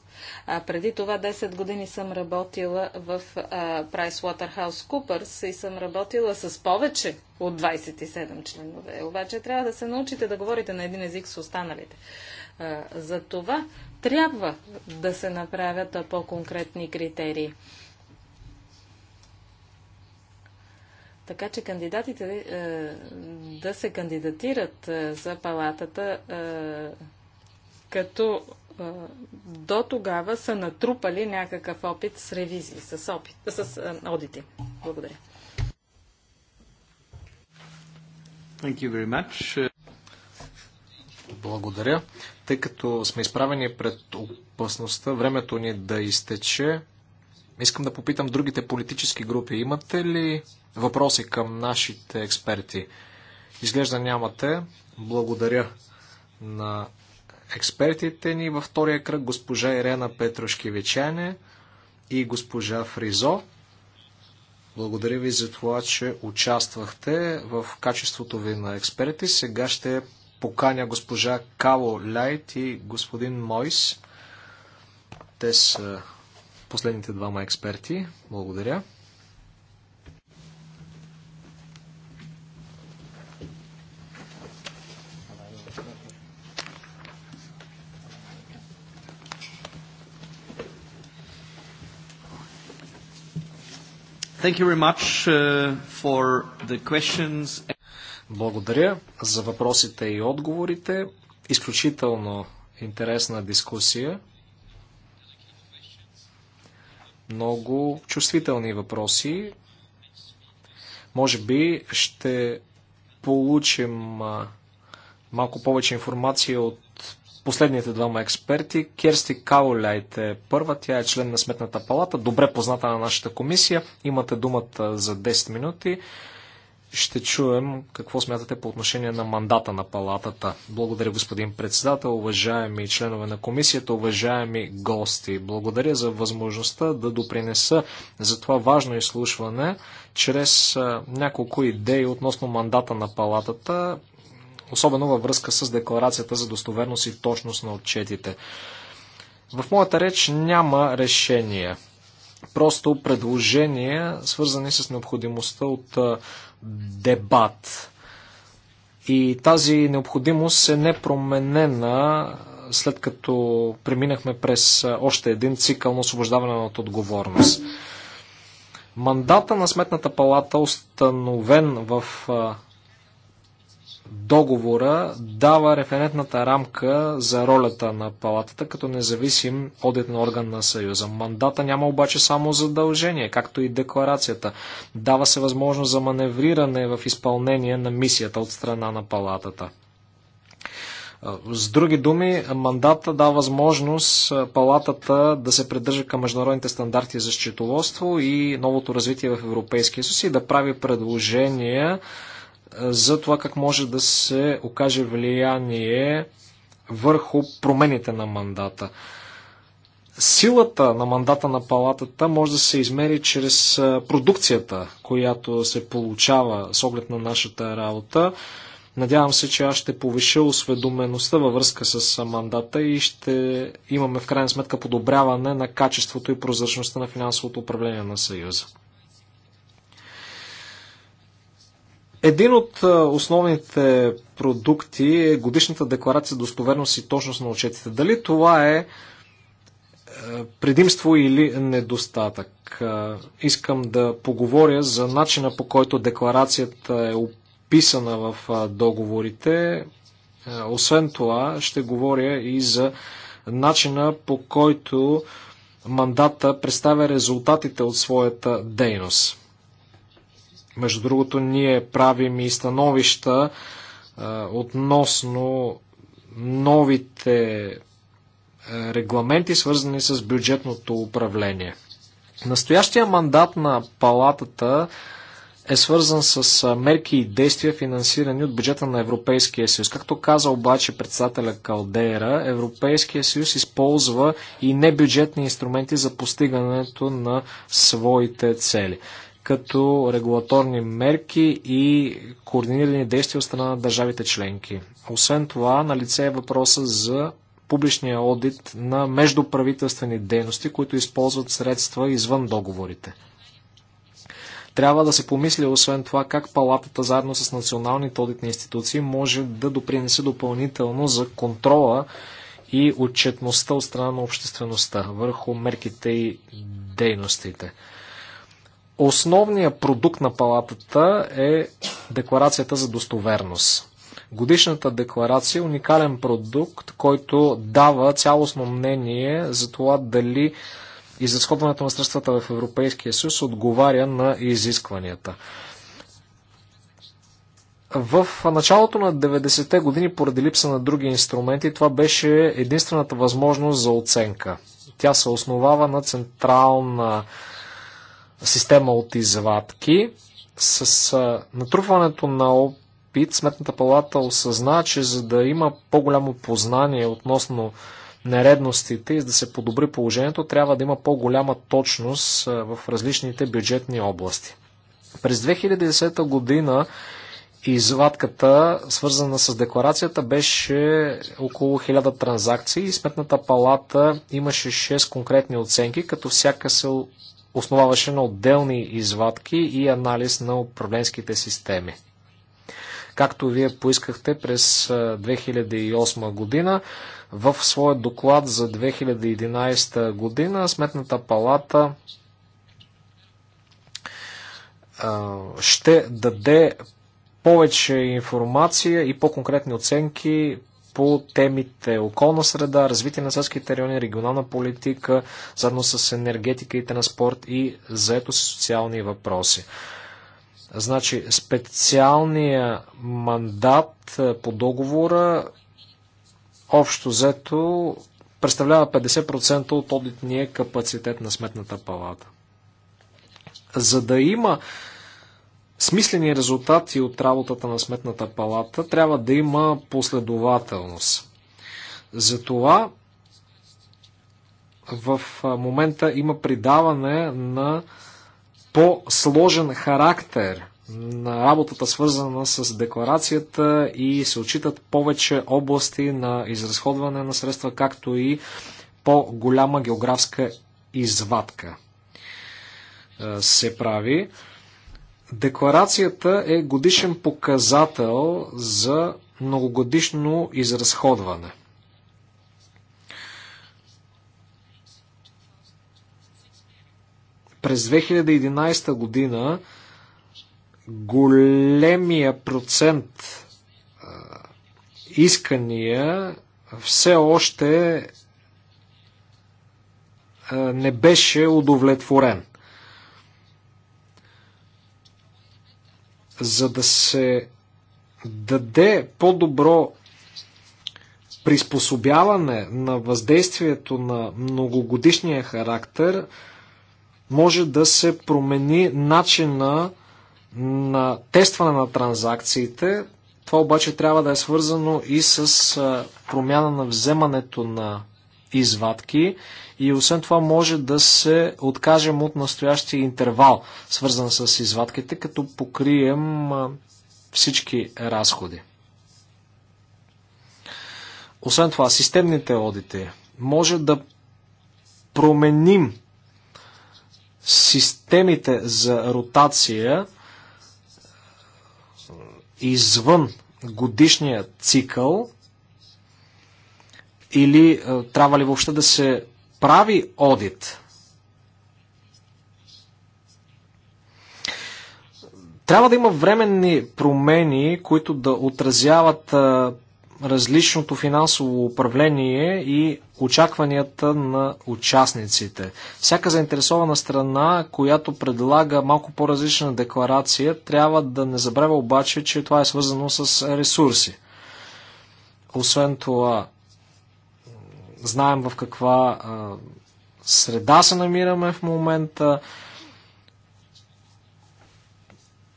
А преди това 10 години съм работила в е, PricewaterhouseCoopers и съм работила с повече от 27 членове. Обаче трябва да се научите да говорите на един език с останалите. А, за това трябва да се направят по-конкретни критерии. така че кандидатите е, да се кандидатират е, за палатата е, като е, до тогава са натрупали някакъв опит с ревизии, с, опит, с е, одити. Благодаря. Thank you very much. Благодаря. Тъй като сме изправени пред опасността времето ни да изтече, Искам да попитам другите политически групи. Имате ли въпроси към нашите експерти? Изглежда нямате. Благодаря на експертите ни във втория кръг госпожа Ирена Петрушкевичане и госпожа Фризо. Благодаря ви за това, че участвахте в качеството ви на експерти. Сега ще поканя госпожа Каво Лайт и господин Мойс. Те са последните двама експерти. Благодаря. Thank you very much uh, for the questions. Благодаря за въпросите и отговорите. Изключително интересна дискусия много чувствителни въпроси. Може би ще получим малко повече информация от последните двама експерти. Керсти Кауляйт е първа, тя е член на Сметната палата, добре позната на нашата комисия. Имате думата за 10 минути ще чуем какво смятате по отношение на мандата на палатата. Благодаря, господин председател, уважаеми членове на комисията, уважаеми гости. Благодаря за възможността да допринеса за това важно изслушване чрез няколко идеи относно мандата на палатата, особено във връзка с декларацията за достоверност и точност на отчетите. В моята реч няма решение. Просто предложения, свързани с необходимостта от дебат. И тази необходимост е непроменена след като преминахме през още един цикъл на освобождаване от отговорност. Мандата на Сметната палата, установен в договора дава референтната рамка за ролята на палатата като независим одитен орган на Съюза. Мандата няма обаче само задължение, както и декларацията. Дава се възможност за маневриране в изпълнение на мисията от страна на палатата. С други думи, мандата дава възможност палатата да се придържа към международните стандарти за счетоводство и новото развитие в Европейския съюз и да прави предложения за това как може да се окаже влияние върху промените на мандата. Силата на мандата на палатата може да се измери чрез продукцията, която се получава с оглед на нашата работа. Надявам се, че аз ще повиша осведомеността във връзка с мандата и ще имаме в крайна сметка подобряване на качеството и прозрачността на финансовото управление на Съюза. Един от основните продукти е годишната декларация достоверност и точност на отчетите. Дали това е предимство или недостатък? Искам да поговоря за начина по който декларацията е описана в договорите. Освен това, ще говоря и за начина по който мандата представя резултатите от своята дейност. Между другото, ние правим и становища а, относно новите регламенти, свързани с бюджетното управление. Настоящия мандат на палатата е свързан с мерки и действия, финансирани от бюджета на Европейския съюз. Както каза обаче председателя Калдера, Европейския съюз използва и небюджетни инструменти за постигането на своите цели като регулаторни мерки и координирани действия от страна на държавите членки. Освен това, на лице е въпроса за публичния одит на междуправителствени дейности, които използват средства извън договорите. Трябва да се помисли освен това как палатата заедно с националните одитни институции може да допринесе допълнително за контрола и отчетността от страна на обществеността върху мерките и дейностите. Основният продукт на палатата е декларацията за достоверност. Годишната декларация е уникален продукт, който дава цялостно мнение за това дали изразходването на средствата в Европейския съюз отговаря на изискванията. В началото на 90-те години, поради липса на други инструменти, това беше единствената възможност за оценка. Тя се основава на централна система от извадки. С натрупването на опит Сметната палата осъзна, че за да има по-голямо познание относно нередностите и за да се подобри положението, трябва да има по-голяма точност в различните бюджетни области. През 2010 година извадката, свързана с декларацията, беше около 1000 транзакции и Сметната палата имаше 6 конкретни оценки, като всяка се основаваше на отделни извадки и анализ на управленските системи. Както вие поискахте през 2008 година, в своя доклад за 2011 година Сметната палата ще даде повече информация и по-конкретни оценки по темите околна среда, развитие на селските райони, регионална политика, заедно с енергетика и транспорт и заето с социални въпроси. Значи, специалния мандат е, по договора общо взето представлява 50% от одитния капацитет на Сметната палата. За да има смислени резултати от работата на Сметната палата, трябва да има последователност. Затова в момента има придаване на по-сложен характер на работата, свързана с декларацията и се отчитат повече области на изразходване на средства, както и по-голяма географска извадка се прави. Декларацията е годишен показател за многогодишно изразходване. През 2011 година големия процент искания все още не беше удовлетворен. за да се даде по-добро приспособяване на въздействието на многогодишния характер, може да се промени начина на тестване на транзакциите. Това обаче трябва да е свързано и с промяна на вземането на извадки и освен това може да се откажем от настоящия интервал, свързан с извадките, като покрием всички разходи. Освен това, системните одити може да променим системите за ротация извън годишния цикъл, или е, трябва ли въобще да се прави одит? Трябва да има временни промени, които да отразяват е, различното финансово управление и очакванията на участниците. Всяка заинтересована страна, която предлага малко по-различна декларация, трябва да не забравя обаче, че това е свързано с ресурси. Освен това, знаем в каква а, среда се намираме в момента.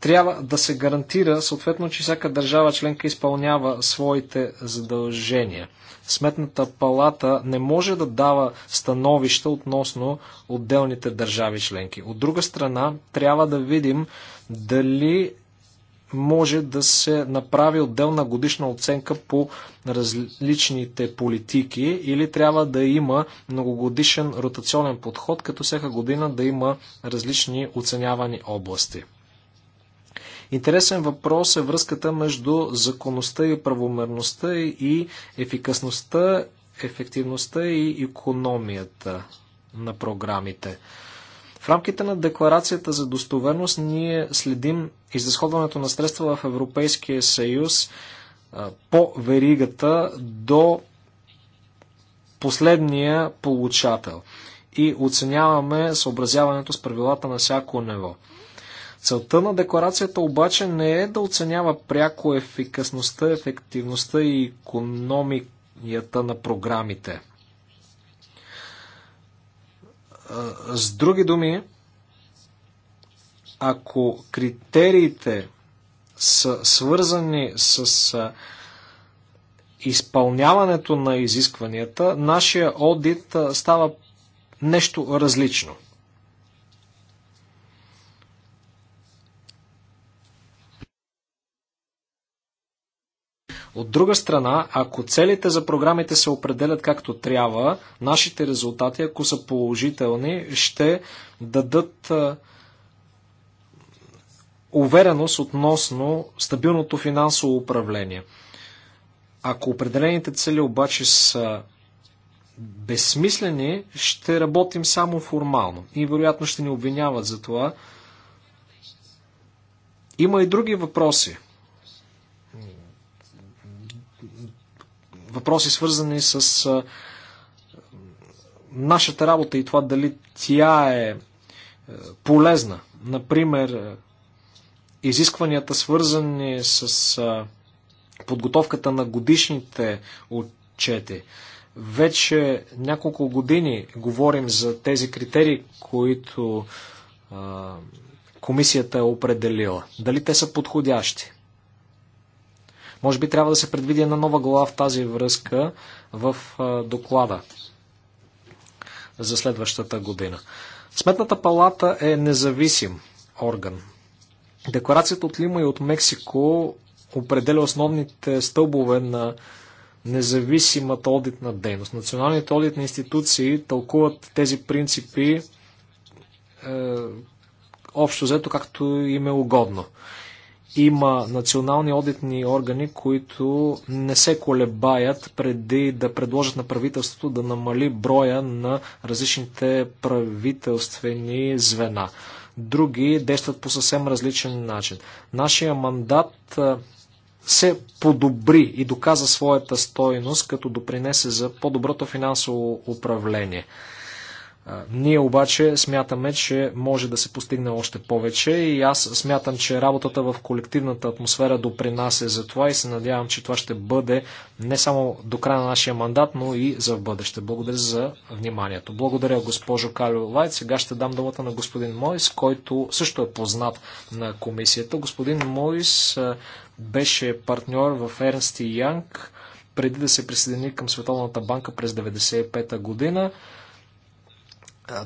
Трябва да се гарантира, съответно, че всяка държава членка изпълнява своите задължения. Сметната палата не може да дава становища относно отделните държави членки. От друга страна, трябва да видим дали може да се направи отделна годишна оценка по различните политики или трябва да има многогодишен ротационен подход, като всяка година да има различни оценявани области. Интересен въпрос е връзката между законността и правомерността и ефикасността, ефективността и економията на програмите. В рамките на декларацията за достоверност ние следим изразходването на средства в Европейския съюз по веригата до последния получател и оценяваме съобразяването с правилата на всяко ниво. Целта на декларацията обаче не е да оценява пряко ефикасността, ефективността и економията на програмите. С други думи, ако критериите са свързани с изпълняването на изискванията, нашия одит става нещо различно. От друга страна, ако целите за програмите се определят както трябва, нашите резултати, ако са положителни, ще дадат увереност относно стабилното финансово управление. Ако определените цели обаче са безсмислени, ще работим само формално и вероятно ще ни обвиняват за това. Има и други въпроси, въпроси свързани с нашата работа и това дали тя е, е полезна. Например, е, изискванията свързани с подготовката на годишните отчети. Вече няколко години говорим за тези критерии, които комисията е определила. Дали те са подходящи? Може би трябва да се предвиди една нова глава в тази връзка в доклада за следващата година. Сметната палата е независим орган. Декларацията от Лима и от Мексико определя основните стълбове на независимата одитна дейност. Националните одитни институции тълкуват тези принципи е, общо взето както им е угодно има национални одитни органи, които не се колебаят преди да предложат на правителството да намали броя на различните правителствени звена. Други действат по съвсем различен начин. Нашия мандат се подобри и доказа своята стойност, като допринесе за по-доброто финансово управление. Ние обаче смятаме, че може да се постигне още повече и аз смятам, че работата в колективната атмосфера допринася за това и се надявам, че това ще бъде не само до края на нашия мандат, но и за в бъдеще. Благодаря за вниманието. Благодаря госпожо Калио Лайт. Сега ще дам думата на господин Мойс, който също е познат на комисията. Господин Мойс беше партньор в Ернст и Янг преди да се присъедини към Световната банка през 1995 година.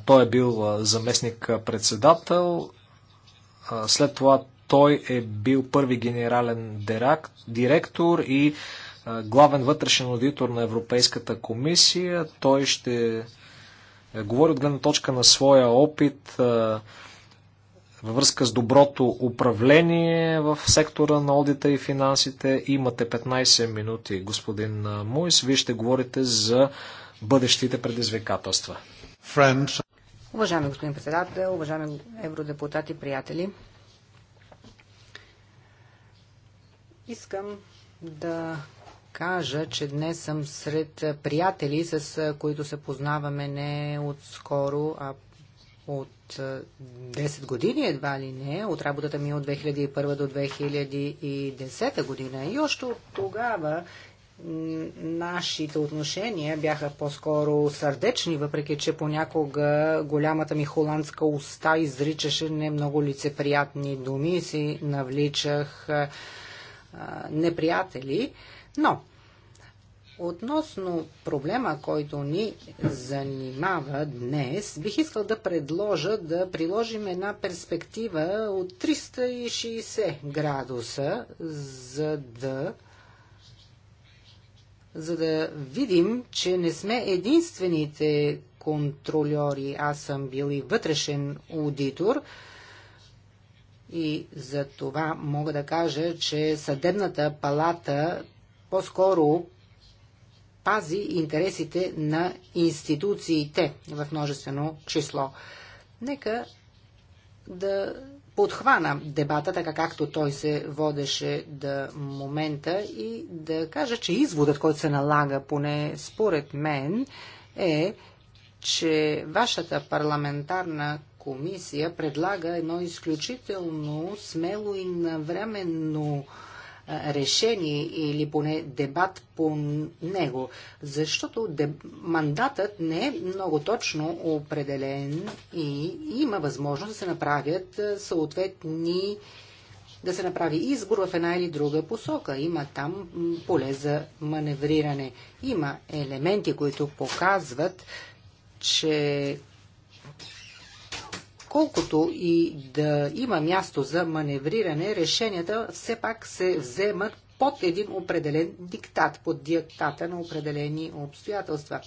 Той е бил заместник-председател, след това той е бил първи генерален директор и главен вътрешен аудитор на Европейската комисия. Той ще е, говори от гледна точка на своя опит във връзка с доброто управление в сектора на аудита и финансите. Имате 15 минути, господин Мойс. Вие ще говорите за бъдещите предизвикателства friends. Уважаеми господин председател, уважаеми евродепутати, приятели, искам да кажа, че днес съм сред приятели, с които се познаваме не от скоро, а от 10 години едва ли не, от работата ми от 2001 до 2010 година. И още от тогава нашите отношения бяха по-скоро сърдечни, въпреки че понякога голямата ми холандска уста изричаше не много лицеприятни думи и си навличах а, неприятели. Но, относно проблема, който ни занимава днес, бих искал да предложа да приложим една перспектива от 360 градуса, за да за да видим, че не сме единствените контрольори. Аз съм бил и вътрешен аудитор. И за това мога да кажа, че съдебната палата по-скоро пази интересите на институциите в множествено число. Нека да подхвана дебата, така както той се водеше до момента и да кажа, че изводът, който се налага, поне според мен, е, че вашата парламентарна комисия предлага едно изключително смело и навременно решение или поне дебат по него, защото мандатът не е много точно определен и има възможност да се направят е, съответни да се направи избор в една или друга посока. Има там поле за маневриране. Има елементи, които показват, че колкото и да има място за маневриране, решенията все пак се вземат под един определен диктат, под диктата на определени обстоятелства.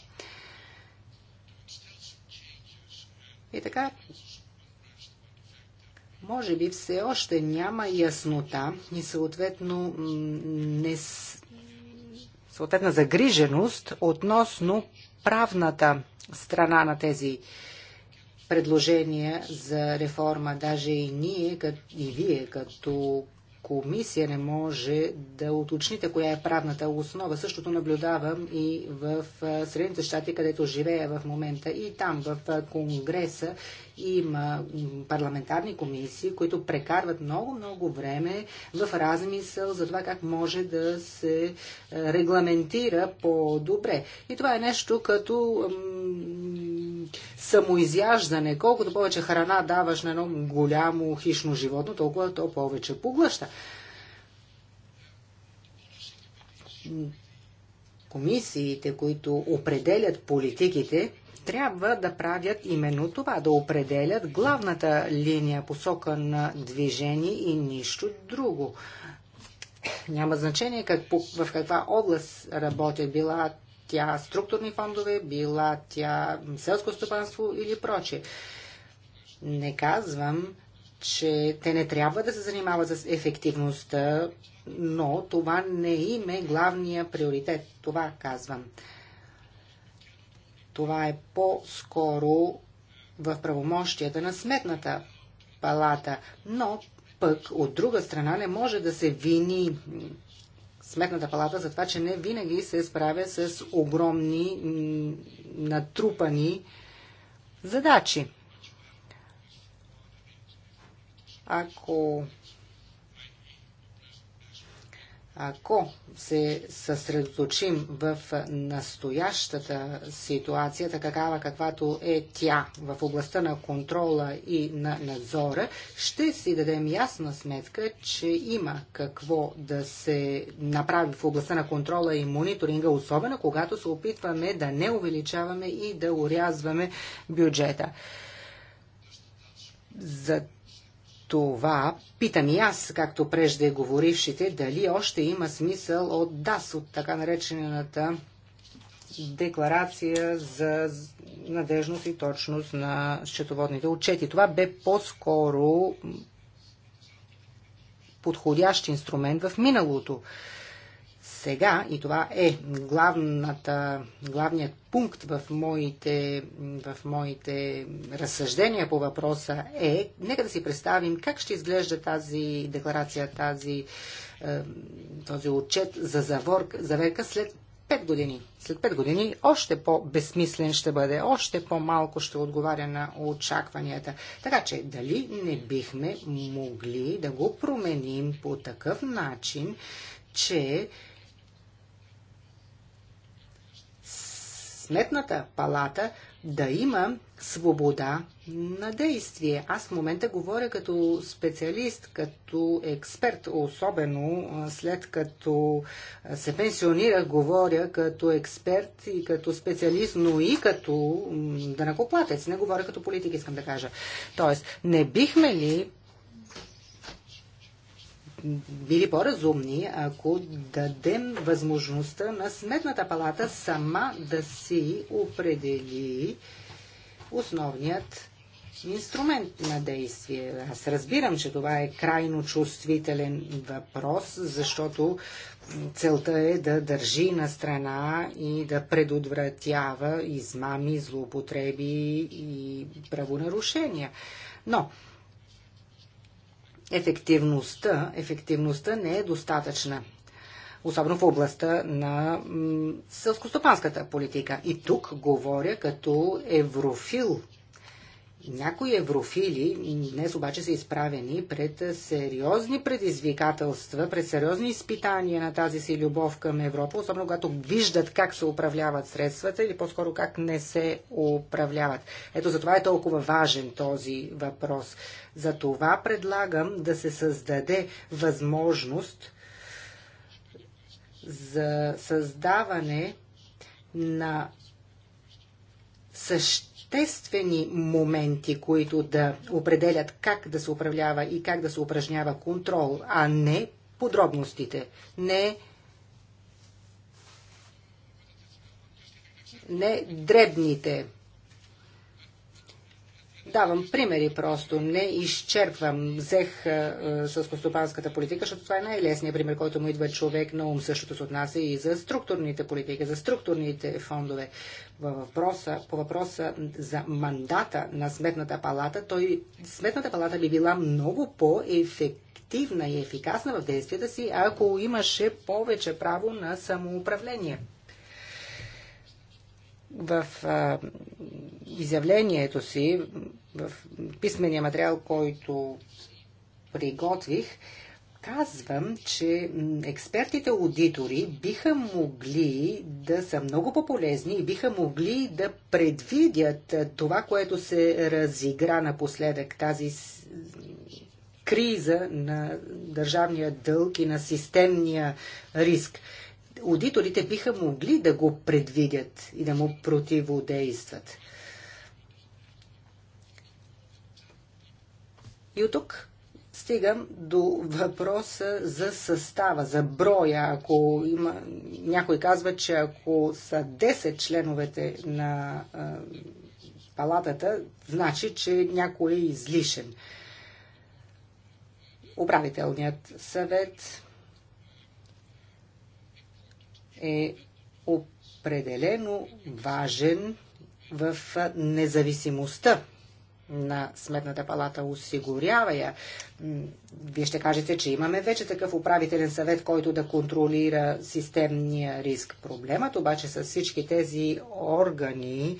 И така, може би все още няма яснота и съответно не, съответна загриженост относно правната страна на тези предложения за реформа. Даже и ние, и вие, като комисия не може да уточните коя е правната основа. Същото наблюдавам и в Средните щати, където живея в момента. И там в Конгреса има парламентарни комисии, които прекарват много-много време в размисъл за това как може да се регламентира по-добре. И това е нещо като самоизяждане. Колкото повече храна даваш на едно голямо хищно животно, толкова то повече поглъща. Комисиите, които определят политиките, трябва да правят именно това, да определят главната линия, посока на движение и нищо друго. Няма значение как, в каква област работят, била тя структурни фондове, била тя селско стопанство или прочее. Не казвам, че те не трябва да се занимават с ефективността, но това не им е главния приоритет. Това казвам. Това е по-скоро в правомощията на сметната палата, но пък от друга страна не може да се вини Сметната палата за това, че не винаги се справя с огромни натрупани задачи. Ако ако се съсредоточим в настоящата ситуация, такава каквато е тя в областта на контрола и на надзора, ще си дадем ясна сметка, че има какво да се направи в областта на контрола и мониторинга, особено когато се опитваме да не увеличаваме и да урязваме бюджета. За това питам и аз, както прежде говорившите, дали още има смисъл от ДАС, от така наречената декларация за надежност и точност на счетоводните отчети. Това бе по-скоро подходящ инструмент в миналото сега, и това е главната, главният пункт в моите, в моите разсъждения по въпроса е, нека да си представим как ще изглежда тази декларация, тази, е, този отчет за заворка, заверка след 5 години. След 5 години още по-безсмислен ще бъде, още по-малко ще отговаря на очакванията. Така че дали не бихме могли да го променим по такъв начин, че сметната палата да има свобода на действие. Аз в момента говоря като специалист, като експерт, особено след като се пенсионира, говоря като експерт и като специалист, но и като данакоплатец. Не говоря като политик, искам да кажа. Тоест, не бихме ли били по-разумни, ако дадем възможността на Сметната палата сама да си определи основният инструмент на действие. Аз разбирам, че това е крайно чувствителен въпрос, защото целта е да държи на страна и да предотвратява измами, злоупотреби и правонарушения. Но ефективността, ефективността не е достатъчна. Особено в областта на селскостопанската политика. И тук говоря като еврофил някои еврофили днес обаче са изправени пред сериозни предизвикателства, пред сериозни изпитания на тази си любов към Европа, особено когато виждат как се управляват средствата или по-скоро как не се управляват. Ето това е толкова важен този въпрос. За това предлагам да се създаде възможност за създаване на същ съществени моменти, които да определят как да се управлява и как да се упражнява контрол, а не подробностите, не, не дребните Давам примери просто, не изчерпвам. Взех костопанската политика, защото това е най-лесният пример, който му идва човек на ум. Същото се отнася и за структурните политики, за структурните фондове. Въпроса, по въпроса за мандата на Сметната палата, той, Сметната палата би била много по-ефективна ефективна и ефикасна в действията си, ако имаше повече право на самоуправление. В а, изявлението си в писмения материал, който приготвих, казвам, че експертите аудитори биха могли да са много по-полезни и биха могли да предвидят това, което се разигра напоследък, тази криза на държавния дълг и на системния риск. Аудиторите биха могли да го предвидят и да му противодействат. И от тук стигам до въпроса за състава, за броя. Ако има, някой казва, че ако са 10 членовете на а, палатата, значи, че някой е излишен. Управителният съвет е определено важен в независимостта на Сметната палата осигурява я. Вие ще кажете, че имаме вече такъв управителен съвет, който да контролира системния риск. Проблемът обаче с всички тези органи,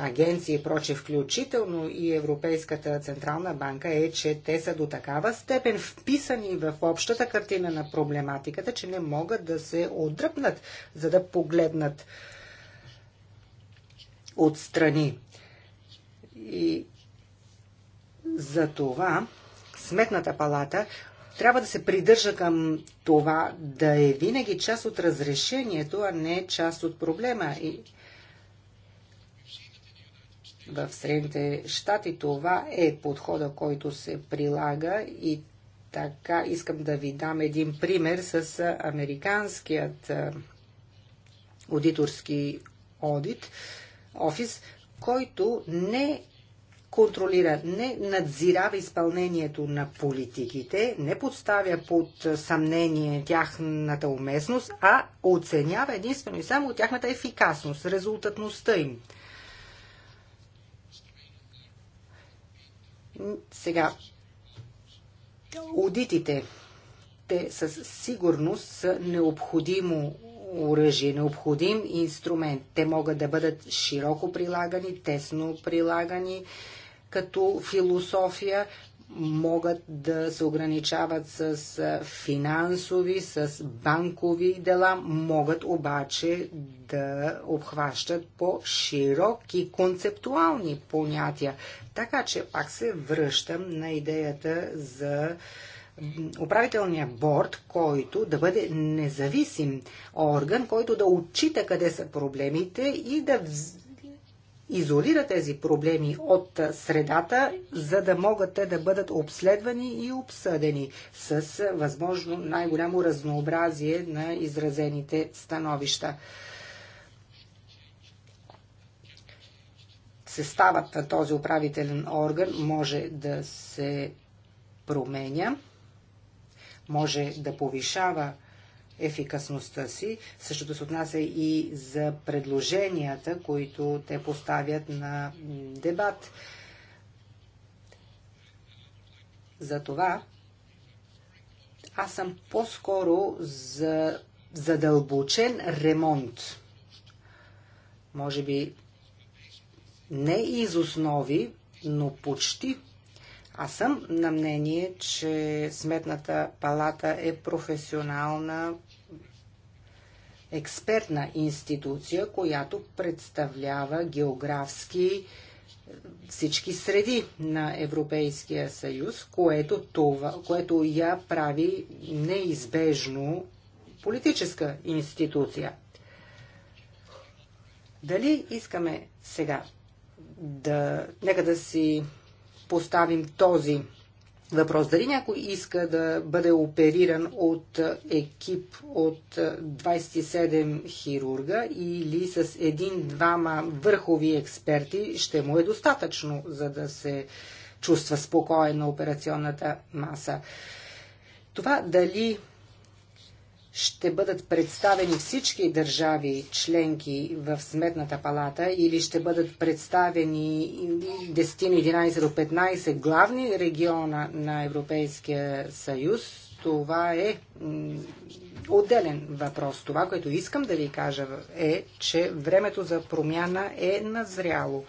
агенции и проче, включително и Европейската Централна банка, е, че те са до такава степен вписани в общата картина на проблематиката, че не могат да се отдръпнат, за да погледнат отстрани. И за това Сметната палата трябва да се придържа към това да е винаги част от разрешението, а не част от проблема. И в Средните щати това е подхода, който се прилага и така искам да ви дам един пример с американският аудиторски одит, офис, който не контролира, не надзирава изпълнението на политиките, не подставя под съмнение тяхната уместност, а оценява единствено и само тяхната ефикасност, резултатността им. Сега, аудитите, те със сигурност са необходимо оръжие, необходим инструмент. Те могат да бъдат широко прилагани, тесно прилагани като философия могат да се ограничават с финансови, с банкови дела, могат обаче да обхващат по-широки концептуални понятия. Така че пак се връщам на идеята за управителния борт, който да бъде независим орган, който да отчита къде са проблемите и да изолира тези проблеми от средата, за да могат те да бъдат обследвани и обсъдени с възможно най-голямо разнообразие на изразените становища. Съставът на този управителен орган може да се променя, може да повишава ефикасността си. Същото се отнася и за предложенията, които те поставят на дебат. Затова аз съм по-скоро за задълбочен ремонт. Може би не из основи, но почти аз съм на мнение, че Сметната палата е професионална експертна институция, която представлява географски е, всички среди на Европейския съюз, което, това, което я прави неизбежно политическа институция. Дали искаме сега да... Нека да си поставим този въпрос. Дали някой иска да бъде опериран от екип от 27 хирурга или с един-двама върхови експерти, ще му е достатъчно, за да се чувства спокоен на операционната маса. Това дали ще бъдат представени всички държави членки в Сметната палата или ще бъдат представени 10-11 до 15 главни региона на Европейския съюз, това е отделен въпрос. Това, което искам да ви кажа е, че времето за промяна е назряло.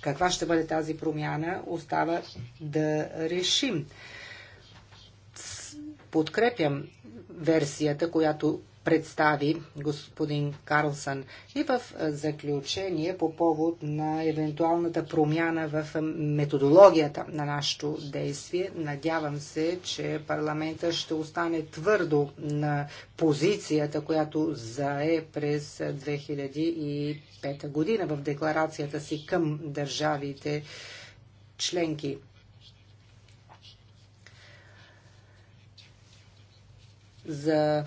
Каква ще бъде тази промяна, остава да решим подкрепям версията, която представи господин Карлсън. И в заключение по повод на евентуалната промяна в методологията на нашето действие, надявам се, че парламента ще остане твърдо на позицията, която зае през 2005 година в декларацията си към държавите членки. за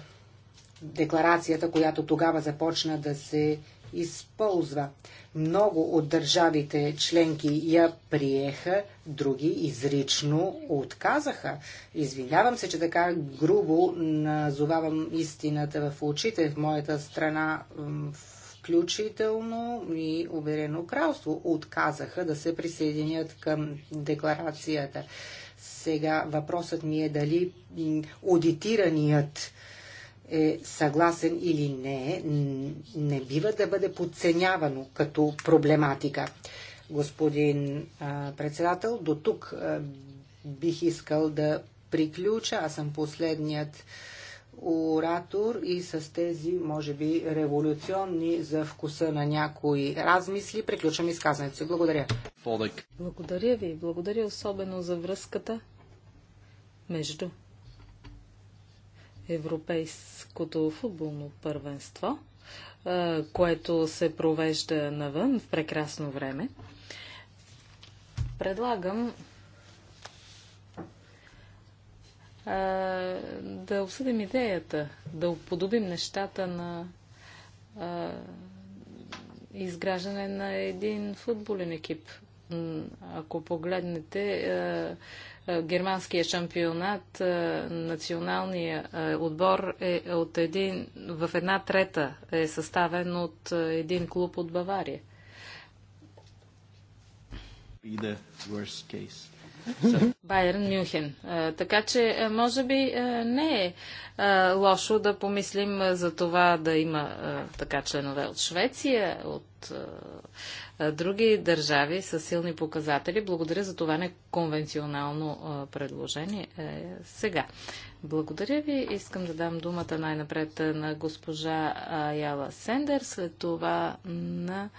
декларацията, която тогава започна да се използва. Много от държавите членки я приеха, други изрично отказаха. Извинявам се, че така грубо назовавам истината в очите в моята страна, включително и Уверено кралство отказаха да се присъединят към декларацията. Сега въпросът ми е дали аудитираният е съгласен или не, не бива да бъде подценявано като проблематика. Господин а, председател, до тук а, бих искал да приключа. Аз съм последният оратор и с тези, може би, революционни за вкуса на някои размисли приключвам изказването си. Благодаря. Благодаря ви. Благодаря особено за връзката между Европейското футболно първенство, което се провежда навън в прекрасно време. Предлагам да обсъдим идеята, да уподобим нещата на изграждане на един футболен екип. Ако погледнете е, е, германския шампионат, е, националния отбор е от един, в една трета е съставен от един клуб от Бавария. Be the worst case. Байерн Мюнхен. Така че, може би, не е лошо да помислим за това да има така членове от Швеция, от други държави с силни показатели. Благодаря за това неконвенционално предложение. Е, сега, благодаря ви. Искам да дам думата най-напред на госпожа Яла Сендер, след това на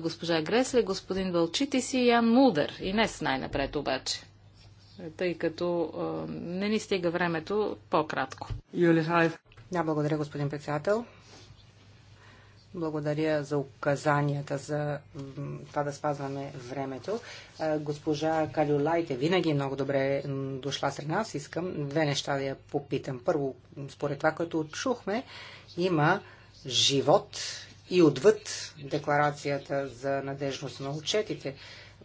госпожа Гресле, господин си и Ян Мулдър. И не с най-напред обаче, тъй като не ни стига времето по-кратко. Юли Хайв. Да, благодаря, господин председател. Благодаря за указанията за това да спазваме времето. Госпожа Калюлайте винаги е много добре дошла сред нас. Искам две неща да я попитам. Първо, според това, което чухме, има живот и отвъд декларацията за надежност на отчетите.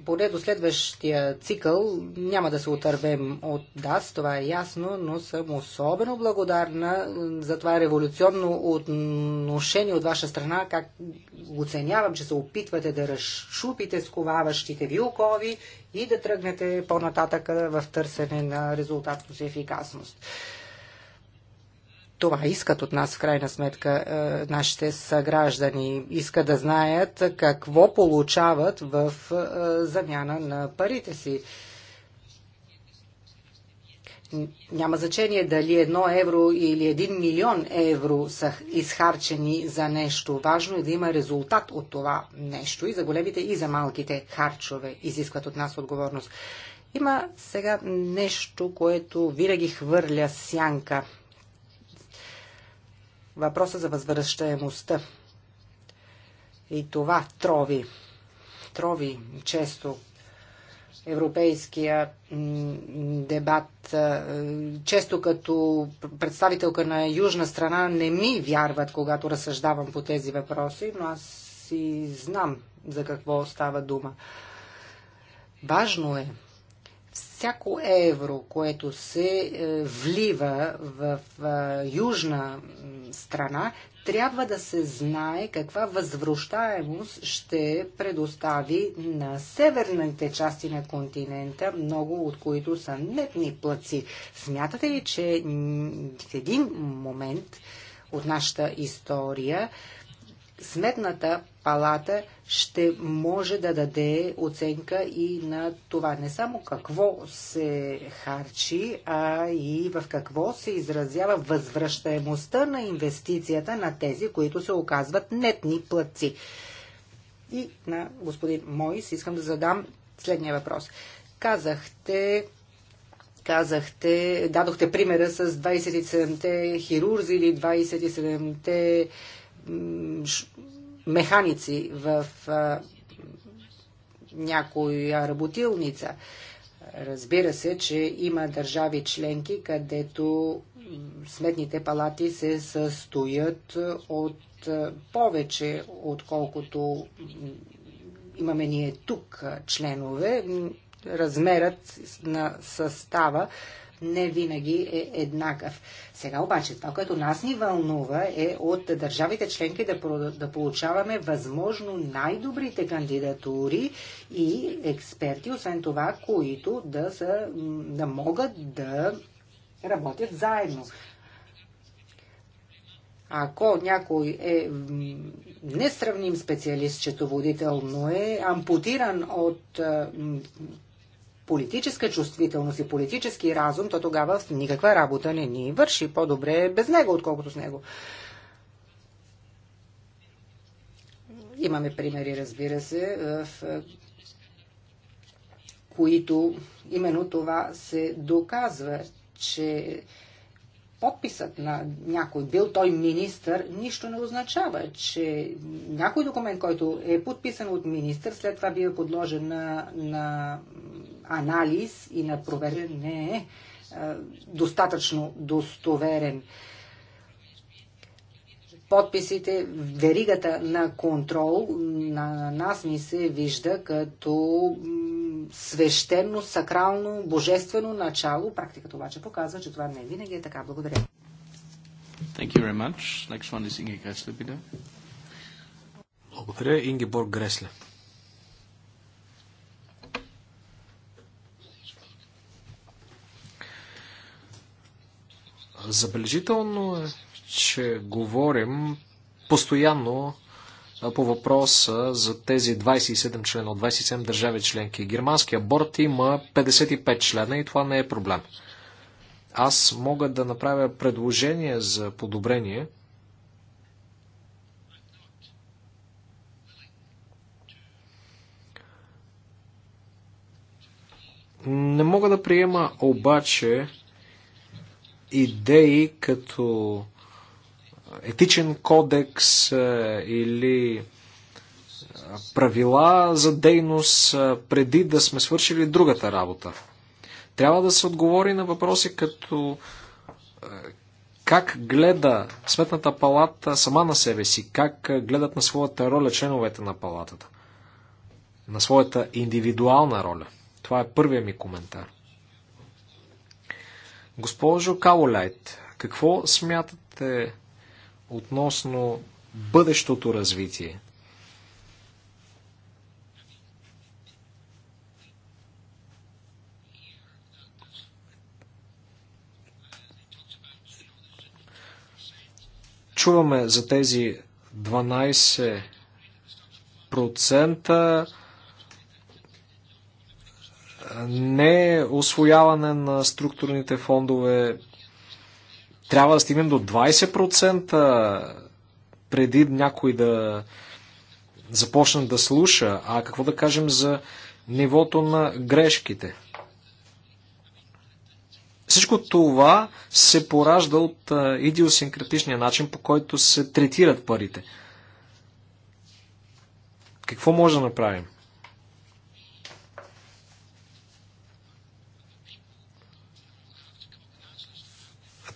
Поне до следващия цикъл няма да се отървем от ДАС, това е ясно, но съм особено благодарна за това революционно отношение от ваша страна, как оценявам, че се опитвате да разшупите сковаващите ви окови и да тръгнете по нататъка в търсене на резултатност и ефикасност това искат от нас в крайна сметка е, нашите съграждани. Искат да знаят какво получават в е, замяна на парите си. Няма значение дали едно евро или един милион евро са изхарчени за нещо. Важно е да има резултат от това нещо и за големите и за малките харчове изискват от нас отговорност. Има сега нещо, което винаги хвърля сянка – въпроса за възвръщаемостта. И това трови. Трови често европейския дебат. Е, често като представителка на южна страна не ми вярват, когато разсъждавам по тези въпроси, но аз си знам за какво става дума. Важно е всяко евро, което се е, влива в е, южна страна, трябва да се знае каква възвръщаемост ще предостави на северните части на континента, много от които са нетни плъци. Смятате ли, че в един момент от нашата история Сметната палата ще може да даде оценка и на това не само какво се харчи, а и в какво се изразява възвръщаемостта на инвестицията на тези, които се оказват нетни платци. И на господин Моис искам да задам следния въпрос. Казахте, казахте, дадохте примера с 27-те хирурзи или 27-те механици в а, някоя работилница. Разбира се, че има държави членки, където сметните палати се състоят от повече, отколкото имаме ние тук членове. Размерът на състава не винаги е еднакъв. Сега обаче това, което нас ни вълнува е от държавите членки да, да получаваме възможно най-добрите кандидатури и експерти, освен това, които да, са, да могат да работят заедно. Ако някой е несравним специалист, четоводител, но е ампутиран от политическа чувствителност и политически разум, то тогава никаква работа не ни върши. По-добре без него, отколкото с него. Имаме примери, разбира се, в които именно това се доказва, че подписът на някой, бил той министър, нищо не означава, че някой документ, който е подписан от министър, след това бива подложен на, на анализ и на проверен не е достатъчно достоверен. Подписите, веригата на контрол на нас ни се вижда като свещено, сакрално, божествено начало. Практиката обаче показва, че това не винаги е така. Благодаря. Thank you very much. Next one is Inge Gressle, Благодаря, Ингеборг Гресле. Забележително е, че говорим постоянно по въпроса за тези 27 члена от 27 държави членки. Германския борт има 55 члена и това не е проблем. Аз мога да направя предложение за подобрение. Не мога да приема обаче идеи като етичен кодекс или правила за дейност преди да сме свършили другата работа. Трябва да се отговори на въпроси като как гледа Сметната палата сама на себе си, как гледат на своята роля членовете на палатата, на своята индивидуална роля. Това е първият ми коментар. Госпожо Каолайт, какво смятате относно бъдещото развитие? Чуваме за тези 12% не освояване на структурните фондове. Трябва да стигнем до 20% преди някой да започне да слуша. А какво да кажем за нивото на грешките? Всичко това се поражда от идиосинкратичния начин, по който се третират парите. Какво може да направим?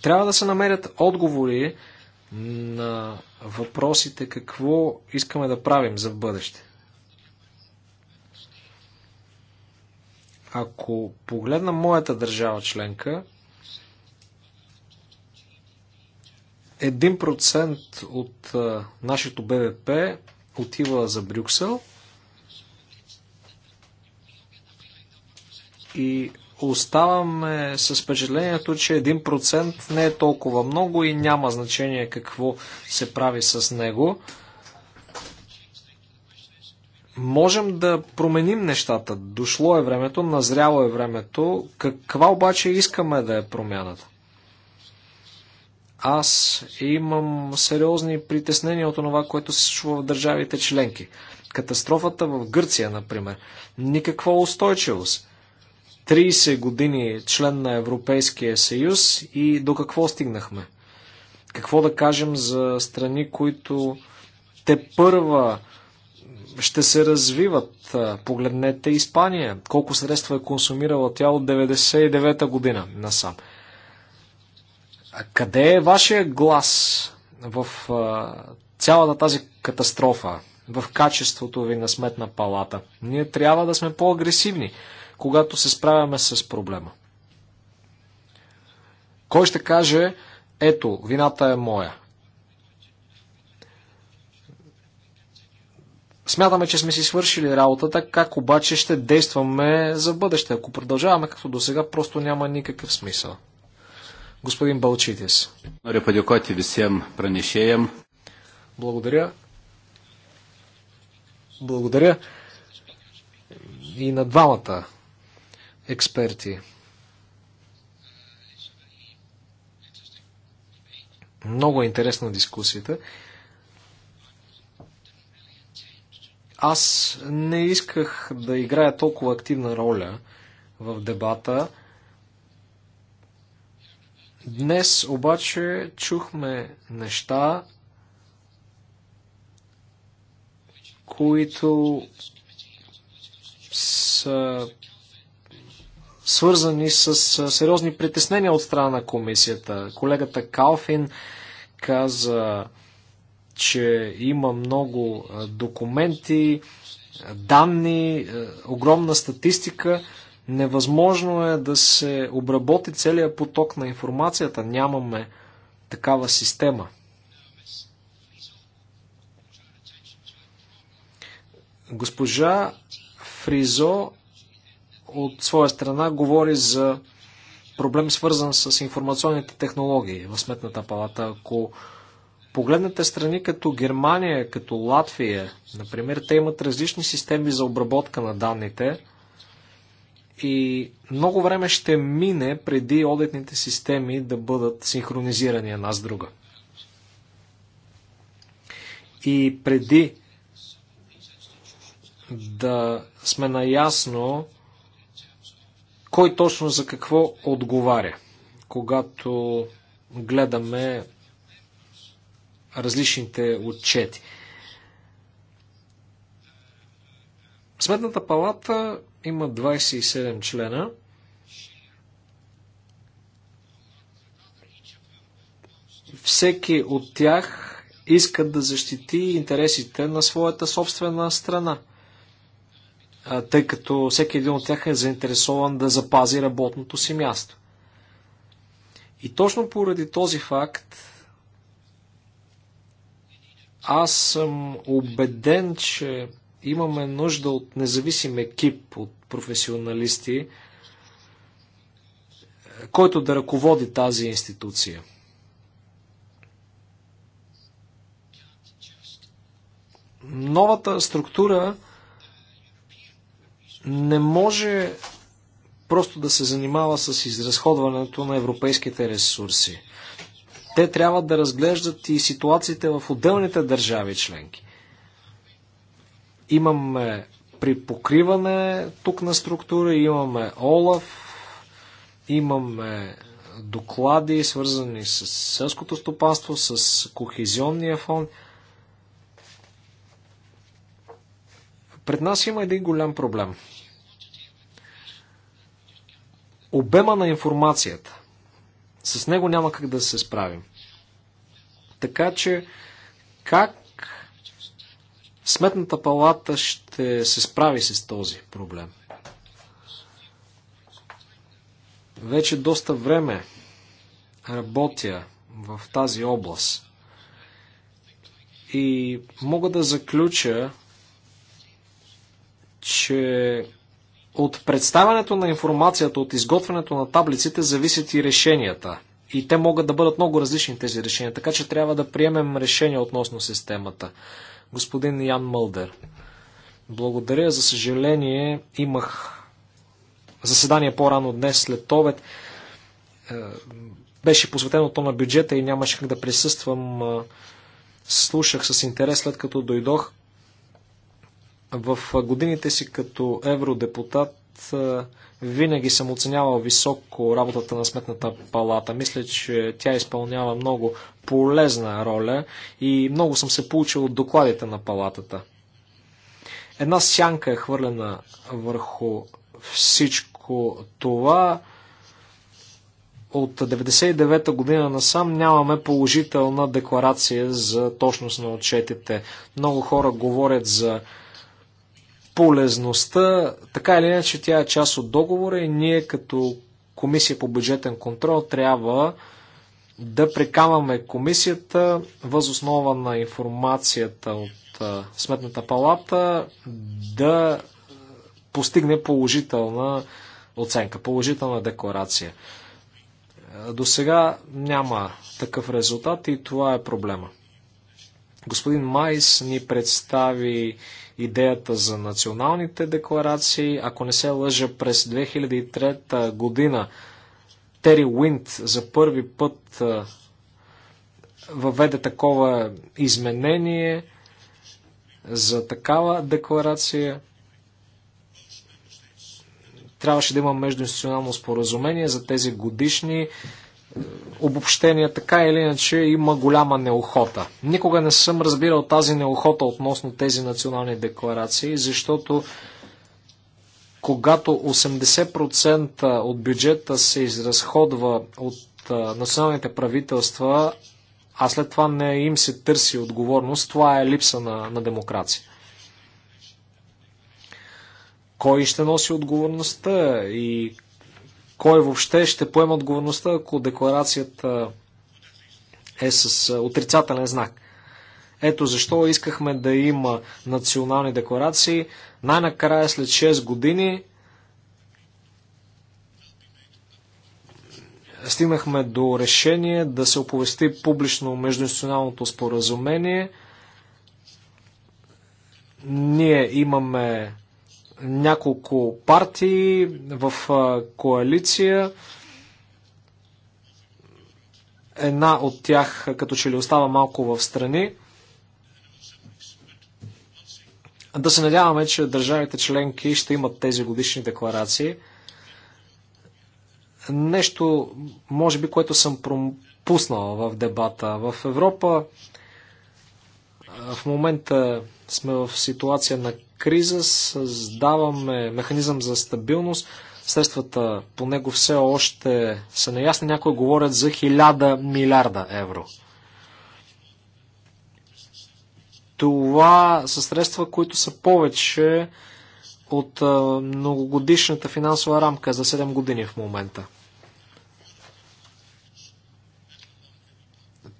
Трябва да се намерят отговори на въпросите какво искаме да правим за бъдеще. Ако погледна моята държава членка, 1% от нашето БВП отива за Брюксел – и оставаме с впечатлението, че 1% не е толкова много и няма значение какво се прави с него. Можем да променим нещата. Дошло е времето, назряло е времето. Каква обаче искаме да е промяната? Аз имам сериозни притеснения от това, което се случва в държавите членки. Катастрофата в Гърция, например. Никаква устойчивост 30 години е член на Европейския съюз и до какво стигнахме? Какво да кажем за страни, които те първа ще се развиват. Погледнете Испания. Колко средства е консумирала тя от 99-та година насам. А къде е вашия глас в цялата тази катастрофа, в качеството ви на сметна палата? Ние трябва да сме по-агресивни когато се справяме с проблема. Кой ще каже, ето, вината е моя. Смятаме, че сме си свършили работата, как обаче ще действаме за бъдеще. Ако продължаваме като до сега, просто няма никакъв смисъл. Господин Балчитис. Благодаря. Благодаря и на двамата експерти. Много е интересна дискусията. Аз не исках да играя толкова активна роля в дебата. Днес обаче чухме неща, които са свързани с сериозни притеснения от страна на комисията. Колегата Калфин каза, че има много документи, данни, огромна статистика. Невъзможно е да се обработи целият поток на информацията. Нямаме такава система. Госпожа Фризо от своя страна говори за проблем свързан с информационните технологии в Сметната палата. Ако погледнете страни като Германия, като Латвия, например, те имат различни системи за обработка на данните и много време ще мине преди одитните системи да бъдат синхронизирани една с друга. И преди да сме наясно кой точно за какво отговаря, когато гледаме различните отчети. Сметната палата има 27 члена. Всеки от тях иска да защити интересите на своята собствена страна – тъй като всеки един от тях е заинтересован да запази работното си място. И точно поради този факт аз съм убеден, че имаме нужда от независим екип от професионалисти, който да ръководи тази институция. Новата структура не може просто да се занимава с изразходването на европейските ресурси. Те трябва да разглеждат и ситуациите в отделните държави членки. Имаме при покриване тук на структура, имаме ОЛАФ, имаме доклади, свързани с селското стопанство, с кохезионния фонд – Пред нас има един голям проблем. Обема на информацията. С него няма как да се справим. Така че, как Сметната палата ще се справи с този проблем? Вече доста време работя в тази област и мога да заключа, че от представянето на информацията, от изготвянето на таблиците зависят и решенията. И те могат да бъдат много различни тези решения, така че трябва да приемем решения относно системата. Господин Ян Мълдер. Благодаря. За съжаление, имах заседание по-рано днес след обед. Е, беше посветено то на бюджета и нямаше как да присъствам. Е, слушах с интерес след като дойдох. В годините си като евродепутат винаги съм оценявал високо работата на Сметната палата. Мисля, че тя изпълнява много полезна роля и много съм се получил от докладите на палатата. Една сянка е хвърлена върху всичко това. От 1999 година насам нямаме положителна декларация за точност на отчетите. Много хора говорят за полезността, така или иначе тя е част от договора и ние като комисия по бюджетен контрол трябва да прекамаме комисията възоснова на информацията от Сметната палата да постигне положителна оценка, положителна декларация. До сега няма такъв резултат и това е проблема. Господин Майс ни представи идеята за националните декларации. Ако не се лъжа, през 2003 година Тери Уинт за първи път въведе такова изменение за такава декларация. Трябваше да има междуинституционално споразумение за тези годишни обобщения, така или иначе има голяма неохота. Никога не съм разбирал тази неохота относно тези национални декларации, защото когато 80% от бюджета се изразходва от националните правителства, а след това не им се търси отговорност, това е липса на, на демокрация. Кой ще носи отговорността и кой въобще ще поема отговорността, ако декларацията е с отрицателен знак. Ето защо искахме да има национални декларации. Най-накрая след 6 години стигнахме до решение да се оповести публично междуинституционалното споразумение. Ние имаме няколко партии в коалиция. Една от тях като че ли остава малко в страни. Да се надяваме, че държавите членки ще имат тези годишни декларации. Нещо, може би, което съм пропуснал в дебата. В Европа в момента сме в ситуация на криза, създаваме механизъм за стабилност. Средствата по него все още са неясни. Някои говорят за 1000 милиарда евро. Това са средства, които са повече от многогодишната финансова рамка за 7 години в момента.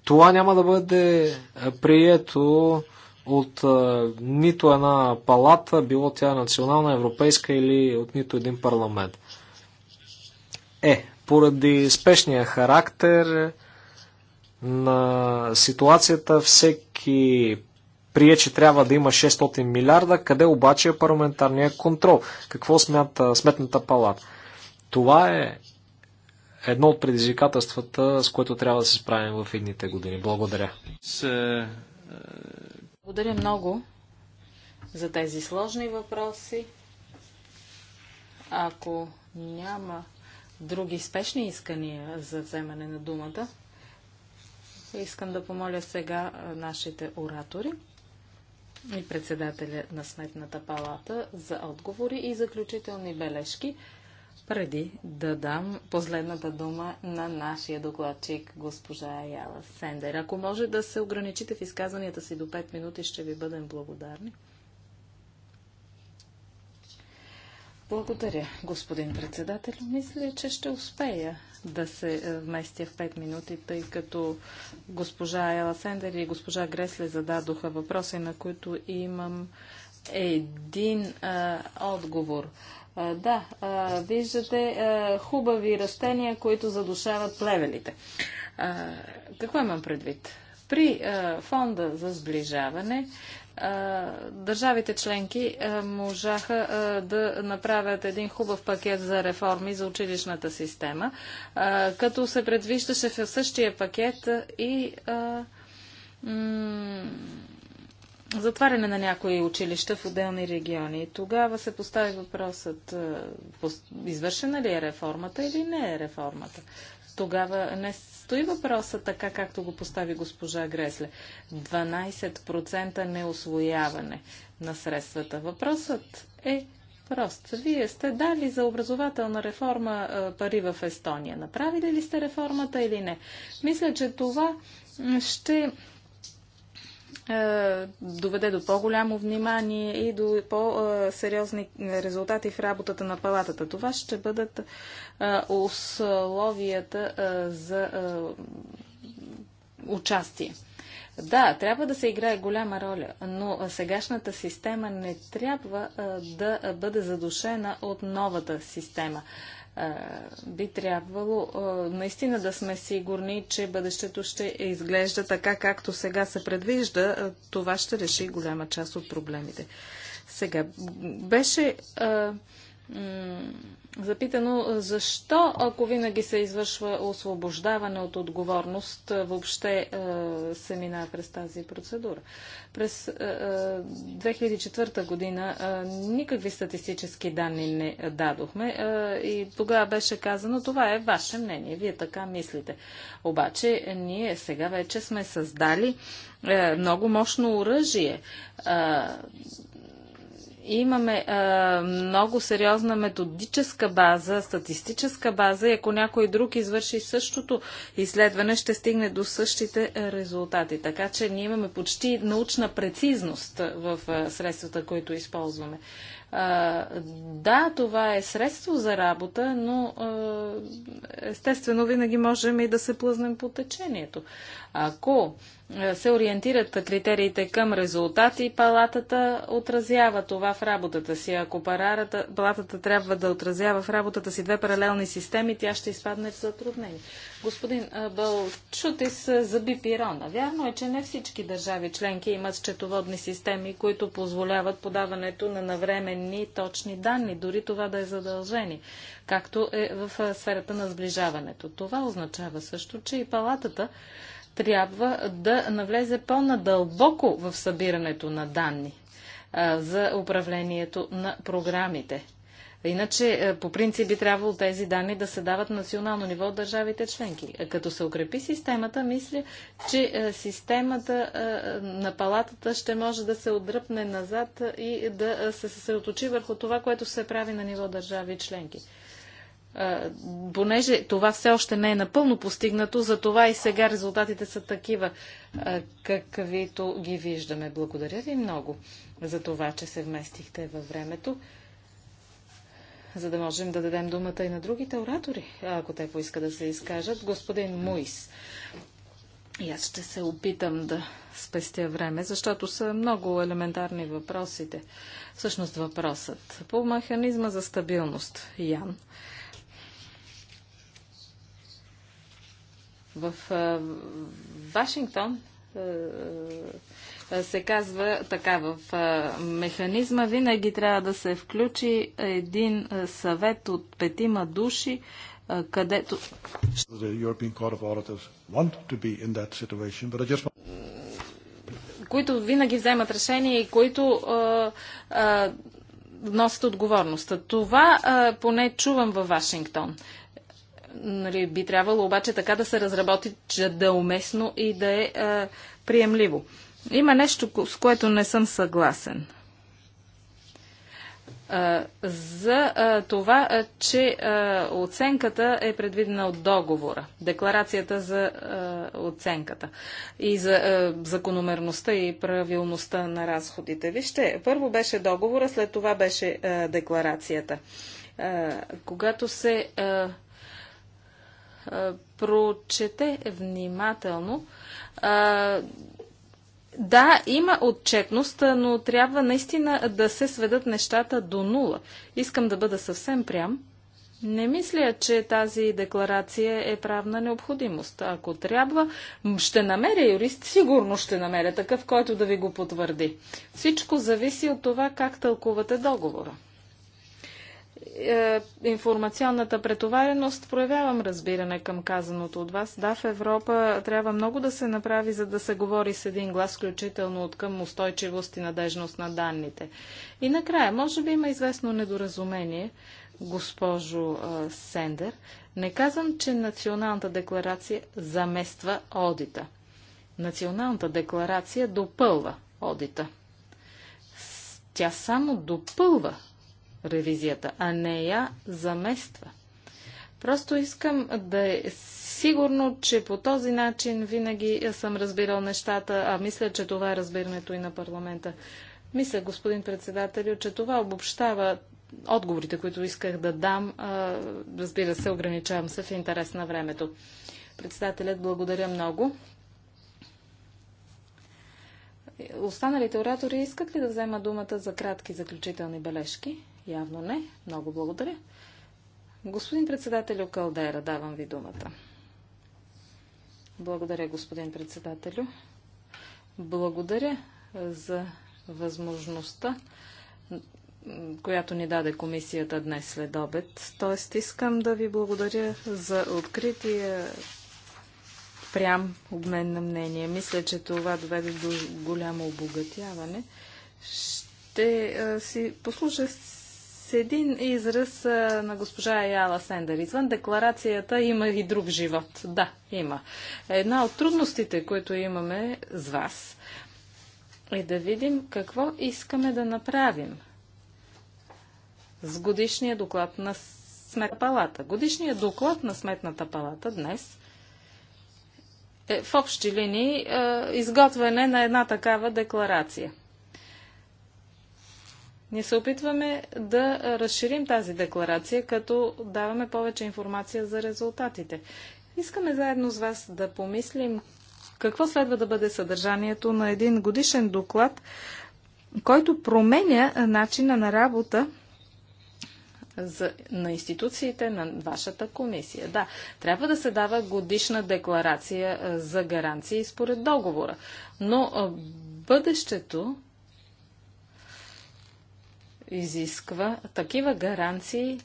Това няма да бъде прието от а, нито една палата, било тя национална, европейска или от нито един парламент. Е, поради спешния характер на ситуацията, всеки прие, че трябва да има 600 милиарда, къде обаче е парламентарния контрол? Какво смята Сметната палата? Това е едно от предизвикателствата, с което трябва да се справим в едните години. Благодаря. С, е, благодаря много за тези сложни въпроси. Ако няма други спешни искания за вземане на думата, искам да помоля сега нашите оратори и председателя на Сметната палата за отговори и заключителни бележки преди да дам последната дума на нашия докладчик, госпожа Аяла Сендер. Ако може да се ограничите в изказванията си до 5 минути, ще ви бъдем благодарни. Благодаря, господин председател. Мисля, че ще успея да се е, вместя в 5 минути, тъй като госпожа Ела Сендер и госпожа Гресле зададоха въпроси, на които имам един а, е, отговор. Е, да, е, виждате е, хубави растения, които задушават плевелите. Какво имам предвид? При фонда за сближаване държавите членки можаха да направят един хубав пакет за реформи за училищната система, като се предвиждаше в същия пакет и затваряне на някои училища в отделни региони. Тогава се постави въпросът, е, извършена ли е реформата или не е реформата. Тогава не стои въпроса така, както го постави госпожа Гресле. 12% неосвояване на средствата. Въпросът е прост. Вие сте дали за образователна реформа е, пари в Естония. Направили ли сте реформата или не? Мисля, че това ще е, доведе до по-голямо внимание и до по-сериозни резултати в работата на палатата. Това ще бъдат е, условията е, за участие. Да, трябва да се играе голяма роля, но сегашната система не трябва да бъде задушена от новата система би трябвало наистина да сме сигурни, че бъдещето ще изглежда така, както сега се предвижда. Това ще реши голяма част от проблемите. Сега, беше а, запитано защо, ако винаги се извършва освобождаване от отговорност, въобще се мина през тази процедура. През 2004 година никакви статистически данни не дадохме и тогава беше казано, това е ваше мнение, вие така мислите. Обаче ние сега вече сме създали е, много мощно оръжие имаме а, много сериозна методическа база, статистическа база и ако някой друг извърши същото изследване, ще стигне до същите резултати. Така че ние имаме почти научна прецизност в а, средствата, които използваме. А, да, това е средство за работа, но а, естествено винаги можем и да се плъзнем по течението. Ако е, се ориентират критериите към резултати, палатата отразява това в работата си. Ако парарата, палатата трябва да отразява в работата си две паралелни системи, тя ще изпадне в затруднение. Господин е, Бълчутис е, за Бипирона. Вярно е, че не всички държави членки имат счетоводни системи, които позволяват подаването на навременни точни данни, дори това да е задължение, както е в сферата на сближаването. Това означава също, че и палатата трябва да навлезе по-надълбоко в събирането на данни за управлението на програмите. Иначе, по принцип, би трябвало тези данни да се дават на национално ниво от държавите членки. Като се укрепи системата, мисля, че системата на палатата ще може да се отдръпне назад и да се съсредоточи върху това, което се прави на ниво държави членки понеже това все още не е напълно постигнато, за това и сега резултатите са такива, каквито ги виждаме. Благодаря ви много за това, че се вместихте във времето, за да можем да дадем думата и на другите оратори, ако те поиска да се изкажат. Господин Муис, и аз ще се опитам да спестя време, защото са много елементарни въпросите. Всъщност въпросът по механизма за стабилност, Ян. В Вашингтон се казва така, в механизма винаги трябва да се включи един съвет от петима души, където... Които винаги вземат решение и които а, а, носят отговорността. Това а, поне чувам във Вашингтон. Нали, би трябвало обаче така да се разработи, че да е уместно и да е, е приемливо. Има нещо, с което не съм съгласен. Е, за е, това, е, че оценката е предвидена от договора, декларацията за оценката и за закономерността и правилността на разходите. Вижте, първо беше договора, след това беше декларацията. Когато се прочете внимателно. Да, има отчетност, но трябва наистина да се сведат нещата до нула. Искам да бъда съвсем прям. Не мисля, че тази декларация е правна необходимост. Ако трябва, ще намеря юрист, сигурно ще намеря такъв, който да ви го потвърди. Всичко зависи от това как тълкувате договора е, информационната претовареност проявявам разбиране към казаното от вас. Да, в Европа трябва много да се направи, за да се говори с един глас, включително от към устойчивост и надежност на данните. И накрая, може би има известно недоразумение, госпожо е, Сендер. Не казвам, че националната декларация замества одита. Националната декларация допълва одита. Тя само допълва ревизията, а не я замества. Просто искам да е сигурно, че по този начин винаги съм разбирал нещата, а мисля, че това е разбирането и на парламента. Мисля, господин председател, че това обобщава отговорите, които исках да дам. Разбира се, ограничавам се в интерес на времето. Председателят, благодаря много. Останалите оратори искат ли да взема думата за кратки заключителни бележки? Явно не. Много благодаря. Господин председателю Калдера, давам ви думата. Благодаря, господин председателю. Благодаря за възможността, която ни даде комисията днес след обед. Тоест искам да ви благодаря за открития прям обмен на мнение. Мисля, че това доведе до голямо обогатяване. Ще а, си послужа с един израз на госпожа Яла Сендер. Извън декларацията има и друг живот. Да, има. Една от трудностите, които имаме с вас, е да видим какво искаме да направим с годишния доклад на Сметната палата. Годишният доклад на Сметната палата днес е в общи линии е, изготвяне на една такава декларация – ние се опитваме да разширим тази декларация, като даваме повече информация за резултатите. Искаме заедно с вас да помислим какво следва да бъде съдържанието на един годишен доклад, който променя начина на работа за, на институциите на вашата комисия. Да, трябва да се дава годишна декларация за гаранции според договора, но бъдещето изисква такива гаранции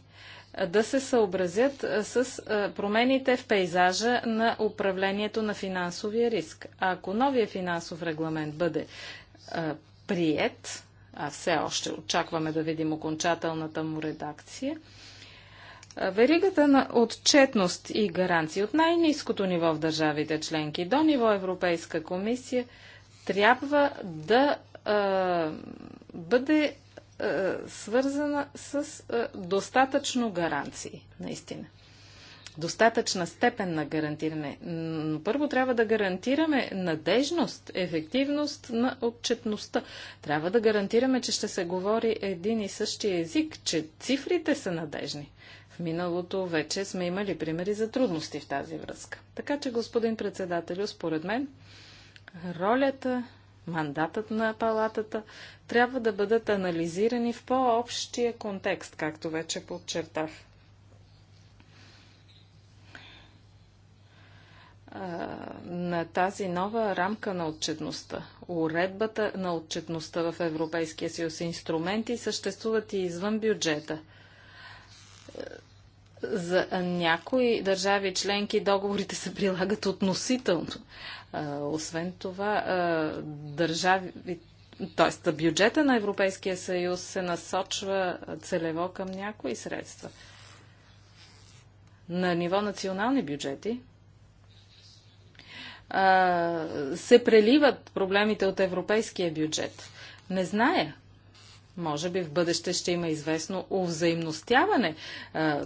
да се съобразят с промените в пейзажа на управлението на финансовия риск. А ако новия финансов регламент бъде прият, а все още очакваме да видим окончателната му редакция, Веригата на отчетност и гаранции от най-низкото ниво в държавите членки до ниво Европейска комисия трябва да а, бъде е, свързана с е, достатъчно гаранции, наистина. Достатъчна степен на гарантиране. Но първо трябва да гарантираме надежност, ефективност на отчетността. Трябва да гарантираме, че ще се говори един и същи език, че цифрите са надежни. В миналото вече сме имали примери за трудности в тази връзка. Така че, господин председателю, според мен, ролята мандатът на палатата трябва да бъдат анализирани в по-общия контекст, както вече подчертах. на тази нова рамка на отчетността. Уредбата на отчетността в Европейския съюз инструменти съществуват и извън бюджета. За някои държави членки договорите се прилагат относително освен това, държави, т.е. бюджета на Европейския съюз се насочва целево към някои средства. На ниво национални бюджети се преливат проблемите от европейския бюджет. Не зная може би в бъдеще ще има известно увзаимностяване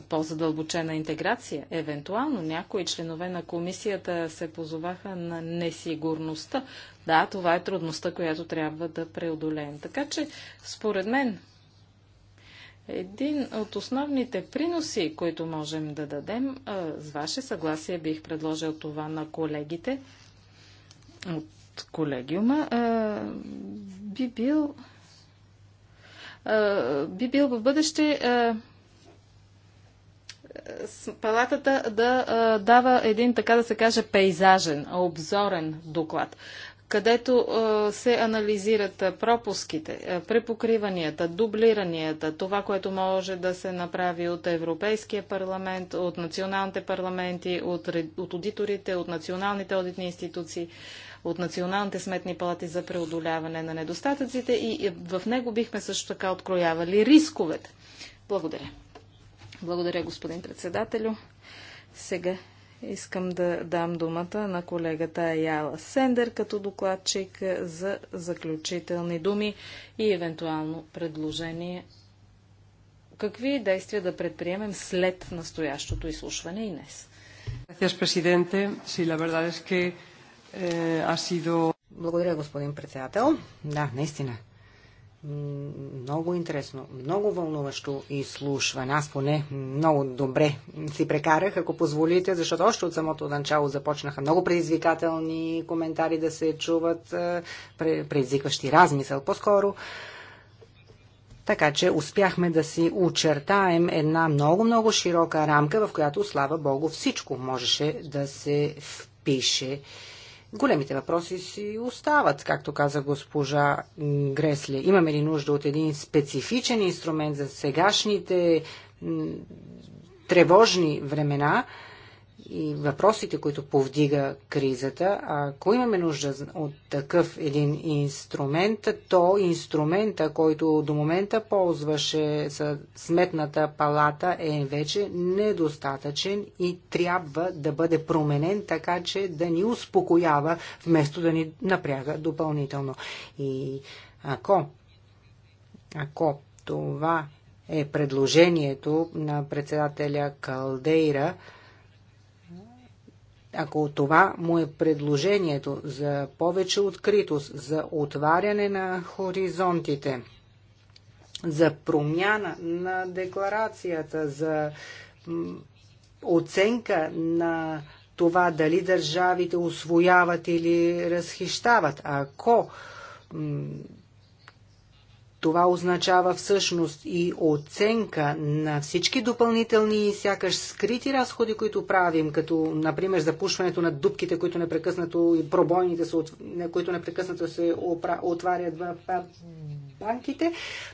по-задълбочена интеграция. Евентуално някои членове на комисията се позоваха на несигурността. Да, това е трудността, която трябва да преодолеем. Така че, според мен, един от основните приноси, които можем да дадем, с ваше съгласие бих предложил това на колегите от колегиума, би бил би бил в бъдеще палатата да дава един, така да се каже, пейзажен, обзорен доклад където се анализират пропуските, препокриванията, дублиранията, това, което може да се направи от Европейския парламент, от националните парламенти, от, от аудиторите, от националните аудитни институции от националните сметни палати за преодоляване на недостатъците и в него бихме също така откроявали рисковете. Благодаря. Благодаря, господин председателю. Сега искам да дам думата на колегата Яла Сендер като докладчик за заключителни думи и евентуално предложение какви действия да предприемем след настоящото изслушване и днес. Gracias, presidente. Sí, la verdad es que Асидо. Eh, Благодаря, господин председател. Да, наистина. Много интересно, много вълнуващо изслушване. Аз поне много добре си прекарах, ако позволите, защото още от самото начало започнаха много предизвикателни коментари да се чуват, е, предизвикващи размисъл по-скоро. Така че успяхме да си очертаем една много-много широка рамка, в която, слава Богу, всичко можеше да се впише. Големите въпроси си остават, както каза госпожа Гресле. Имаме ли нужда от един специфичен инструмент за сегашните тревожни времена – и въпросите, които повдига кризата, ако имаме нужда от такъв един инструмент, то инструмента, който до момента ползваше сметната палата е вече недостатъчен и трябва да бъде променен така, че да ни успокоява, вместо да ни напряга допълнително. И ако, ако това е предложението на председателя Калдейра, ако това му е предложението за повече откритост, за отваряне на хоризонтите, за промяна на декларацията, за оценка на това дали държавите освояват или разхищават. Ако това означава всъщност и оценка на всички допълнителни и сякаш скрити разходи, които правим, като например запушването на дубките, които непрекъснато и пробойните, които непрекъснато се отварят в банките,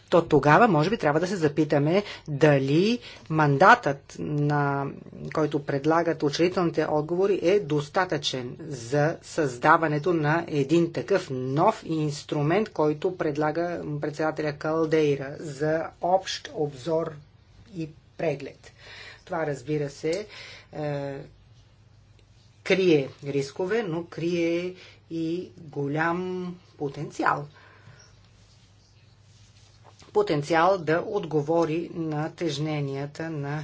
то тогава може би трябва да се запитаме дали мандатът, на който предлагат учредителните отговори, е достатъчен за създаването на един такъв нов инструмент, който предлага председателя Калдейра за общ обзор и преглед. Това разбира се е, крие рискове, но крие и голям потенциал – потенциал да отговори на тежненията на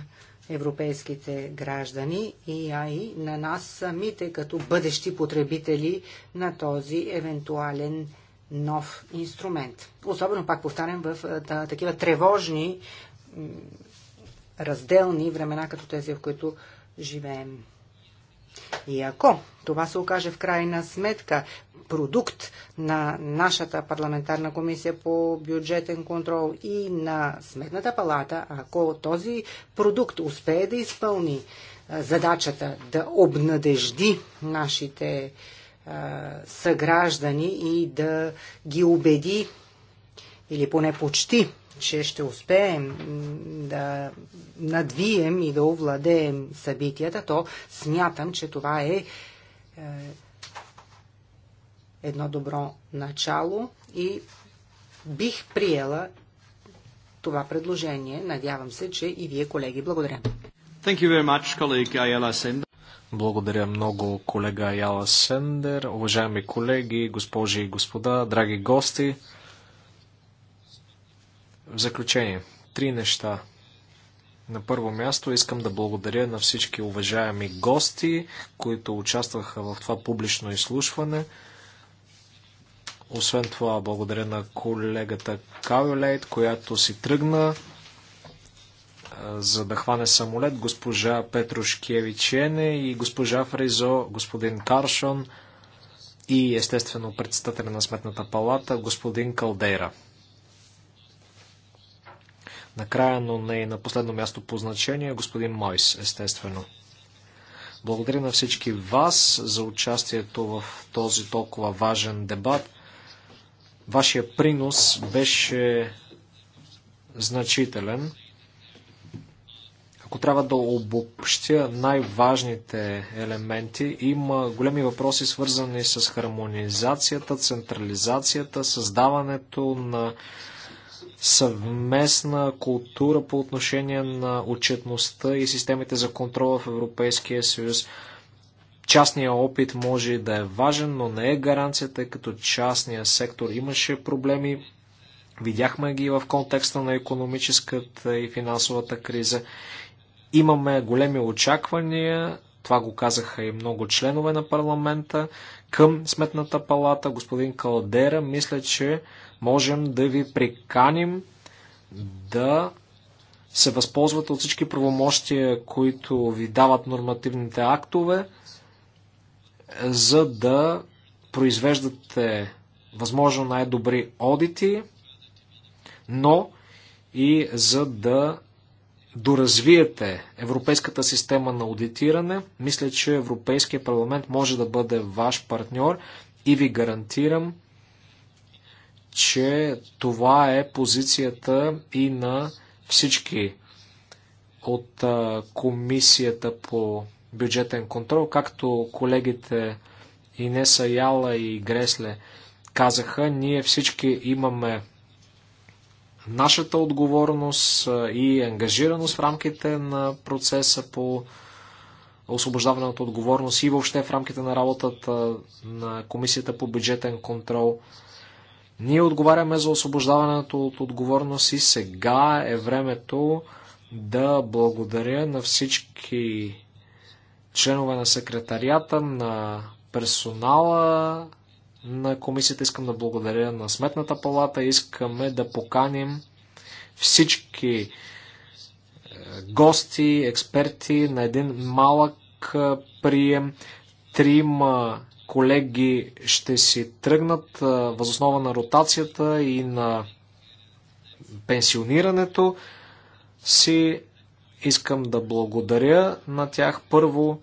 европейските граждани и а и на нас самите като бъдещи потребители на този евентуален нов инструмент. Особено, пак повтарям, в да, такива тревожни, разделни времена, като тези, в които живеем. И ако това се окаже в крайна сметка продукт на нашата парламентарна комисия по бюджетен контрол и на Сметната палата, ако този продукт успее да изпълни задачата да обнадежди нашите съграждани и да ги убеди или поне почти, че ще успеем да надвием и да овладеем събитията, то смятам, че това е, е едно добро начало и бих приела това предложение. Надявам се, че и вие, колеги. Благодаря. Thank you very much, colleague Ayala Sender. Благодаря много, колега Яла Сендер. Уважаеми колеги, госпожи и господа, драги гости. В заключение, три неща. На първо място искам да благодаря на всички уважаеми гости, които участваха в това публично изслушване. Освен това, благодаря на колегата Кавелейт, която си тръгна за да хване самолет, госпожа Петрушкевичене и госпожа Фризо, господин Каршон и естествено председателя на Сметната палата, господин Калдейра. Накрая, но не и на последно място по значение, господин Мойс, естествено. Благодаря на всички вас за участието в този толкова важен дебат. Вашия принос беше значителен. Ако трябва да обобщя най-важните елементи, има големи въпроси свързани с хармонизацията, централизацията, създаването на съвместна култура по отношение на отчетността и системите за контрол в Европейския съюз. Частния опит може да е важен, но не е гаранция, тъй като частния сектор имаше проблеми. Видяхме ги в контекста на економическата и финансовата криза. Имаме големи очаквания, това го казаха и много членове на парламента, към Сметната палата, господин Калдера. Мисля, че можем да ви приканим да се възползвате от всички правомощия, които ви дават нормативните актове за да произвеждате възможно най-добри одити, но и за да доразвиете европейската система на аудитиране. Мисля, че Европейския парламент може да бъде ваш партньор и ви гарантирам, че това е позицията и на всички от комисията по бюджетен контрол, както колегите Инеса Яла и Гресле казаха, ние всички имаме нашата отговорност и ангажираност в рамките на процеса по освобождаване от отговорност и въобще в рамките на работата на Комисията по бюджетен контрол. Ние отговаряме за освобождаването от отговорност и сега е времето да благодаря на всички членове на секретарията, на персонала на комисията. Искам да благодаря на Сметната палата. Искаме да поканим всички е, гости, експерти на един малък е, прием. Трима колеги ще си тръгнат е, възоснова на ротацията и на пенсионирането си. Искам да благодаря на тях първо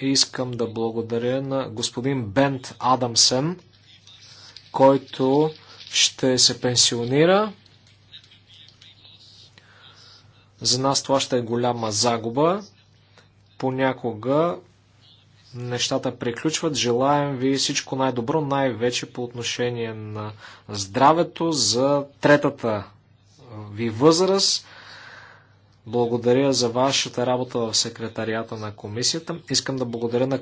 и искам да благодаря на господин Бент Адамсен, който ще се пенсионира. За нас това ще е голяма загуба. Понякога нещата приключват. Желаем ви всичко най-добро, най-вече по отношение на здравето за третата ви възраст. Благодаря за вашата работа в секретарията на комисията. Искам да благодаря на